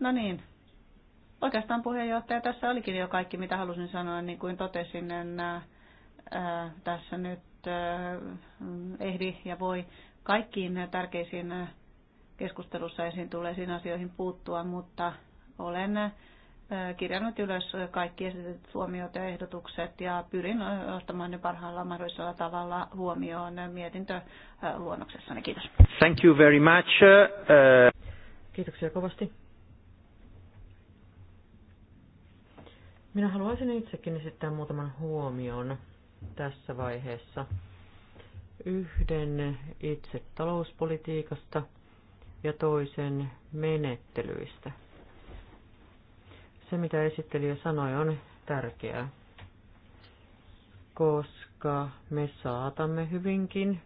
no niin, oikeastaan puheenjohtaja tässä olikin jo kaikki, mitä halusin sanoa, niin kuin totesin, en ää, eh, eh, tässä nyt ehdi ja voi kaikkiin tärkeisiin keskustelussa esiin tulleisiin asioihin puuttua, mutta olen kirjannut ylös kaikki esitetyt huomiot ja ehdotukset ja pyrin ottamaan ne parhaalla mahdollisella tavalla huomioon mietintöluonnoksessani. Kiitos. Thank you very much. Uh... Kiitoksia kovasti. Minä haluaisin itsekin esittää muutaman huomion tässä vaiheessa yhden itse talouspolitiikasta ja toisen menettelyistä. Se, mitä esittelijä sanoi, on tärkeää, koska me saatamme hyvinkin,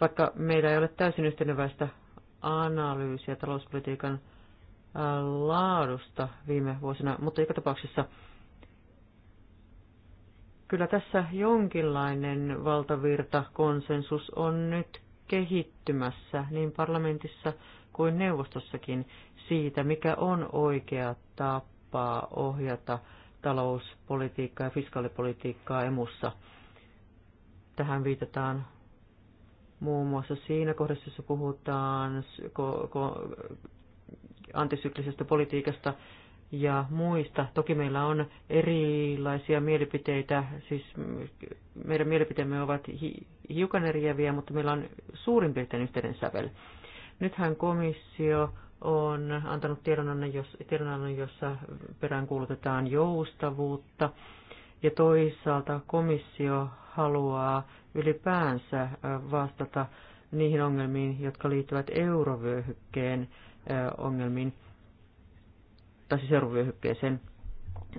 vaikka meillä ei ole täysin yhteneväistä analyysiä talouspolitiikan laadusta viime vuosina, mutta joka tapauksessa – kyllä tässä jonkinlainen valtavirta konsensus on nyt kehittymässä niin parlamentissa kuin neuvostossakin siitä, mikä on oikea tapa ohjata talouspolitiikkaa ja fiskaalipolitiikkaa emussa. Tähän viitataan muun muassa siinä kohdassa, jossa puhutaan antisyklisestä politiikasta, ja muista. Toki meillä on erilaisia mielipiteitä, siis meidän mielipiteemme ovat hiukan eriäviä, mutta meillä on suurin piirtein yhteinen sävel. Nythän komissio on antanut tiedonannon, jossa peräänkuulutetaan joustavuutta, ja toisaalta komissio haluaa ylipäänsä vastata niihin ongelmiin, jotka liittyvät eurovyöhykkeen ongelmiin tai siis eurovyöhykkeeseen,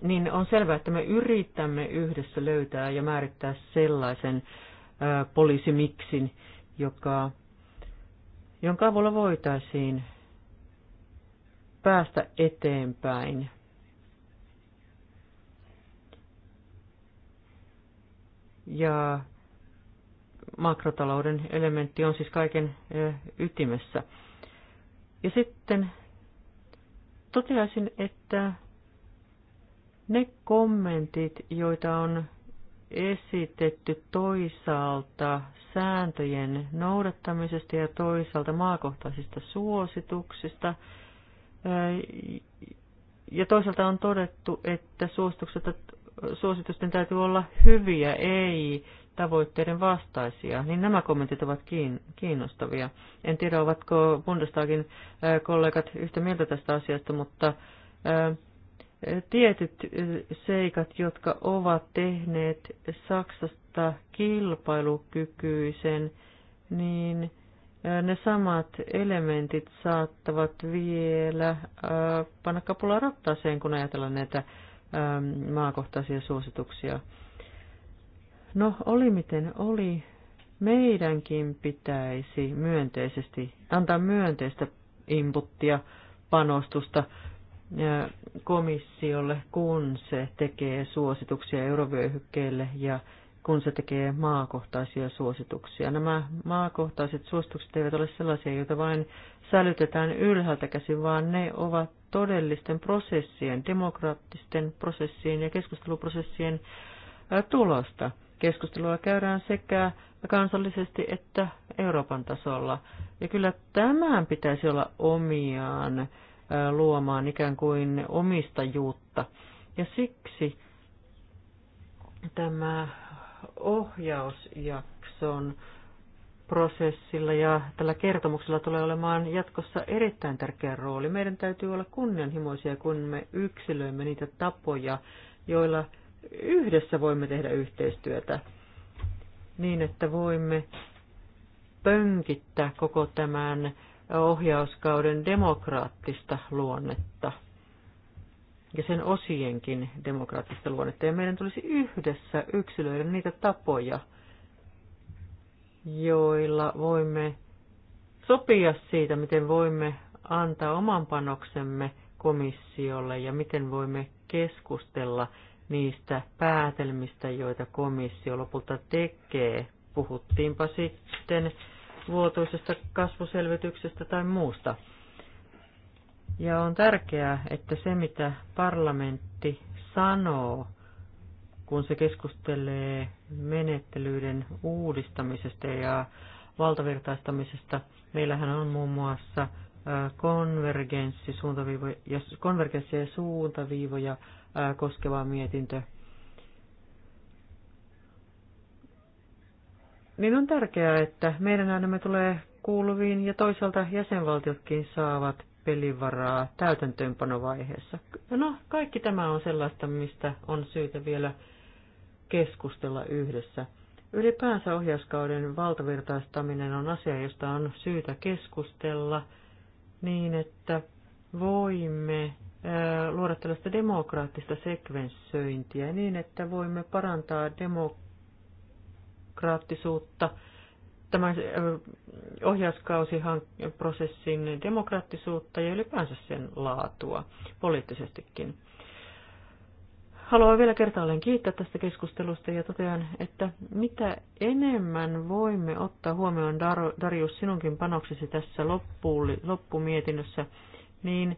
niin on selvää, että me yritämme yhdessä löytää ja määrittää sellaisen ö, poliisimiksin, joka, jonka avulla voitaisiin päästä eteenpäin. Ja makrotalouden elementti on siis kaiken ytimessä. Ja sitten Toteaisin, että ne kommentit, joita on esitetty toisaalta sääntöjen noudattamisesta ja toisaalta maakohtaisista suosituksista, ja toisaalta on todettu, että suositusten täytyy olla hyviä, ei tavoitteiden vastaisia, niin nämä kommentit ovat kiinnostavia. En tiedä, ovatko Bundestagin kollegat yhtä mieltä tästä asiasta, mutta tietyt seikat, jotka ovat tehneet Saksasta kilpailukykyisen, niin ne samat elementit saattavat vielä panna kapulaa rattaaseen, kun ajatellaan näitä maakohtaisia suosituksia. No, oli miten oli. Meidänkin pitäisi myönteisesti, antaa myönteistä inputtia, panostusta komissiolle, kun se tekee suosituksia eurovyöhykkeelle ja kun se tekee maakohtaisia suosituksia. Nämä maakohtaiset suositukset eivät ole sellaisia, joita vain sälytetään ylhäältä käsin, vaan ne ovat todellisten prosessien, demokraattisten prosessien ja keskusteluprosessien tulosta. Keskustelua käydään sekä kansallisesti että Euroopan tasolla. Ja kyllä tämän pitäisi olla omiaan äh, luomaan ikään kuin omistajuutta. Ja siksi tämä ohjausjakson prosessilla ja tällä kertomuksella tulee olemaan jatkossa erittäin tärkeä rooli. Meidän täytyy olla kunnianhimoisia, kun me yksilöimme niitä tapoja, joilla yhdessä voimme tehdä yhteistyötä niin, että voimme pönkittää koko tämän ohjauskauden demokraattista luonnetta ja sen osienkin demokraattista luonnetta. Ja meidän tulisi yhdessä yksilöidä niitä tapoja, joilla voimme sopia siitä, miten voimme antaa oman panoksemme komissiolle ja miten voimme keskustella niistä päätelmistä, joita komissio lopulta tekee. Puhuttiinpa sitten vuotuisesta kasvuselvityksestä tai muusta. Ja on tärkeää, että se mitä parlamentti sanoo, kun se keskustelee menettelyiden uudistamisesta ja valtavirtaistamisesta, meillähän on muun muassa Äh, konvergenssi, suuntaviivo, ja konvergenssi ja suuntaviivoja äh, koskeva mietintö. Niin on tärkeää, että meidän äänemme tulee kuuluviin ja toisaalta jäsenvaltiotkin saavat pelivaraa täytäntöönpanovaiheessa. No, kaikki tämä on sellaista, mistä on syytä vielä keskustella yhdessä. Ylipäänsä ohjauskauden valtavirtaistaminen on asia, josta on syytä keskustella – niin, että voimme äh, luoda tällaista demokraattista sekvenssöintiä niin, että voimme parantaa demokraattisuutta, tämän äh, ohjauskausiprosessin demokraattisuutta ja ylipäänsä sen laatua poliittisestikin. Haluan vielä kertaalleen kiittää tästä keskustelusta ja totean, että mitä enemmän voimme ottaa huomioon, Darius, sinunkin panoksesi tässä loppu loppumietinnössä, niin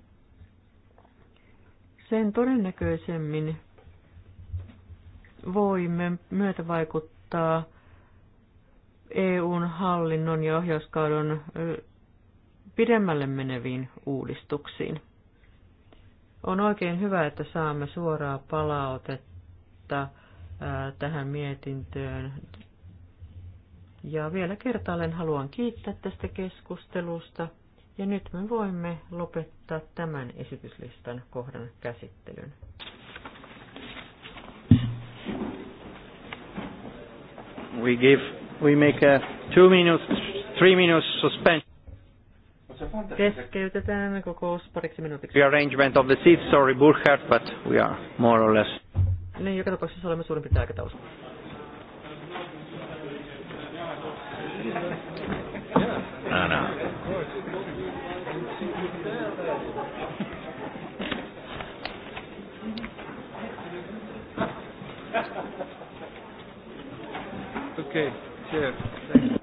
sen todennäköisemmin voimme vaikuttaa EUn hallinnon ja ohjauskaudon pidemmälle meneviin uudistuksiin. On oikein hyvä, että saamme suoraa palautetta tähän mietintöön. Ja vielä kertaalleen haluan kiittää tästä keskustelusta. Ja nyt me voimme lopettaa tämän esityslistan kohdan käsittelyn. We give, we make a two minutes, three minutes suspension. Keskeytetään kokous pariksi minuutiksi. Rearrangement of the seats, sorry Burkhardt, but we are more or less. Niin, joka tapauksessa olemme suurin piirtein aikataulussa. No, no. Okay, cheers. Thanks.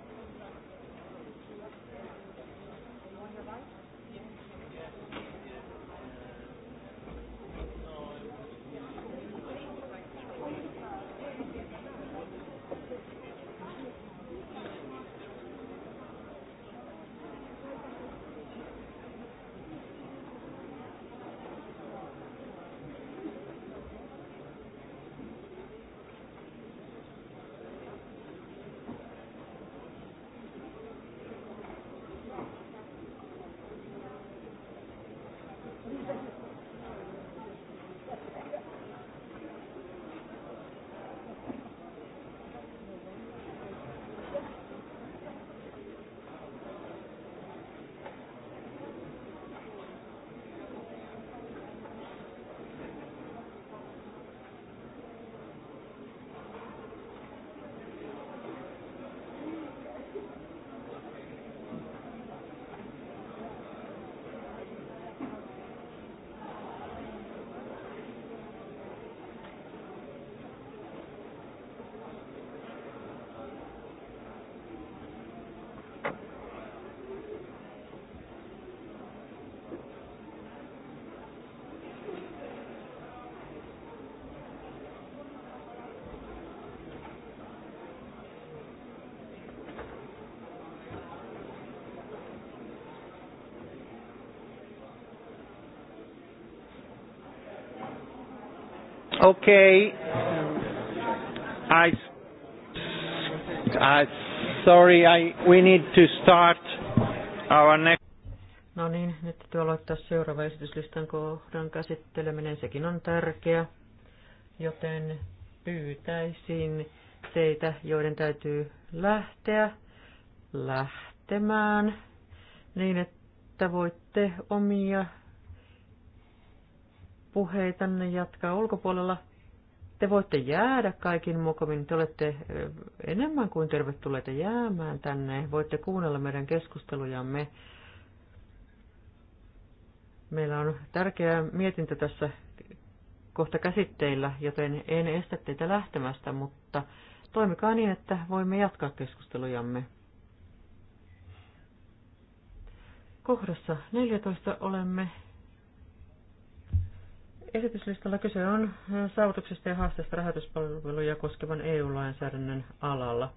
Okay. I, I sorry, I, we need to start our next... No niin, nyt täytyy aloittaa seuraava esityslistan kohdan käsitteleminen. Sekin on tärkeä, joten pyytäisin teitä, joiden täytyy lähteä lähtemään niin, että voitte omia puheitanne jatkaa ulkopuolella. Te voitte jäädä kaikin mukavin Te olette enemmän kuin tervetulleita jäämään tänne. Voitte kuunnella meidän keskustelujamme. Meillä on tärkeä mietintö tässä kohta käsitteillä, joten en estä teitä lähtemästä, mutta toimikaa niin, että voimme jatkaa keskustelujamme. Kohdassa 14 olemme esityslistalla kyse on äh, saavutuksesta ja haasteista rahoituspalveluja koskevan EU-lainsäädännön alalla.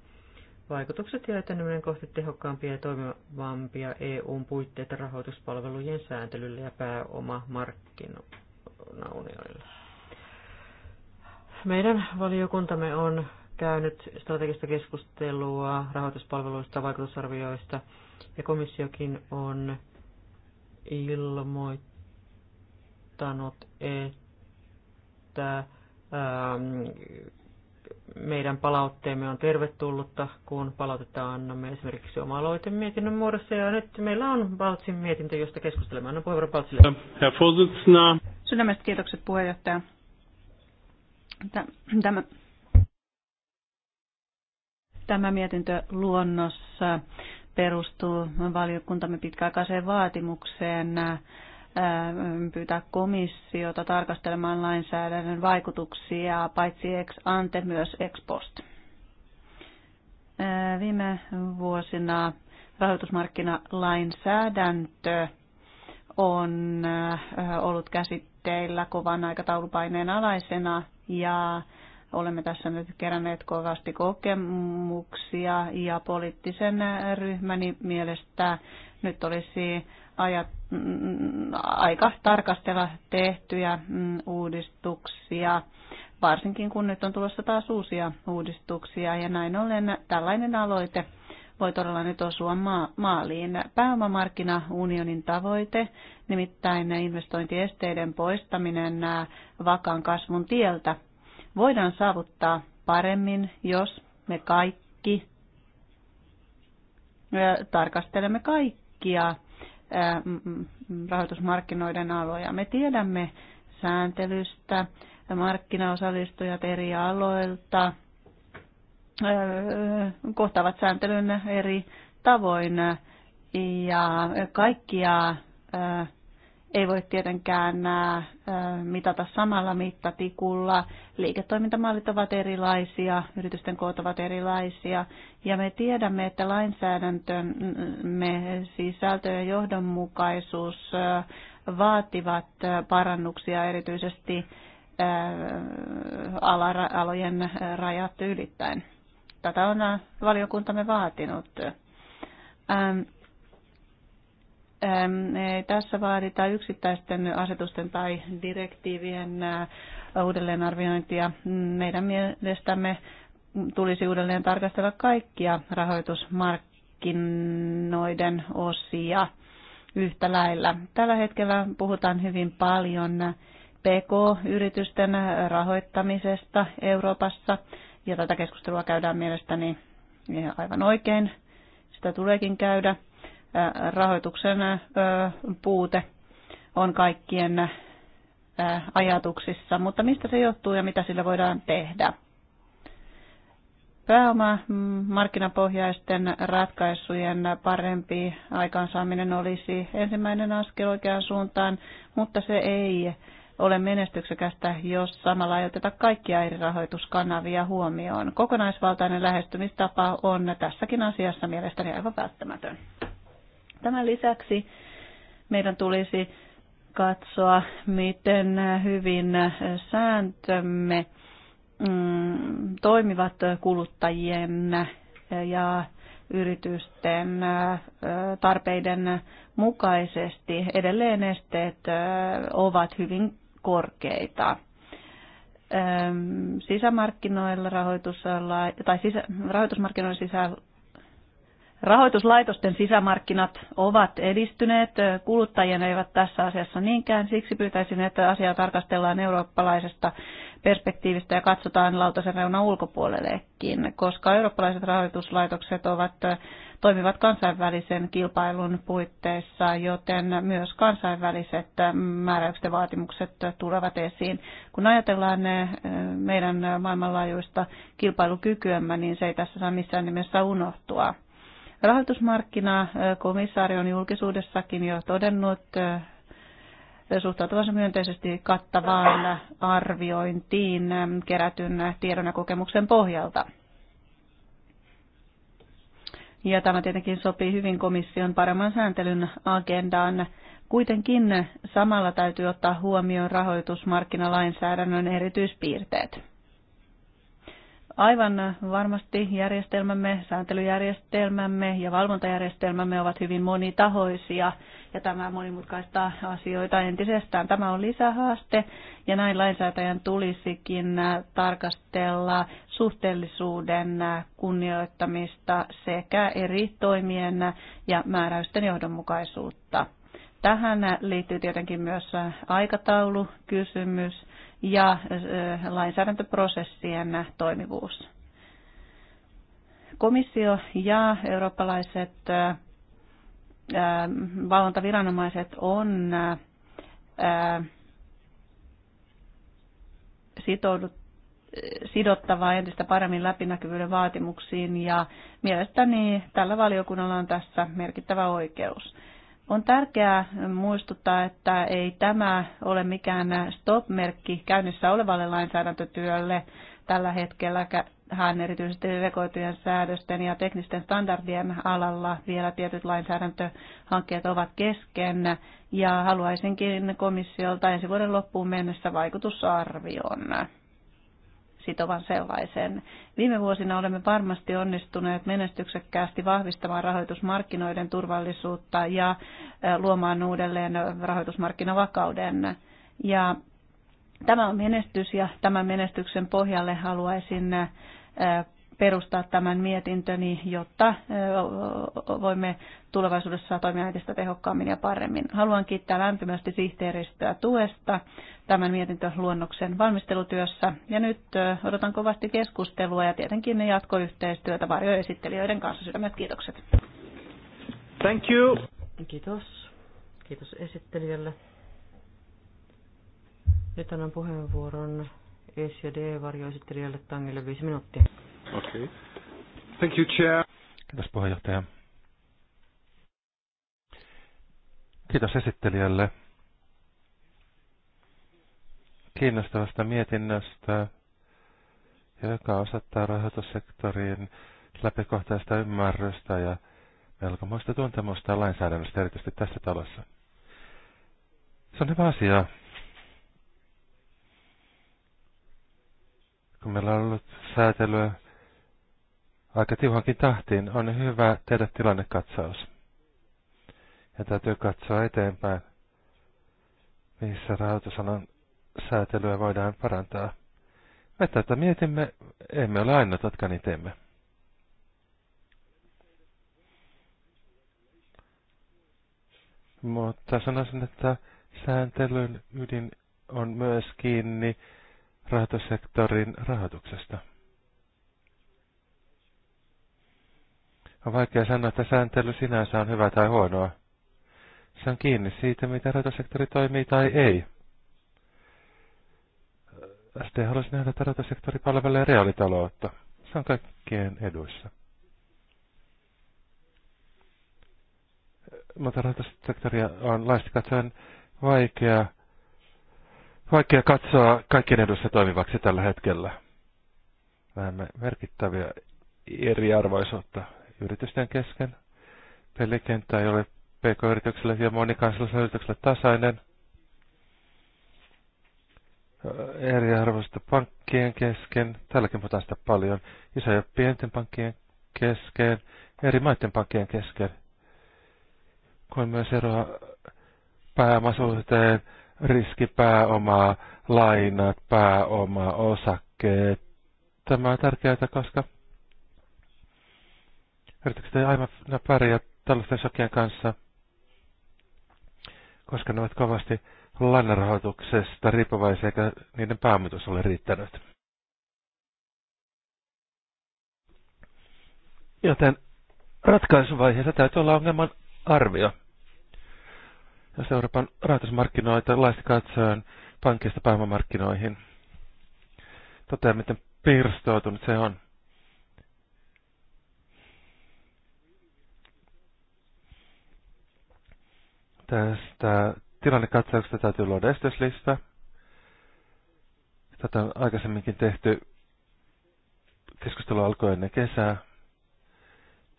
Vaikutukset ja eteneminen kohti tehokkaampia ja toimivampia EUn puitteita rahoituspalvelujen sääntelylle ja pääomamarkkinaunionilla. Meidän valiokuntamme on käynyt strategista keskustelua rahoituspalveluista, vaikutusarvioista ja komissiokin on ilmoittanut, ehdottanut, että ähm, meidän palautteemme on tervetullutta, kun palautetta annamme esimerkiksi oma mietinnön muodossa. Ja nyt meillä on Baltsin mietintö, josta keskustelemme. Annan puheenvuoron Baltsille. Sydämestä kiitokset puheenjohtaja. Tämä, tämä mietintö luonnossa perustuu valiokuntamme pitkäaikaiseen vaatimukseen Ähm, pyytää komissiota tarkastelemaan lainsäädännön vaikutuksia paitsi ex ante myös ex post. Äh, viime vuosina rahoitusmarkkinalainsäädäntö on äh, ollut käsitteillä kovan aikataulupaineen alaisena ja olemme tässä nyt keränneet kovasti kokemuksia ja poliittisen ryhmäni mielestä nyt olisi ajat, mm, aika tarkastella tehtyjä mm, uudistuksia, varsinkin kun nyt on tulossa taas uusia uudistuksia. Ja näin ollen tällainen aloite voi todella nyt osua maa, maaliin. Pääomamarkkinaunionin tavoite, nimittäin investointiesteiden poistaminen vakaan kasvun tieltä, voidaan saavuttaa paremmin, jos me kaikki tarkastelemme kaikkia rahoitusmarkkinoiden aloja. Me tiedämme sääntelystä, markkinaosallistujat eri aloilta kohtaavat sääntelyn eri tavoin ja kaikkia ei voi tietenkään äh, mitata samalla mittatikulla. Liiketoimintamallit ovat erilaisia, yritysten koot ovat erilaisia ja me tiedämme, että lainsäädäntömme sisältö ja johdonmukaisuus äh, vaativat äh, parannuksia erityisesti alojen rajat ylittäen. Tätä on valiokuntamme vaatinut. Ähm, Ähm, eh, tässä vaaditaan yksittäisten asetusten tai direktiivien eh, uudelleenarviointia. Meidän mielestämme tulisi uudelleen tarkastella kaikkia rahoitusmarkkinoiden osia yhtä lailla. Tällä hetkellä puhutaan hyvin paljon PK-yritysten rahoittamisesta Euroopassa, ja tätä keskustelua käydään mielestäni eh, aivan oikein. Sitä tuleekin käydä rahoituksen puute on kaikkien ajatuksissa, mutta mistä se johtuu ja mitä sillä voidaan tehdä? Pääoma mm, markkinapohjaisten ratkaisujen parempi aikaansaaminen olisi ensimmäinen askel oikeaan suuntaan, mutta se ei ole menestyksekästä, jos samalla ei oteta kaikkia eri rahoituskanavia huomioon. Kokonaisvaltainen lähestymistapa on tässäkin asiassa mielestäni aivan välttämätön. Tämän lisäksi meidän tulisi katsoa, miten hyvin sääntömme mm, toimivat kuluttajien ja yritysten tarpeiden mukaisesti. Edelleen esteet ovat hyvin korkeita. Sisämarkkinoilla rahoitus tai sisä, rahoitusmarkkinoiden sisällä Rahoituslaitosten sisämarkkinat ovat edistyneet, kuluttajien eivät tässä asiassa niinkään. Siksi pyytäisin, että asiaa tarkastellaan eurooppalaisesta perspektiivistä ja katsotaan lautasen reunan ulkopuolellekin, koska eurooppalaiset rahoituslaitokset ovat, toimivat kansainvälisen kilpailun puitteissa, joten myös kansainväliset määräykset ja vaatimukset tulevat esiin. Kun ajatellaan eh, meidän maailmanlaajuista kilpailukykyämme, niin se ei tässä saa missään nimessä unohtua. Rahoitusmarkkinakomissaari on julkisuudessakin jo todennut suhtautuvansa myönteisesti kattavaan arviointiin kerätyn tiedon ja kokemuksen pohjalta. Ja tämä tietenkin sopii hyvin komission paremman sääntelyn agendaan. Kuitenkin samalla täytyy ottaa huomioon rahoitusmarkkinalainsäädännön erityispiirteet. Aivan varmasti järjestelmämme, sääntelyjärjestelmämme ja valvontajärjestelmämme ovat hyvin monitahoisia ja tämä monimutkaistaa asioita entisestään. Tämä on lisähaaste ja näin lainsäätäjän tulisikin tarkastella suhteellisuuden kunnioittamista sekä eri toimien ja määräysten johdonmukaisuutta. Tähän liittyy tietenkin myös aikataulukysymys ja lainsäädäntöprosessien toimivuus. Komissio ja eurooppalaiset valvontaviranomaiset on sitouduttu sidottava entistä paremmin läpinäkyvyyden vaatimuksiin ja mielestäni tällä valiokunnalla on tässä merkittävä oikeus. On tärkeää muistuttaa, että ei tämä ole mikään stop-merkki käynnissä olevalle lainsäädäntötyölle. Tällä hetkellä hän erityisesti rekoitujen säädösten ja teknisten standardien alalla vielä tietyt lainsäädäntöhankkeet ovat kesken ja haluaisinkin komissiolta ensi vuoden loppuun mennessä vaikutusarvion sitovan sellaisen. Viime vuosina olemme varmasti onnistuneet menestyksekkäästi vahvistamaan rahoitusmarkkinoiden turvallisuutta ja luomaan uudelleen rahoitusmarkkinavakauden. Ja tämä on menestys ja tämän menestyksen pohjalle haluaisin perustaa tämän mietintöni, jotta voimme tulevaisuudessa toimia entistä tehokkaammin ja paremmin. Haluan kiittää lämpimästi sihteeristöä tuesta tämän mietintöluonnoksen valmistelutyössä. Ja nyt odotan kovasti keskustelua ja tietenkin jatkoyhteistyötä varjoesittelijöiden kanssa. Sydämet kiitokset. Thank you. Kiitos. Kiitos esittelijälle. Nyt annan puheenvuoron SJD-varjoesittelijälle Tangille viisi minuuttia. Okei. Okay. Thank you, Chair. Kiitos puheenjohtaja. Kiitos esittelijälle kiinnostavasta mietinnöstä, joka osattaa rahoitussektorin läpikohtaista ymmärrystä ja melkomoista tuntemusta lainsäädännöstä, erityisesti tässä talossa. Se on hyvä asia, kun meillä on ollut säätelyä aika tiuhankin tahtiin, on hyvä tehdä tilannekatsaus. Ja täytyy katsoa eteenpäin, missä rahoitusalan säätelyä voidaan parantaa. Me tätä mietimme, emme ole ainoat, jotka niin teemme. Mutta sanoisin, että sääntelyn ydin on myös kiinni rahoitussektorin rahoituksesta. On vaikea sanoa, että sääntely sinänsä on hyvä tai huonoa. Se on kiinni siitä, miten rahoitussektori toimii tai ei. SD haluaisi nähdä, että rahoitussektori palvelee reaalitaloutta. Se on kaikkien eduissa. Mutta rahoitussektoria on laista katsoen vaikea vaikea katsoa kaikkien edussa toimivaksi tällä hetkellä. Näemme merkittäviä eriarvoisuutta yritysten kesken. Pelikenttä ei ole pk-yritykselle ja monikansalliselle yritykselle tasainen. Eriarvoista pankkien kesken. Tälläkin puhutaan sitä paljon. Isoja ja pienten pankkien kesken. Eri maiden pankkien kesken. Kuin myös eroa pääomasuhteen riskipääomaa, lainat, pääoma, osakkeet. Tämä on tärkeää, koska yritätkö te aivan pärjää tällaisten shokien kanssa, koska ne ovat kovasti lainarahoituksesta riippuvaisia, eikä niiden pääomitus ole riittänyt. Joten ratkaisuvaiheessa täytyy olla ongelman arvio jos Euroopan rahoitusmarkkinoita laista katsoen pankista pääomamarkkinoihin. Totea, miten pirstoutunut se on. Tästä tilannekatsauksesta täytyy luoda esteslista. Tätä on aikaisemminkin tehty. Keskustelu alkoi ennen kesää.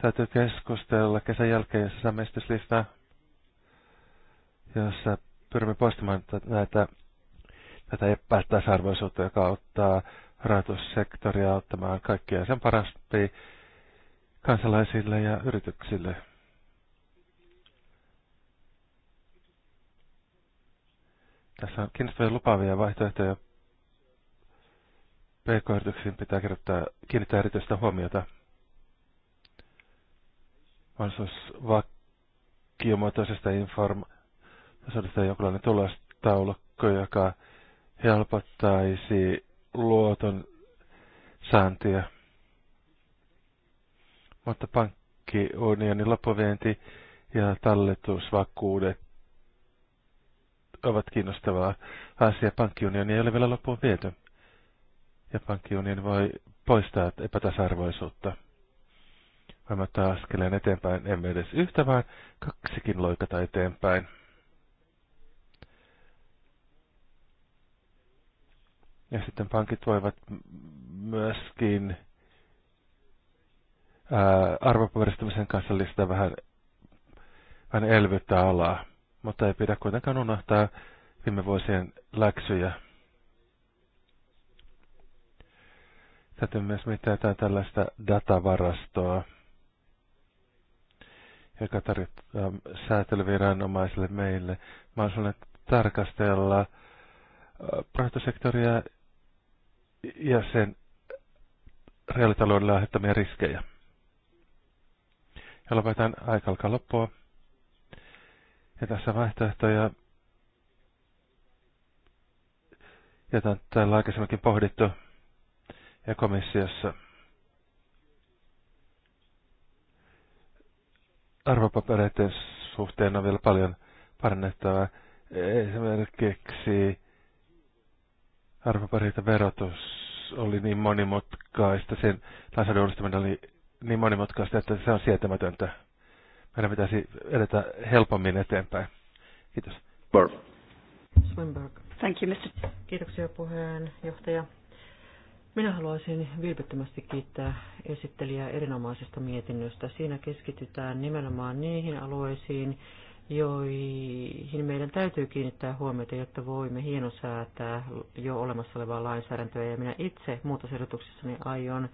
Täytyy keskustella kesän jälkeen, jos saamme esteslistaa jossa pyrimme poistamaan näitä, tätä epätasa-arvoisuutta, joka auttaa rahoitussektoria auttamaan kaikkia sen parasti kansalaisille ja yrityksille. Tässä on kiinnostavia lupaavia vaihtoehtoja. PK-yrityksiin pitää kirjoittaa, kiinnittää erityistä huomiota. Mahdollisuus vakiomuotoisesta informaatiosta saada jonkinlainen tulostaulukko, joka helpottaisi luoton saantia. Mutta pankkiunionin loppuvienti ja talletusvakuudet ovat kiinnostavaa asia. Pankkiunioni ei ole vielä loppuun viety. Ja pankkiunioni voi poistaa epätasarvoisuutta, Voimme ottaa askeleen eteenpäin, emme edes yhtä, vaan kaksikin loikata eteenpäin. Ja sitten pankit voivat myöskin arvopuolistumisen kanssa lisätä vähän, vähän elvyttää alaa, mutta ei pidä kuitenkaan unohtaa viime vuosien läksyjä. Täytyy myös mitata tällaista datavarastoa, joka tarjotaan säätelyviranomaisille meille mahdollisuuden tarkastella projektosektoria ja sen reaalitaloudelle aiheuttamia riskejä. Ja lopetan, aika alkaa loppua. Ja tässä vaihtoehtoja, jota on täällä aikaisemminkin pohdittu, ja komissiossa arvopapereiden suhteen on vielä paljon parannettavaa. Esimerkiksi arvopareita verotus oli niin monimutkaista, sen lainsäädännön uudistaminen oli niin monimutkaista, että se on sietämätöntä. Meidän pitäisi edetä helpommin eteenpäin. Kiitos. Burr. Swinberg. Thank you, Mr. Kiitoksia puheenjohtaja. Minä haluaisin vilpittömästi kiittää esittelijää erinomaisesta mietinnöstä. Siinä keskitytään nimenomaan niihin alueisiin, joihin meidän täytyy kiinnittää huomiota, jotta voimme hienosäätää jo olemassa olevaa lainsäädäntöä. Ja minä itse muutosehdotuksessani aion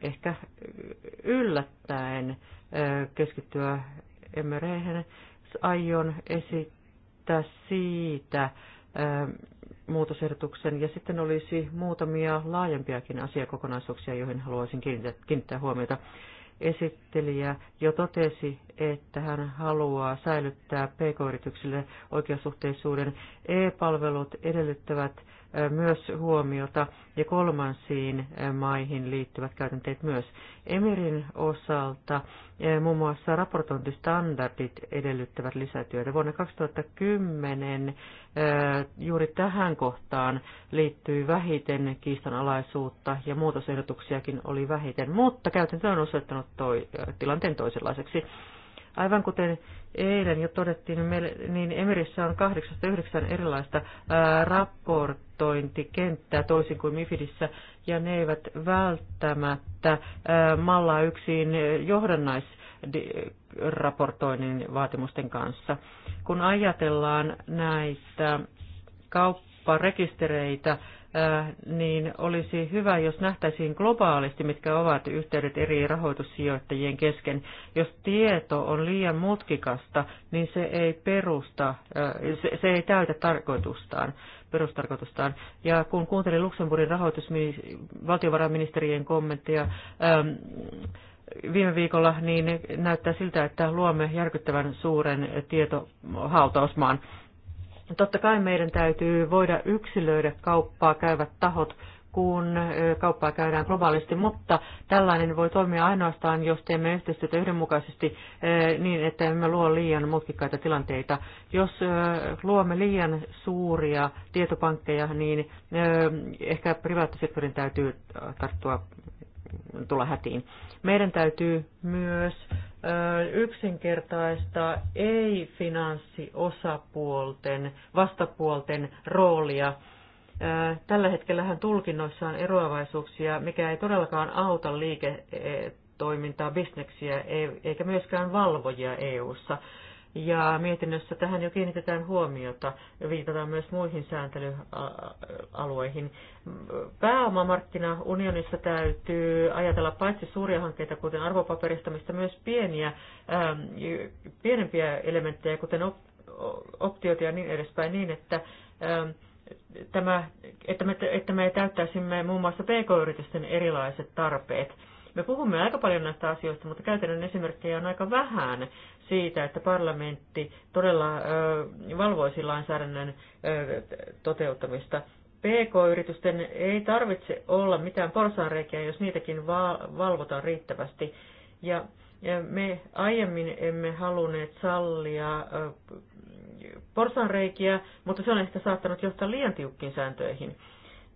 ehkä yllättäen keskittyä emmereihin. Aion esittää siitä muutosehdotuksen ja sitten olisi muutamia laajempiakin asiakokonaisuuksia, joihin haluaisin kiinnittää, kiinnittää huomiota esittelijä jo totesi, että hän haluaa säilyttää pk-yrityksille oikeasuhteisuuden. E-palvelut edellyttävät myös huomiota ja kolmansiin maihin liittyvät käytänteet myös. Emirin osalta muun mm. muassa raportointistandardit edellyttävät lisätyötä. Vuonna 2010 juuri tähän kohtaan liittyy vähiten kiistanalaisuutta ja muutosehdotuksiakin oli vähiten, mutta käytäntö on osoittanut toi, tilanteen toisenlaiseksi. Aivan kuten eilen jo todettiin, niin Emirissä on 8-9 erilaista raportointia raportointikenttää toisin kuin MIFIDissä, ja ne eivät välttämättä mallaa yksin johdannaisraportoinnin vaatimusten kanssa. Kun ajatellaan näitä kaupparekistereitä, niin olisi hyvä, jos nähtäisiin globaalisti, mitkä ovat yhteydet eri rahoitussijoittajien kesken. Jos tieto on liian mutkikasta, niin se ei perusta, se ei täytä tarkoitustaan perustarkoitustaan. Ja kun kuuntelin Luxemburgin rahoitusvaltiovarainministerien niin kommentteja äm, viime viikolla, niin näyttää siltä, että luomme järkyttävän suuren tietohautausmaan. Totta kai meidän täytyy voida yksilöidä kauppaa käyvät tahot kun kauppaa käydään globaalisti, mutta tällainen voi toimia ainoastaan, jos teemme yhteistyötä yhdenmukaisesti niin, että emme luo liian mutkikkaita tilanteita. Jos luomme liian suuria tietopankkeja, niin ehkä privaattisektorin täytyy tarttua tulla hätiin. Meidän täytyy myös yksinkertaista ei-finanssiosapuolten, vastapuolten roolia Tällä hetkellähän tulkinnoissa on eroavaisuuksia, mikä ei todellakaan auta liiketoimintaa, bisneksiä eikä myöskään valvojia EU:ssa. Ja mietinnössä tähän jo kiinnitetään huomiota ja viitataan myös muihin sääntelyalueihin. unionissa täytyy ajatella paitsi suuria hankkeita, kuten arvopaperistamista, myös pieniä, ähm, pienempiä elementtejä, kuten op- optiot ja niin edespäin, niin että ähm, tämä, että, me, että me täyttäisimme muun muassa pk-yritysten erilaiset tarpeet. Me puhumme aika paljon näistä asioista, mutta käytännön esimerkkejä on aika vähän siitä, että parlamentti todella ö, valvoisi lainsäädännön ö, toteuttamista. PK-yritysten ei tarvitse olla mitään porsaanreikiä, jos niitäkin valvotaan riittävästi. Ja me aiemmin emme halunneet sallia porsanreikiä, mutta se on ehkä saattanut johtaa liian tiukkiin sääntöihin.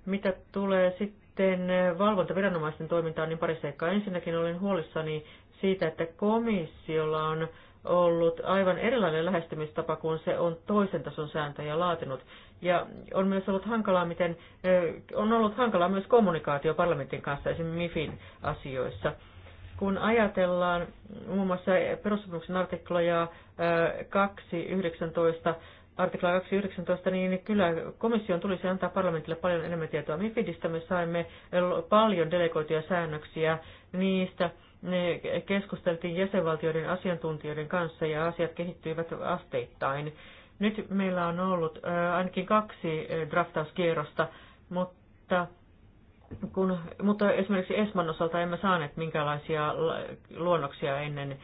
Mitä tulee sitten valvontaviranomaisten toimintaan, niin pari seikkaa. Ensinnäkin olen huolissani siitä, että komissiolla on ollut aivan erilainen lähestymistapa, kun se on toisen tason sääntöjä laatinut. Ja on myös ollut hankalaa, miten, on ollut hankalaa myös kommunikaatio parlamentin kanssa esimerkiksi MIFin asioissa kun ajatellaan muun muassa perussopimuksen artikloja 2.19, artikla 2.19, niin kyllä komission tulisi antaa parlamentille paljon enemmän tietoa. MIFIDistä me saimme paljon delegoituja säännöksiä niistä. Ne keskusteltiin jäsenvaltioiden asiantuntijoiden kanssa ja asiat kehittyivät asteittain. Nyt meillä on ollut ainakin kaksi draftauskierrosta, mutta kun, mutta esimerkiksi Esman osalta emme saaneet minkälaisia luonnoksia ennen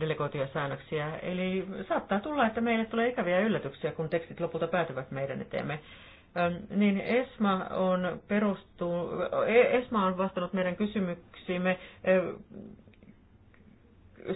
delegoituja säännöksiä. Eli saattaa tulla, että meille tulee ikäviä yllätyksiä, kun tekstit lopulta päätyvät meidän eteemme. Niin ESMA on, perustu, e, ESMA on vastannut meidän kysymyksiimme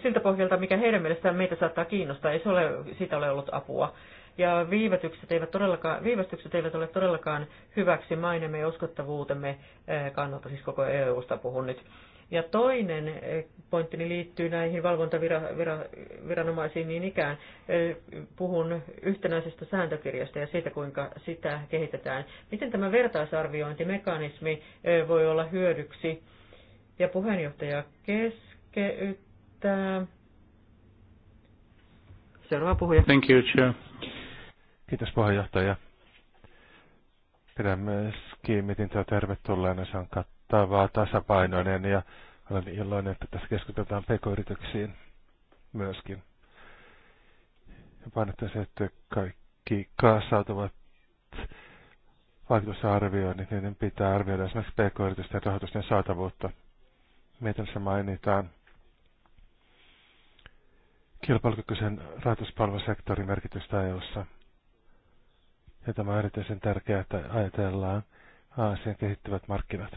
siltä pohjalta, mikä heidän mielestään meitä saattaa kiinnostaa. Ei se ole, siitä ole ollut apua ja viivästykset eivät, todellakaan, viivästykset eivät ole todellakaan hyväksi mainemme ja uskottavuutemme eh, kannalta, siis koko EU-sta puhun nyt. Ja toinen eh, pointtini liittyy näihin valvontaviranomaisiin niin ikään. Eh, puhun yhtenäisestä sääntökirjasta ja siitä, kuinka sitä kehitetään. Miten tämä vertaisarviointimekanismi voi olla hyödyksi? Ja puheenjohtaja keskeyttää. Seuraava puhuja. Thank you, Chair. Kiitos puheenjohtaja. Pidän myöskin mietintöä tervetulleena. Se on kattavaa, tasapainoinen ja olen iloinen, että tässä keskustellaan pk-yrityksiin myöskin. Ja painottaa se, että kaikki kaasautuvat vaikutusarvioinnit, niiden pitää arvioida esimerkiksi pk-yritysten rahoitusten saatavuutta. se mainitaan kilpailukykyisen rahoituspalvelusektorin merkitystä EU-ssa. Ja tämä on erityisen tärkeää, että ajatellaan Aasian kehittyvät markkinat.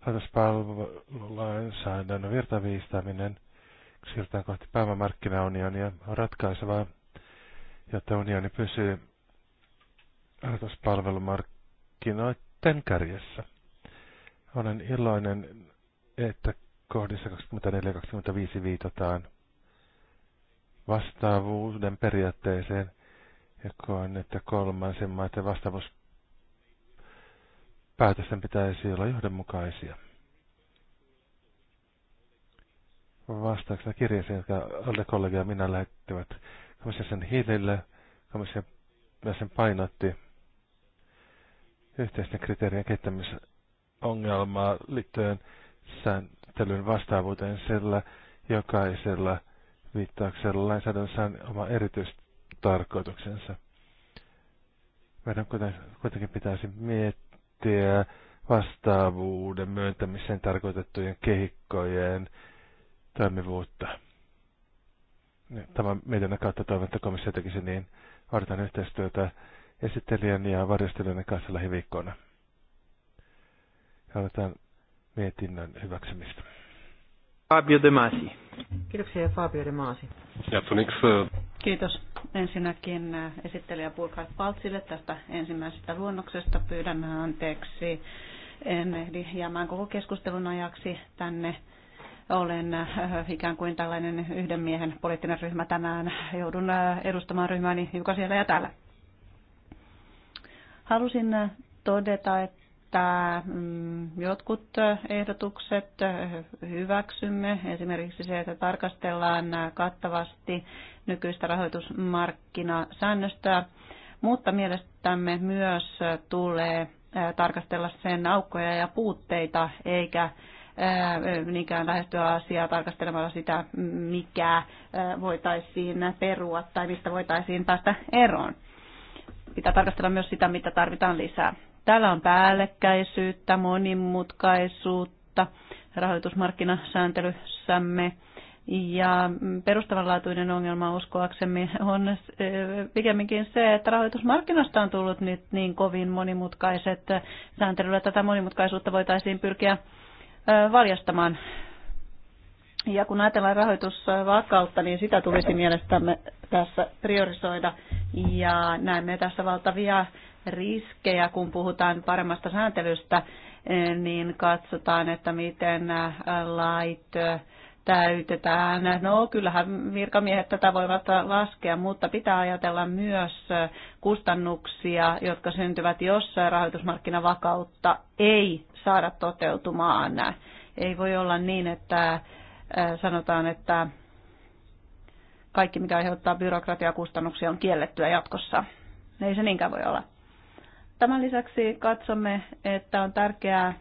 Rahoituspalvelulainsäädännön virtaviistaminen. siirrytään kohti päivämarkkinaunionia on ratkaisevaa, jotta unioni pysyy rahoituspalvelumarkkinoiden kärjessä. Olen iloinen, että kohdissa 24-25 viitataan vastaavuuden periaatteeseen, joka on, että kolmansen maiden vastaavuuspäätösten pitäisi olla johdonmukaisia. Vastauksena kirjeeseen, jotka alle kollegia minä lähettivät komission sen hiilille, komission sen painotti yhteisten kriteerien kehittämisongelmaa liittyen sääntelyn vastaavuuteen sillä jokaisella viittauksella lainsäädännössä on oma erityistarkoituksensa. Meidän kuitenkin pitäisi miettiä vastaavuuden myöntämiseen tarkoitettujen kehikkojen toimivuutta. Tämä meidän kautta toivon, että komissio tekisi niin. Odotan yhteistyötä esittelijän ja varjostelijan kanssa lähiviikkoina. Ja odotan mietinnön hyväksymistä. Fabio De Masi. Kiitoksia Fabio De Masi. Äh, Kiitos ensinnäkin äh, esittelijä Burkhard Paltsille tästä ensimmäisestä luonnoksesta. Pyydän anteeksi. En ehdi jäämään koko keskustelun ajaksi tänne olen äh, ikään kuin tällainen yhden miehen poliittinen ryhmä tänään. Joudun edustamaan ryhmääni joka siellä ja täällä. Halusin todeta, että että mm, jotkut ehdotukset hyväksymme, esimerkiksi se, että tarkastellaan kattavasti nykyistä rahoitusmarkkinasäännöstöä, mutta mielestämme myös tulee tarkastella sen aukkoja ja puutteita, eikä niinkään lähestyä asiaa tarkastelemalla sitä, mikä voitaisiin perua tai mistä voitaisiin päästä eroon. Pitää tarkastella myös sitä, mitä tarvitaan lisää. Täällä on päällekkäisyyttä, monimutkaisuutta rahoitusmarkkinasääntelyssämme. Ja perustavanlaatuinen ongelma uskoaksemme on äh, pikemminkin se, että rahoitusmarkkinasta on tullut nyt niin kovin monimutkaiset sääntelyllä. Tätä monimutkaisuutta voitaisiin pyrkiä äh, valjastamaan. Ja kun ajatellaan rahoitusvakautta, niin sitä tulisi mielestämme tässä priorisoida. Ja näemme tässä valtavia riskejä, kun puhutaan paremmasta sääntelystä, niin katsotaan, että miten lait täytetään. No kyllähän virkamiehet tätä voivat laskea, mutta pitää ajatella myös kustannuksia, jotka syntyvät, jos rahoitusmarkkinavakautta ei saada toteutumaan. Ei voi olla niin, että sanotaan, että kaikki, mikä aiheuttaa byrokratiakustannuksia, on kiellettyä jatkossa. Ei se niinkään voi olla. Tämän lisäksi katsomme, että on tärkeää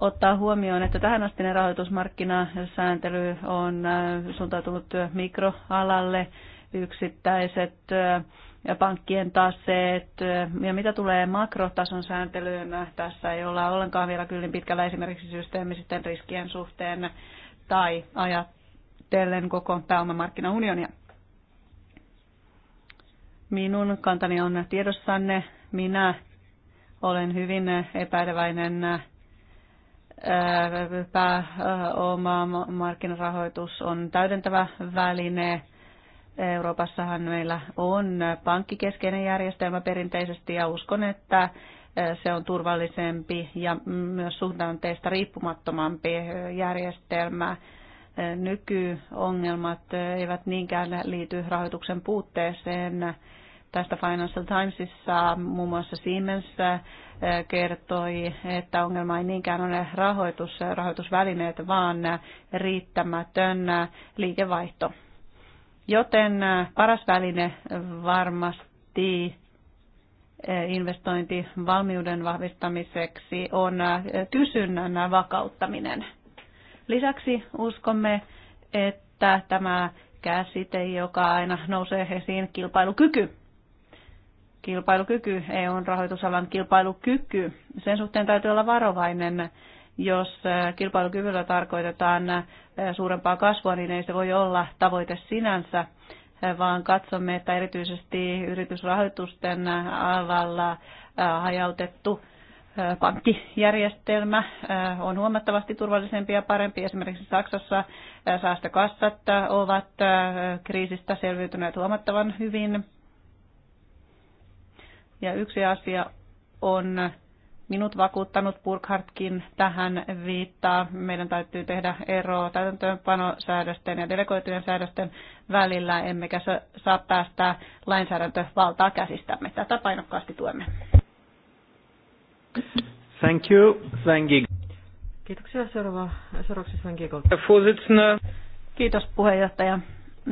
ottaa huomioon, että tähän asti ne rahoitusmarkkina sääntely on äh, suuntautunut mikroalalle, yksittäiset äh, ja pankkien taseet äh, ja mitä tulee makrotason sääntelyyn, tässä ei olla ollenkaan vielä kyllin pitkällä esimerkiksi systeemisten riskien suhteen tai ajatellen koko pääomamarkkinaunionia. Minun kantani on tiedossanne. Minä olen hyvin epäileväinen äh, pääoma markkinarahoitus on täydentävä väline. Euroopassahan meillä on pankkikeskeinen järjestelmä perinteisesti ja uskon, että äh, se on turvallisempi ja myös suhdanteista riippumattomampi järjestelmä nykyongelmat eivät niinkään liity rahoituksen puutteeseen. Tästä Financial Timesissa muun muassa Siemens kertoi, että ongelma ei niinkään ole rahoitus, rahoitusvälineet, vaan riittämätön liikevaihto. Joten paras väline varmasti investointivalmiuden vahvistamiseksi on kysynnän vakauttaminen. Lisäksi uskomme, että tämä käsite, joka aina nousee esiin, kilpailukyky, kilpailukyky, EUn rahoitusalan kilpailukyky. Sen suhteen täytyy olla varovainen, jos äh, kilpailukyvyllä tarkoitetaan äh, suurempaa kasvua, niin ei se voi olla tavoite sinänsä, äh, vaan katsomme, että erityisesti yritysrahoitusten alalla hajautettu pankkijärjestelmä on huomattavasti turvallisempi ja parempi. Esimerkiksi Saksassa säästökassat ovat kriisistä selviytyneet huomattavan hyvin. Ja yksi asia on minut vakuuttanut Burkhardtkin tähän viittaa. Meidän täytyy tehdä ero täytäntöönpanosäädösten ja delegoitujen säädösten välillä, emmekä saa päästää lainsäädäntövaltaa käsistämme. Tätä painokkaasti tuemme. Thank you, Sven Kiitoksia. Seuraava, seuraavaksi Sven Giegold. Kiitos puheenjohtaja.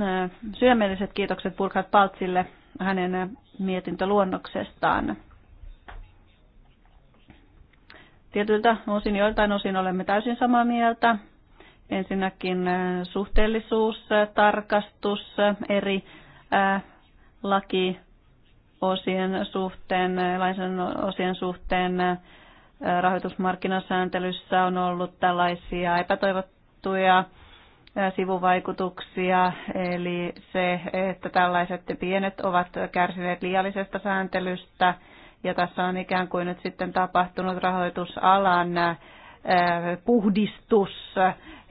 Äh, sydämelliset kiitokset Burkhard Paltsille hänen mietintöluonnoksestaan. Tietyiltä osin, joiltain osin olemme täysin samaa mieltä. Ensinnäkin äh, suhteellisuus, äh, tarkastus, eri laki osien suhteen, lainsäädännön osien suhteen rahoitusmarkkinasääntelyssä on ollut tällaisia epätoivottuja sivuvaikutuksia, eli se, että tällaiset pienet ovat kärsineet liiallisesta sääntelystä, ja tässä on ikään kuin nyt sitten tapahtunut rahoitusalan puhdistus,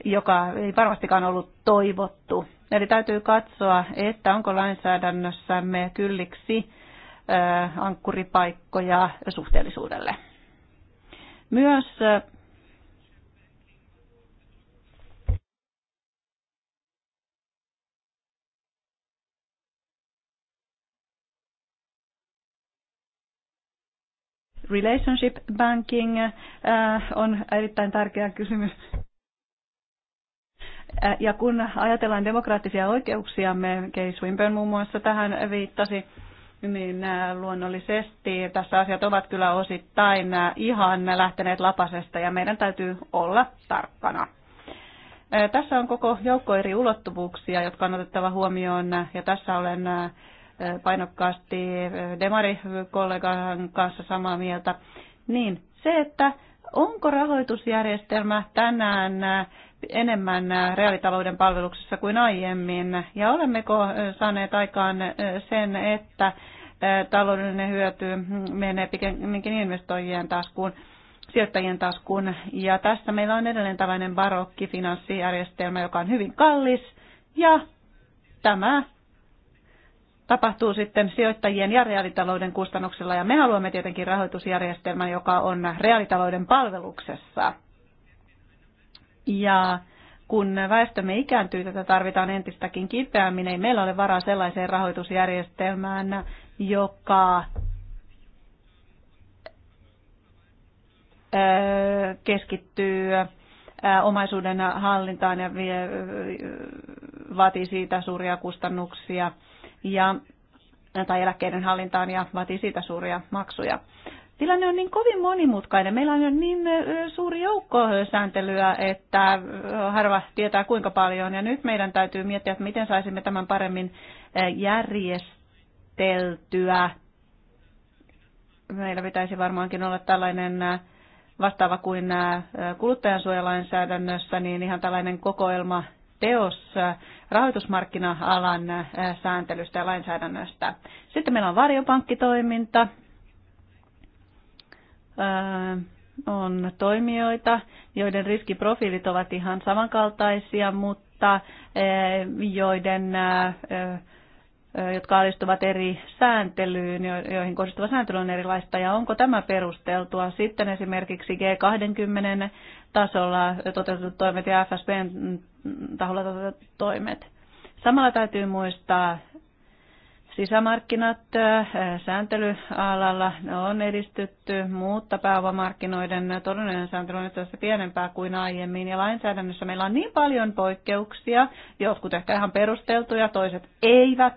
joka ei varmastikaan ollut toivottu. Eli täytyy katsoa, että onko lainsäädännössämme kylliksi ankkuripaikkoja suhteellisuudelle. Myös relationship banking on erittäin tärkeä kysymys. Ja kun ajatellaan demokraattisia me Kei Swinburne muun muassa tähän viittasi, niin äh, luonnollisesti tässä asiat ovat kyllä osittain äh, ihan lähteneet lapasesta ja meidän täytyy olla tarkkana. Äh, tässä on koko joukko eri ulottuvuuksia, jotka on otettava huomioon ja tässä olen painokkaasti Demari kollegan kanssa samaa mieltä. Niin, se, että onko rahoitusjärjestelmä tänään enemmän äh, reaalitalouden palveluksessa kuin aiemmin? Ja olemmeko äh, saaneet aikaan äh, sen, että taloudellinen hyöty mm, menee pikemminkin investoijien taskuun, sijoittajien taskuun. Ja tässä meillä on edelleen tällainen barokki finanssijärjestelmä, joka on hyvin kallis. Ja tämä tapahtuu sitten sijoittajien ja reaalitalouden kustannuksella. Ja me haluamme tietenkin rahoitusjärjestelmän, joka on reaalitalouden palveluksessa. Ja kun väestömme ikääntyy, tätä tarvitaan entistäkin kipeämmin. Ei meillä ole varaa sellaiseen rahoitusjärjestelmään, joka keskittyy omaisuuden hallintaan ja vie, vaatii siitä suuria kustannuksia ja, tai eläkkeiden hallintaan ja vaatii siitä suuria maksuja. Tilanne on niin kovin monimutkainen. Meillä on jo niin suuri joukko sääntelyä, että harva tietää kuinka paljon. Ja nyt meidän täytyy miettiä, että miten saisimme tämän paremmin järjesteltyä. Meillä pitäisi varmaankin olla tällainen vastaava kuin kuluttajansuojalainsäädännössä, niin ihan tällainen kokoelma teos rahoitusmarkkina-alan sääntelystä ja lainsäädännöstä. Sitten meillä on varjopankkitoiminta, on toimijoita, joiden riskiprofiilit ovat ihan samankaltaisia, mutta joiden jotka alistuvat eri sääntelyyn, joihin kohdistuva sääntely on erilaista, ja onko tämä perusteltua. Sitten esimerkiksi G20 tasolla toteutetut toimet ja FSBn taholla toteutetut toimet. Samalla täytyy muistaa Sisämarkkinat äh, sääntelyalalla on edistytty, mutta pääomamarkkinoiden todellinen sääntely on tässä pienempää kuin aiemmin. Ja lainsäädännössä meillä on niin paljon poikkeuksia, jotkut ehkä ihan perusteltuja, toiset eivät.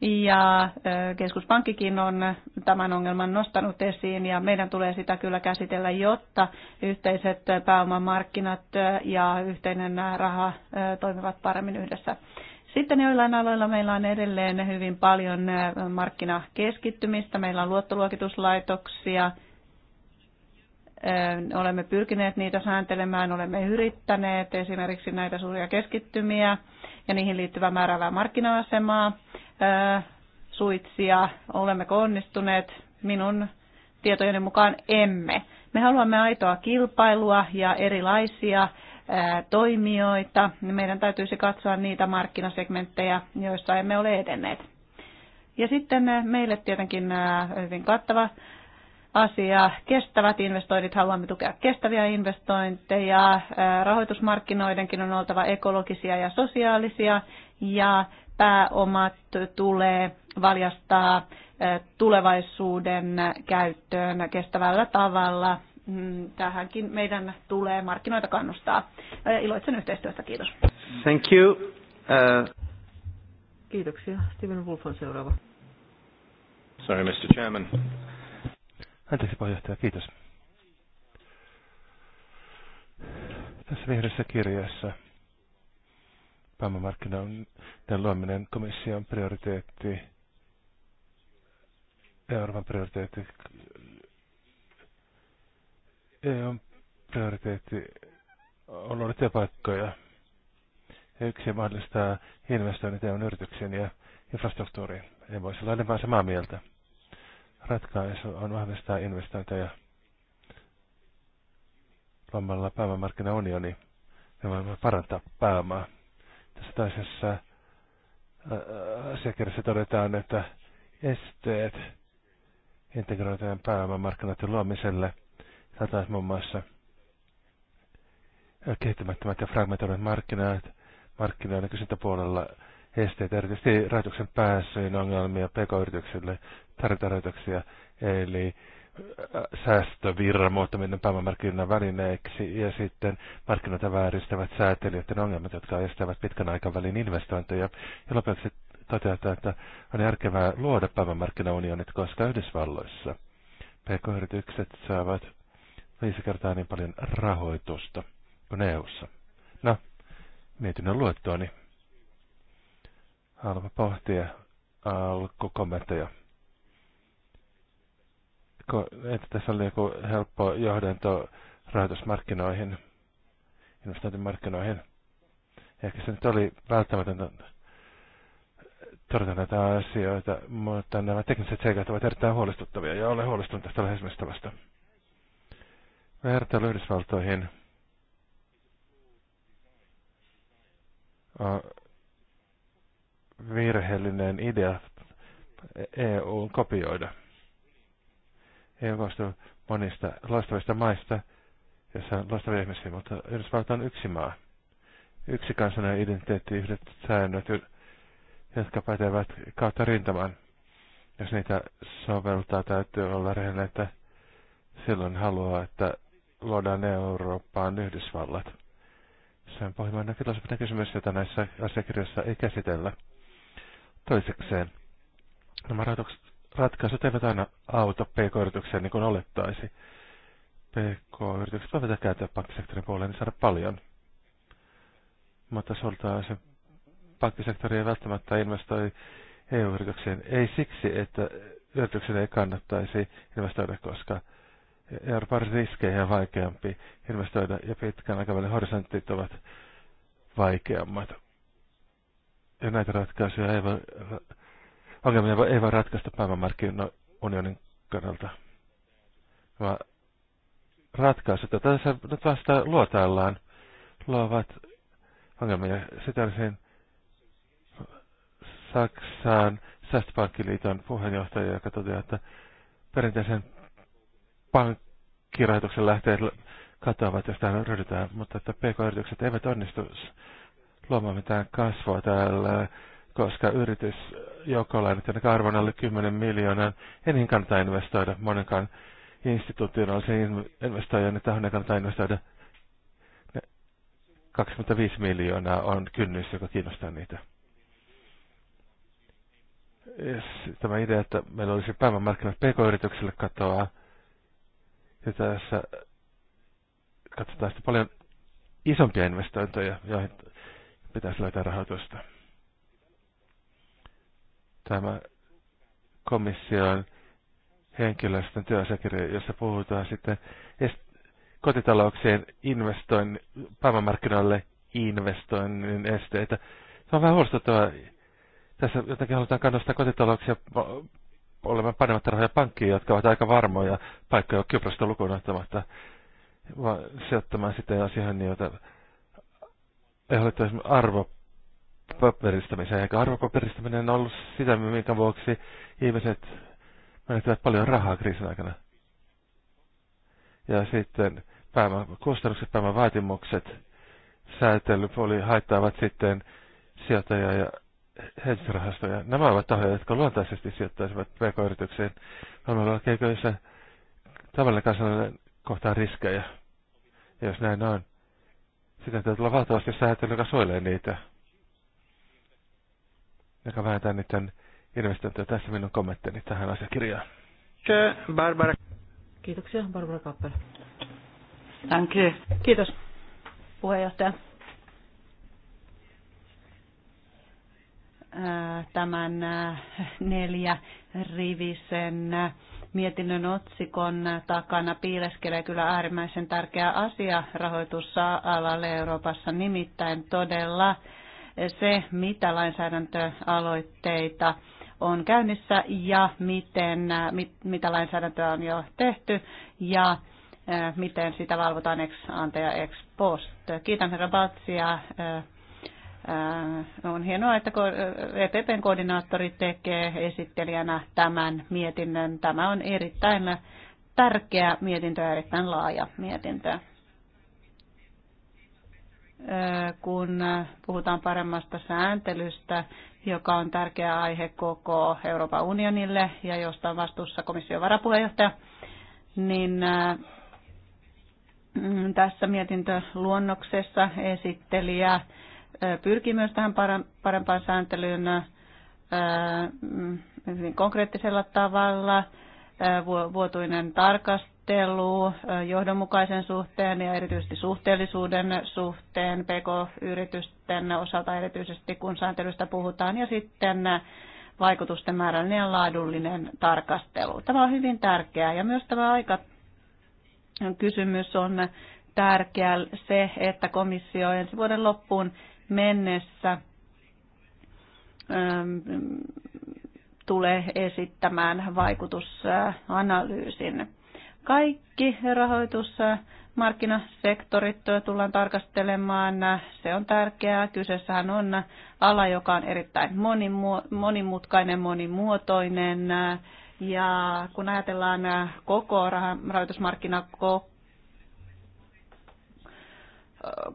Ja äh, keskuspankkikin on tämän ongelman nostanut esiin ja meidän tulee sitä kyllä käsitellä, jotta yhteiset pääomamarkkinat äh, ja yhteinen raha toimivat paremmin yhdessä. Sitten joillain aloilla meillä on edelleen hyvin paljon markkinakeskittymistä, meillä on luottoluokituslaitoksia, olemme pyrkineet niitä sääntelemään, olemme yrittäneet esimerkiksi näitä suuria keskittymiä ja niihin liittyvää määrävää markkina-asemaa suitsia, Olemme onnistuneet, minun tietojeni mukaan emme. Me haluamme aitoa kilpailua ja erilaisia toimijoita. Niin meidän täytyisi katsoa niitä markkinasegmenttejä, joissa emme ole edenneet. Ja sitten meille tietenkin hyvin kattava asia, kestävät investoinnit, haluamme tukea kestäviä investointeja, rahoitusmarkkinoidenkin on oltava ekologisia ja sosiaalisia, ja pääomat tulee valjastaa tulevaisuuden käyttöön kestävällä tavalla Mm, tähänkin meidän tulee markkinoita kannustaa. Iloitsen yhteistyöstä, kiitos. Thank you. Uh... Kiitoksia. Steven Wolf on seuraava. Sorry, Mr. Chairman. Anteeksi, puheenjohtaja, kiitos. Tässä vihreässä kirjassa pääomamarkkinoiden luominen komission prioriteetti, Euroopan prioriteetti ole prioriteetti ollut luoda työpaikkoja. Yksi mahdollistaa investoinnit EUn yrityksiin ja infrastruktuuriin. Ei voisi olla enemmän samaa mieltä. Ratkaisu on vahvistaa investointeja luomalla pääomamarkkinaunioni Me voimme parantaa pääomaa. Tässä toisessa asiakirjassa todetaan, että esteet integroitujen pääomamarkkinoiden luomiselle Tarvitaan muun muassa kehittämättömät ja fragmentoidut markkinat, markkinoiden kysyntäpuolella esteitä, erityisesti rahoituksen pääsyyn ongelmia pk-yrityksille, tarvitaan eli äh, säästövirran muuttaminen pääomamarkkinoiden välineeksi ja sitten markkinoita vääristävät säätelijöiden ongelmat, jotka estävät pitkän aikavälin investointeja. Ja lopuksi toteaa, että on järkevää luoda pääomamarkkinaunionit, koska Yhdysvalloissa pk-yritykset saavat viisi kertaa niin paljon rahoitusta kuin EU-ssa. No, mietinnön luettuani. Niin haluamme pohtia alkukommentteja. että tässä oli joku helppo johdanto rahoitusmarkkinoihin, investointimarkkinoihin. Ehkä se nyt oli välttämätöntä todeta näitä asioita, mutta nämä tekniset seikat ovat erittäin huolestuttavia ja olen huolestunut tästä lähestymistavasta vertailu Yhdysvaltoihin virheellinen idea on e kopioida. EU koostuu monista loistavista maista, jossa on loistavia ihmisiä, mutta Yhdysvalta on yksi maa. Yksi kansallinen identiteetti, yhdet säännöt, jotka pätevät kautta rintamaan. Jos niitä soveltaa, täytyy olla rehellinen, että silloin haluaa, että luodaan Eurooppaan Yhdysvallat. Sen pohjimman näkökulmasta kysymys, jota näissä asiakirjoissa ei käsitellä. Toisekseen, nämä ratkaisut eivät aina auta pk-yrityksiä niin kuin olettaisi. PK-yritykset voivat kääntyä pankkisektorin puoleen niin saada paljon. Mutta sultaan se pankkisektori ei välttämättä investoi eu yritykseen Ei siksi, että yrityksen ei kannattaisi investoida, koska Euroopan riskejä vaikeampi investoida ja pitkän aikavälin horisontit ovat vaikeammat. Ja näitä ratkaisuja ei voi, ongelmia ei voi ratkaista unionin kannalta. Vaan ratkaisu, että tässä nyt vasta luotaillaan, luovat ongelmia. Sitä olisin Saksan säästöpankkiliiton puheenjohtaja, joka toteaa, että perinteisen pankkirahoituksen lähteet katoavat, jos tähän ryhdytään, mutta että pk-yritykset eivät onnistu luomaan mitään kasvua täällä, koska yritys, joka on ainakin arvon alle 10 miljoonan, ei niin kannata investoida monenkaan institutionaalisen investoijan, että ei kannata investoida 25 miljoonaa on kynnys, joka kiinnostaa niitä. Tämä idea, että meillä olisi päivän markkinat pk-yrityksille katoaa, ja tässä katsotaan sitten paljon isompia investointeja, joihin pitäisi löytää rahoitusta. Tämä komission henkilöstön työasiakirja, jossa puhutaan sitten kotitalouksien investoin päivämarkkinoille investoinnin esteitä. Se on vähän huolestuttavaa. Tässä jotenkin halutaan kannustaa kotitalouksia olemme panematta rahoja pankkiin, jotka ovat aika varmoja paikkoja Kyprosta lukuun ottamatta, vaan sijoittamaan sitten asioihin, joita ei ole arvopaperistämiseen, eikä arvopaperistaminen on ollut sitä, minkä vuoksi ihmiset menettävät paljon rahaa kriisin aikana. Ja sitten pääoman kustannukset, säätely oli haittaavat sitten sijoittajia ja hedge-rahastoja. Nämä ovat tahoja, jotka luontaisesti sijoittaisivat pk-yritykseen keikoissa tavallinen kansalainen kohtaa riskejä. Ja jos näin on, sitten täytyy olla valtavasti säätely, joka suojelee niitä, joka vähentää niiden investointeja. Tässä minun kommenttini tähän asiakirjaan. Barbara. Kiitoksia, Barbara Kappel. Thank you. Kiitos, puheenjohtaja. Äh, tämän äh, neljä rivisen äh, mietinnön otsikon takana piileskelee kyllä äärimmäisen tärkeä asia rahoitusalalle Euroopassa, nimittäin todella se, mitä lainsäädäntöaloitteita on käynnissä ja miten, mit, mitä lainsäädäntöä on jo tehty ja miten sitä valvotaan ex ante ja ex post. Kiitän herra Batsia on hienoa, että EPPn koordinaattori tekee esittelijänä tämän mietinnön. Tämä on erittäin tärkeä mietintö ja erittäin laaja mietintö. Kun puhutaan paremmasta sääntelystä, joka on tärkeä aihe koko Euroopan unionille ja josta on vastuussa komission varapuheenjohtaja, niin tässä mietintöluonnoksessa esittelijä pyrkii myös tähän parempaan sääntelyyn mm, hyvin konkreettisella tavalla. Vuotuinen tarkastelu johdonmukaisen suhteen ja erityisesti suhteellisuuden suhteen PK-yritysten osalta erityisesti, kun sääntelystä puhutaan, ja sitten vaikutusten määrällinen ja laadullinen tarkastelu. Tämä on hyvin tärkeää ja myös tämä aika kysymys on tärkeä se, että komissio ensi vuoden loppuun mennessä ähm, tulee esittämään vaikutusanalyysin. Kaikki rahoitusmarkkinasektorit tullaan tarkastelemaan. Se on tärkeää. Kyseessähän on ala, joka on erittäin monimutkainen, monimuotoinen. Ja kun ajatellaan koko rahoitusmarkkinakoko,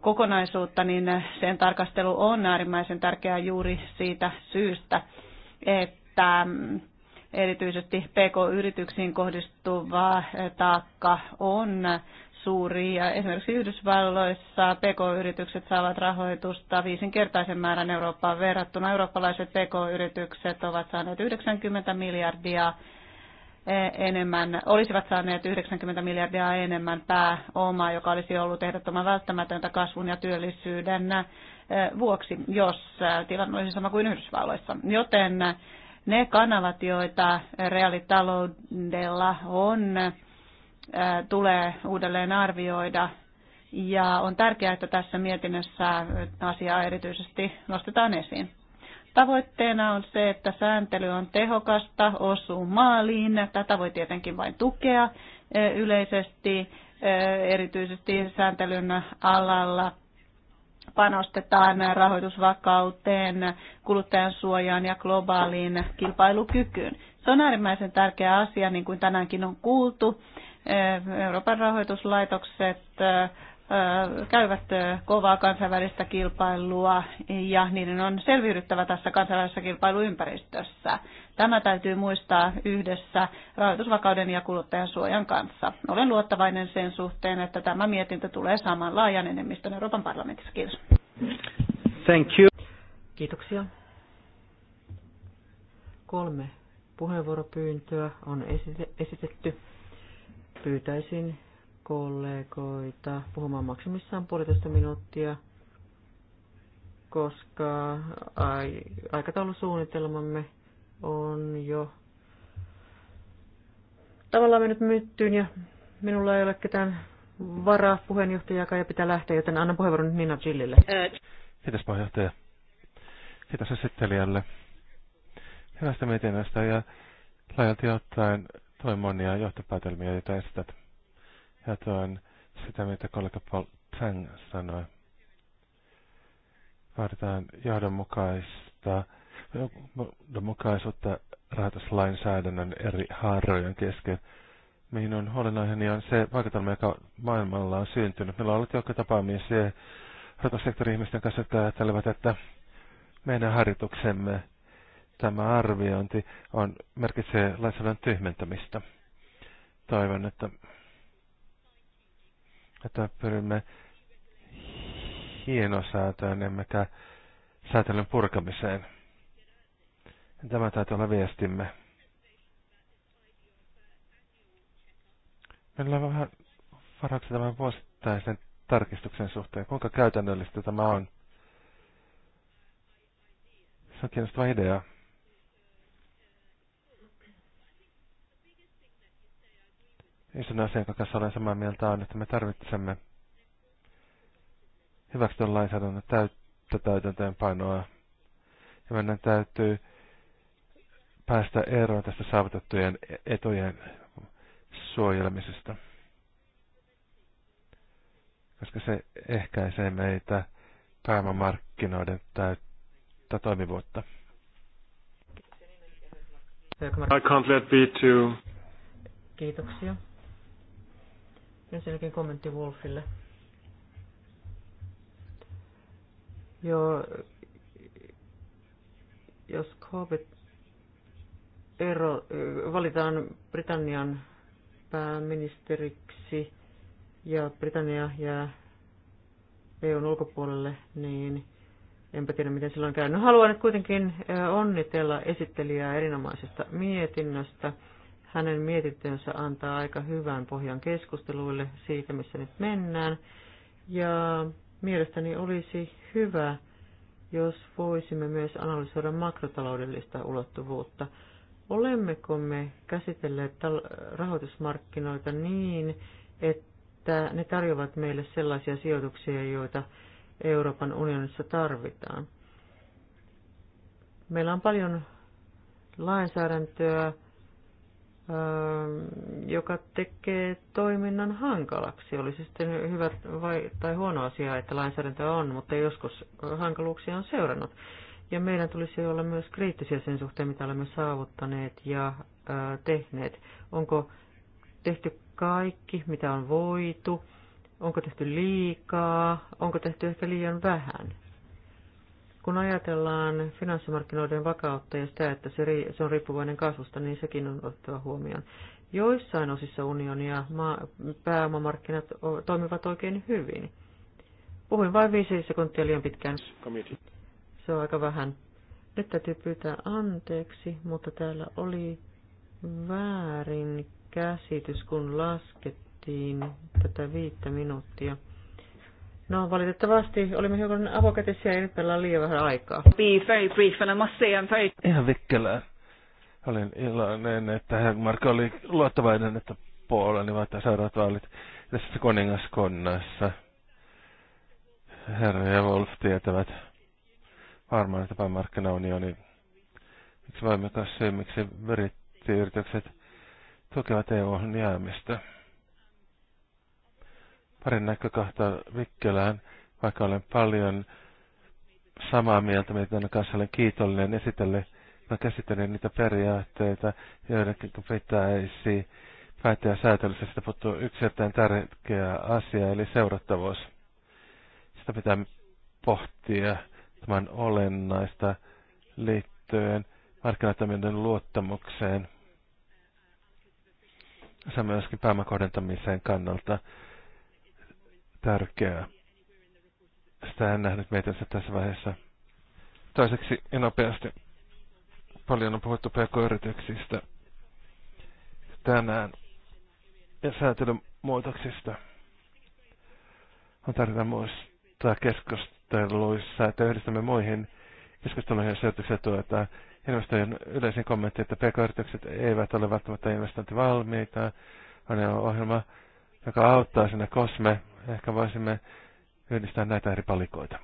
kokonaisuutta, niin sen tarkastelu on äärimmäisen tärkeää juuri siitä syystä, että mm, erityisesti PK-yrityksiin kohdistuva taakka on suuri. Ja esimerkiksi Yhdysvalloissa PK-yritykset saavat rahoitusta viisinkertaisen määrän Eurooppaan verrattuna. Eurooppalaiset PK-yritykset ovat saaneet 90 miljardia enemmän, olisivat saaneet 90 miljardia enemmän pääomaa, joka olisi ollut ehdottoman välttämätöntä kasvun ja työllisyyden eh, vuoksi, jos eh, tilanne olisi sama kuin Yhdysvalloissa. Joten ne kanavat, joita reaalitaloudella on, eh, tulee uudelleen arvioida. Ja on tärkeää, että tässä mietinnössä asiaa erityisesti nostetaan esiin. Tavoitteena on se, että sääntely on tehokasta, osuu maaliin. Tätä voi tietenkin vain tukea eh, yleisesti, eh, erityisesti sääntelyn alalla panostetaan rahoitusvakauteen, kuluttajan suojaan ja globaaliin kilpailukykyyn. Se on äärimmäisen tärkeä asia, niin kuin tänäänkin on kuultu. Eh, Euroopan rahoituslaitokset käyvät kovaa kansainvälistä kilpailua ja niiden on selviydyttävä tässä kansainvälisessä kilpailuympäristössä. Tämä täytyy muistaa yhdessä rahoitusvakauden ja kuluttajan suojan kanssa. Olen luottavainen sen suhteen, että tämä mietintö tulee saamaan laajan enemmistön Euroopan parlamentissa. Kiitos. Thank you. Kiitoksia. Kolme puheenvuoropyyntöä on esitetty. Pyytäisin kollegoita puhumaan maksimissaan puolitoista minuuttia, koska ai, aikataulusuunnitelmamme on jo tavallaan mennyt myttyyn ja minulla ei ole ketään varaa puheenjohtajakaan ja pitää lähteä, joten annan puheenvuoron nyt Nina Chillille. Kiitos puheenjohtaja. Kiitos esittelijälle. Hyvästä mietinnöstä ja laajalti ottaen toi monia johtopäätelmiä, joita esität ja tuon sitä, mitä kollega Paul Tsang sanoi. Vaaditaan johdonmukaista, johdonmukaisuutta rahoituslainsäädännön eri haarojen kesken. Minun huolenaiheeni on se vaikutelma, joka maailmalla on syntynyt. Meillä on ollut joka tapaamisia rahoitussektorin ihmisten kanssa, jotka ajattelevat, että meidän harjoituksemme tämä arviointi on, merkitsee lainsäädännön tyhmentämistä. Toivon, että jota pyrimme hienosäätöön emmekä säätelyn purkamiseen. Tämä täytyy olla viestimme. Meillä on vähän varauksia tämän vuosittaisen tarkistuksen suhteen. Kuinka käytännöllistä tämä on? Se on kiinnostava idea. ensin asia, jonka kanssa olen samaa mieltä, on, että me tarvitsemme hyväksytön lainsäädännön täyttä täytäntöönpanoa. Ja meidän täytyy päästä eroon tästä saavutettujen etujen suojelemisesta. Koska se ehkäisee meitä pääomamarkkinoiden täyttä toimivuutta. I can't let be too. Kiitoksia. Ensinnäkin kommentti Wolfille. Joo, jos Corbett ero, valitaan Britannian pääministeriksi ja Britannia jää EUn ulkopuolelle, niin enpä tiedä miten silloin käy. No haluan nyt kuitenkin onnitella esittelijää erinomaisesta mietinnöstä. Hänen mietintönsä antaa aika hyvän pohjan keskusteluille siitä, missä nyt mennään. Ja mielestäni olisi hyvä, jos voisimme myös analysoida makrotaloudellista ulottuvuutta. Olemmeko me käsitelleet rahoitusmarkkinoita niin, että ne tarjoavat meille sellaisia sijoituksia, joita Euroopan unionissa tarvitaan? Meillä on paljon lainsäädäntöä, Ähm, joka tekee toiminnan hankalaksi. Olisi sitten hyvä vai, tai huono asia, että lainsäädäntö on, mutta joskus hankaluuksia on seurannut. Ja meidän tulisi olla myös kriittisiä sen suhteen, mitä olemme saavuttaneet ja tehneet. Onko tehty kaikki, mitä on voitu? Onko tehty liikaa? Onko tehty ehkä liian vähän? Kun ajatellaan finanssimarkkinoiden vakautta ja sitä, että se on riippuvainen kasvusta, niin sekin on otettava huomioon. Joissain osissa unionia pääomamarkkinat toimivat oikein hyvin. Puhuin vain viisi sekuntia liian pitkään. Se on aika vähän. Nyt täytyy pyytää anteeksi, mutta täällä oli väärin käsitys, kun laskettiin tätä viittä minuuttia. No valitettavasti olimme hiukan avokätisiä ja nyt meillä on liian vähän aikaa. Be very brief and I must say I'm very... Ihan vikkelää. Olin iloinen, että Marko oli luottavainen, että Puolani vaihtaa seuraavat vaalit tässä kuningaskonnassa. Herra ja Wolf tietävät varmaan, että päämarkkinaunioni miksi voimme syy, miksi brittiyritykset tukevat EU:n jäämistä parin näkökohtaa Mikkelään, vaikka olen paljon samaa mieltä, mitä kanssa olen kiitollinen esitelle. Mä käsittelen niitä periaatteita, joiden pitäisi päättää säätelyssä. Sitä puuttuu yksi erittäin tärkeä asia, eli seurattavuus. Sitä pitää pohtia. tämän olennaista liittyen markkinatoiminnan luottamukseen. Se myöskin pääomakohdentamiseen kannalta tärkeää. Sitä en nähnyt meitänsä tässä vaiheessa. Toiseksi ja nopeasti. Paljon on puhuttu pk-yrityksistä tänään ja säätelymuutoksista. On tärkeää muistaa keskusteluissa, että yhdistämme muihin keskusteluihin ja sijoituksia tuota investoijan yleisin kommentti, että pk-yritykset eivät ole välttämättä investointivalmiita. On ohjelma joka auttaa sinne Kosme. Ehkä voisimme yhdistää näitä eri palikoita.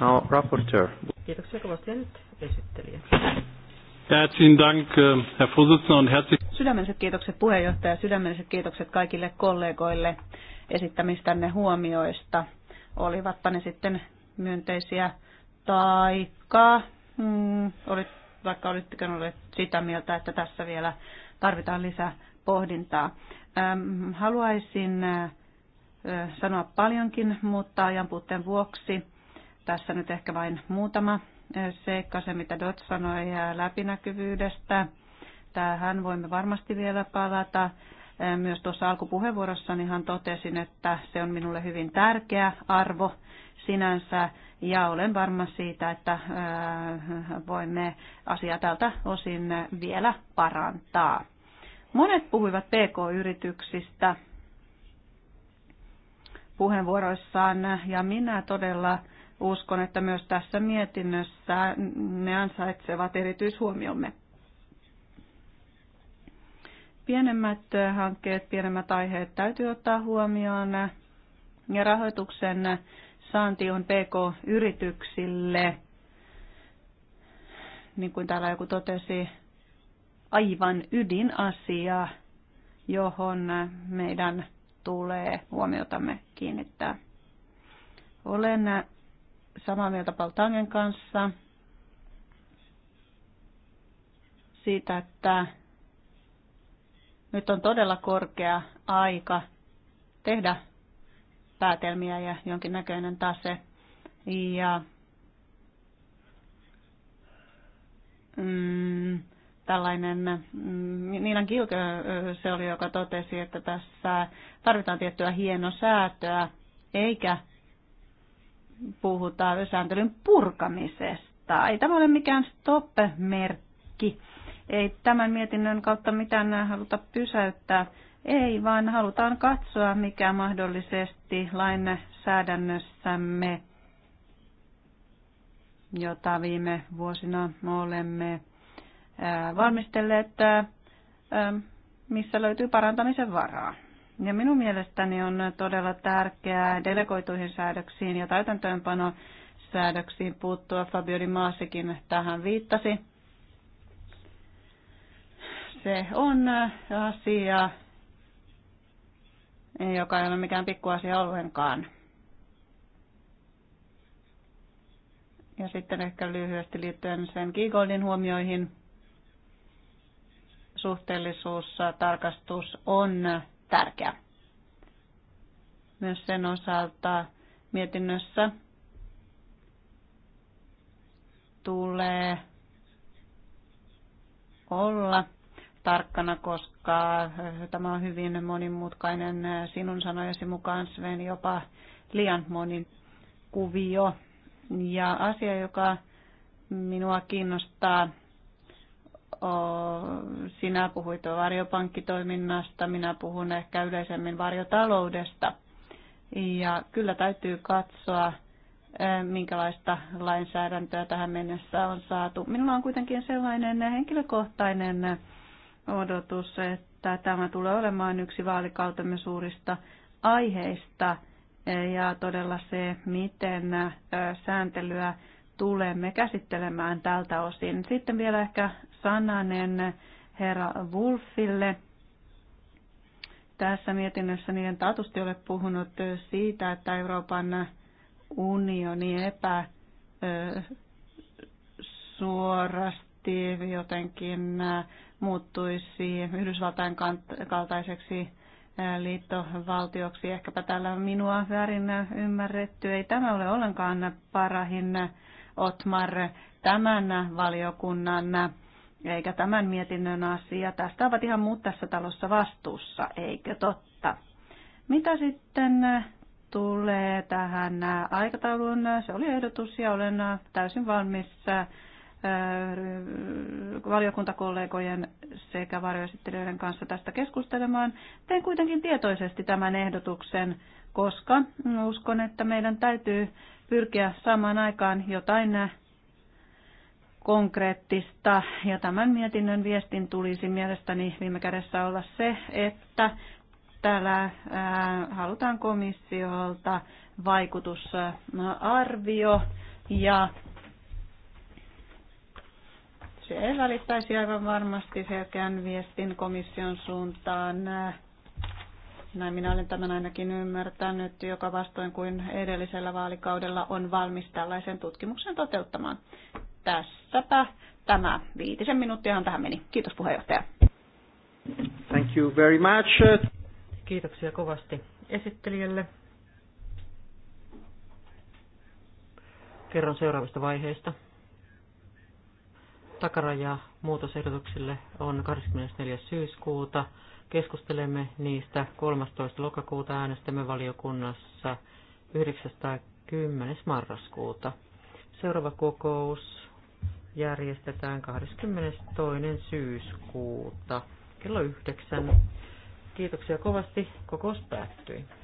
No, rapporteur. Kiitoksia kovasti ja nyt esittelijä. Herzlichen Dank, äh, Herr Vorsitzender, und herzlich... Sydämelliset kiitokset puheenjohtaja, sydämelliset kiitokset kaikille kollegoille esittämistänne huomioista. Olivatpa ne sitten myönteisiä taika mm, olit, vaikka olittekin olleet sitä mieltä, että tässä vielä tarvitaan lisää pohdintaa. Ähm, haluaisin äh, äh, sanoa paljonkin, mutta ajan puutteen vuoksi tässä nyt ehkä vain muutama äh, seikka, se mitä Dot sanoi läpinäkyvyydestä. Tähän voimme varmasti vielä palata. Myös tuossa hän totesin, että se on minulle hyvin tärkeä arvo sinänsä ja olen varma siitä, että voimme asiaa tältä osin vielä parantaa. Monet puhuivat PK-yrityksistä puheenvuoroissaan ja minä todella uskon, että myös tässä mietinnössä ne ansaitsevat erityishuomiomme. Pienemmät hankkeet, pienemmät aiheet täytyy ottaa huomioon ja rahoituksen saanti on PK-yrityksille, niin kuin täällä joku totesi, aivan ydinasia, johon meidän tulee huomiotamme kiinnittää. Olen samaa mieltä Paltangen kanssa siitä, että nyt on todella korkea aika tehdä päätelmiä ja jonkinnäköinen tase. Ja mm, tällainen mm, Niinan Kilkö, se oli, joka totesi, että tässä tarvitaan tiettyä hienosäätöä, eikä puhuta sääntelyn purkamisesta. Ei tämä ole mikään stop-merkki. Ei tämän mietinnön kautta mitään haluta pysäyttää. Ei, vaan halutaan katsoa, mikä mahdollisesti lainsäädännössämme, jota viime vuosina olemme valmistelleet, missä löytyy parantamisen varaa. Ja minun mielestäni on todella tärkeää delegoituihin säädöksiin ja täytäntöönpano säädöksiin puuttua. Fabio Di Maasikin tähän viittasi. Se on asia, joka ei ole mikään pikkuasia ollenkaan. Ja sitten ehkä lyhyesti liittyen sen Kiigoldin huomioihin – suhteellisuustarkastus on tärkeä. Myös sen osalta mietinnössä tulee olla tarkkana, koska tämä on hyvin monimutkainen sinun sanojasi mukaan Sven jopa liian monin kuvio. Ja asia, joka minua kiinnostaa sinä puhuit varjopankkitoiminnasta, minä puhun ehkä yleisemmin varjotaloudesta. Ja kyllä täytyy katsoa, eh, minkälaista lainsäädäntöä tähän mennessä on saatu. Minulla on kuitenkin sellainen henkilökohtainen odotus, että tämä tulee olemaan yksi vaalikautemme suurista aiheista ja todella se, miten eh, sääntelyä tulemme käsittelemään tältä osin. Sitten vielä ehkä sananen herra Wolfille. Tässä mietinnössä niiden taatusti ole puhunut siitä, että Euroopan unioni epä suorasti jotenkin muuttuisi Yhdysvaltain kaltaiseksi liittovaltioksi. Ehkäpä täällä on minua väärin ymmärretty. Ei tämä ole ollenkaan parahin Otmar tämän valiokunnan eikä tämän mietinnön asia. Tästä ovat ihan muut tässä talossa vastuussa, eikö totta? Mitä sitten tulee tähän aikatauluun? Se oli ehdotus ja olen täysin valmis äh, valiokuntakollegojen sekä varjoesittelijöiden kanssa tästä keskustelemaan. Tein kuitenkin tietoisesti tämän ehdotuksen, koska uskon, että meidän täytyy pyrkiä saamaan aikaan jotain konkreettista. Ja tämän mietinnön viestin tulisi mielestäni viime kädessä olla se, että täällä halutaan komissiolta vaikutusarvio ja se välittäisi aivan varmasti selkeän viestin komission suuntaan näin minä olen tämän ainakin ymmärtänyt, joka vastoin kuin edellisellä vaalikaudella on valmis tällaisen tutkimuksen toteuttamaan. Tässäpä tämä viitisen minuuttiahan tähän meni. Kiitos puheenjohtaja. Thank you very much. Kiitoksia kovasti esittelijälle. Kerron seuraavista vaiheista. Takaraja muutosehdotuksille on 24. syyskuuta Keskustelemme niistä 13. lokakuuta äänestämme valiokunnassa 910. marraskuuta. Seuraava kokous järjestetään 22. syyskuuta kello 9. Kiitoksia kovasti. Kokous päättyi.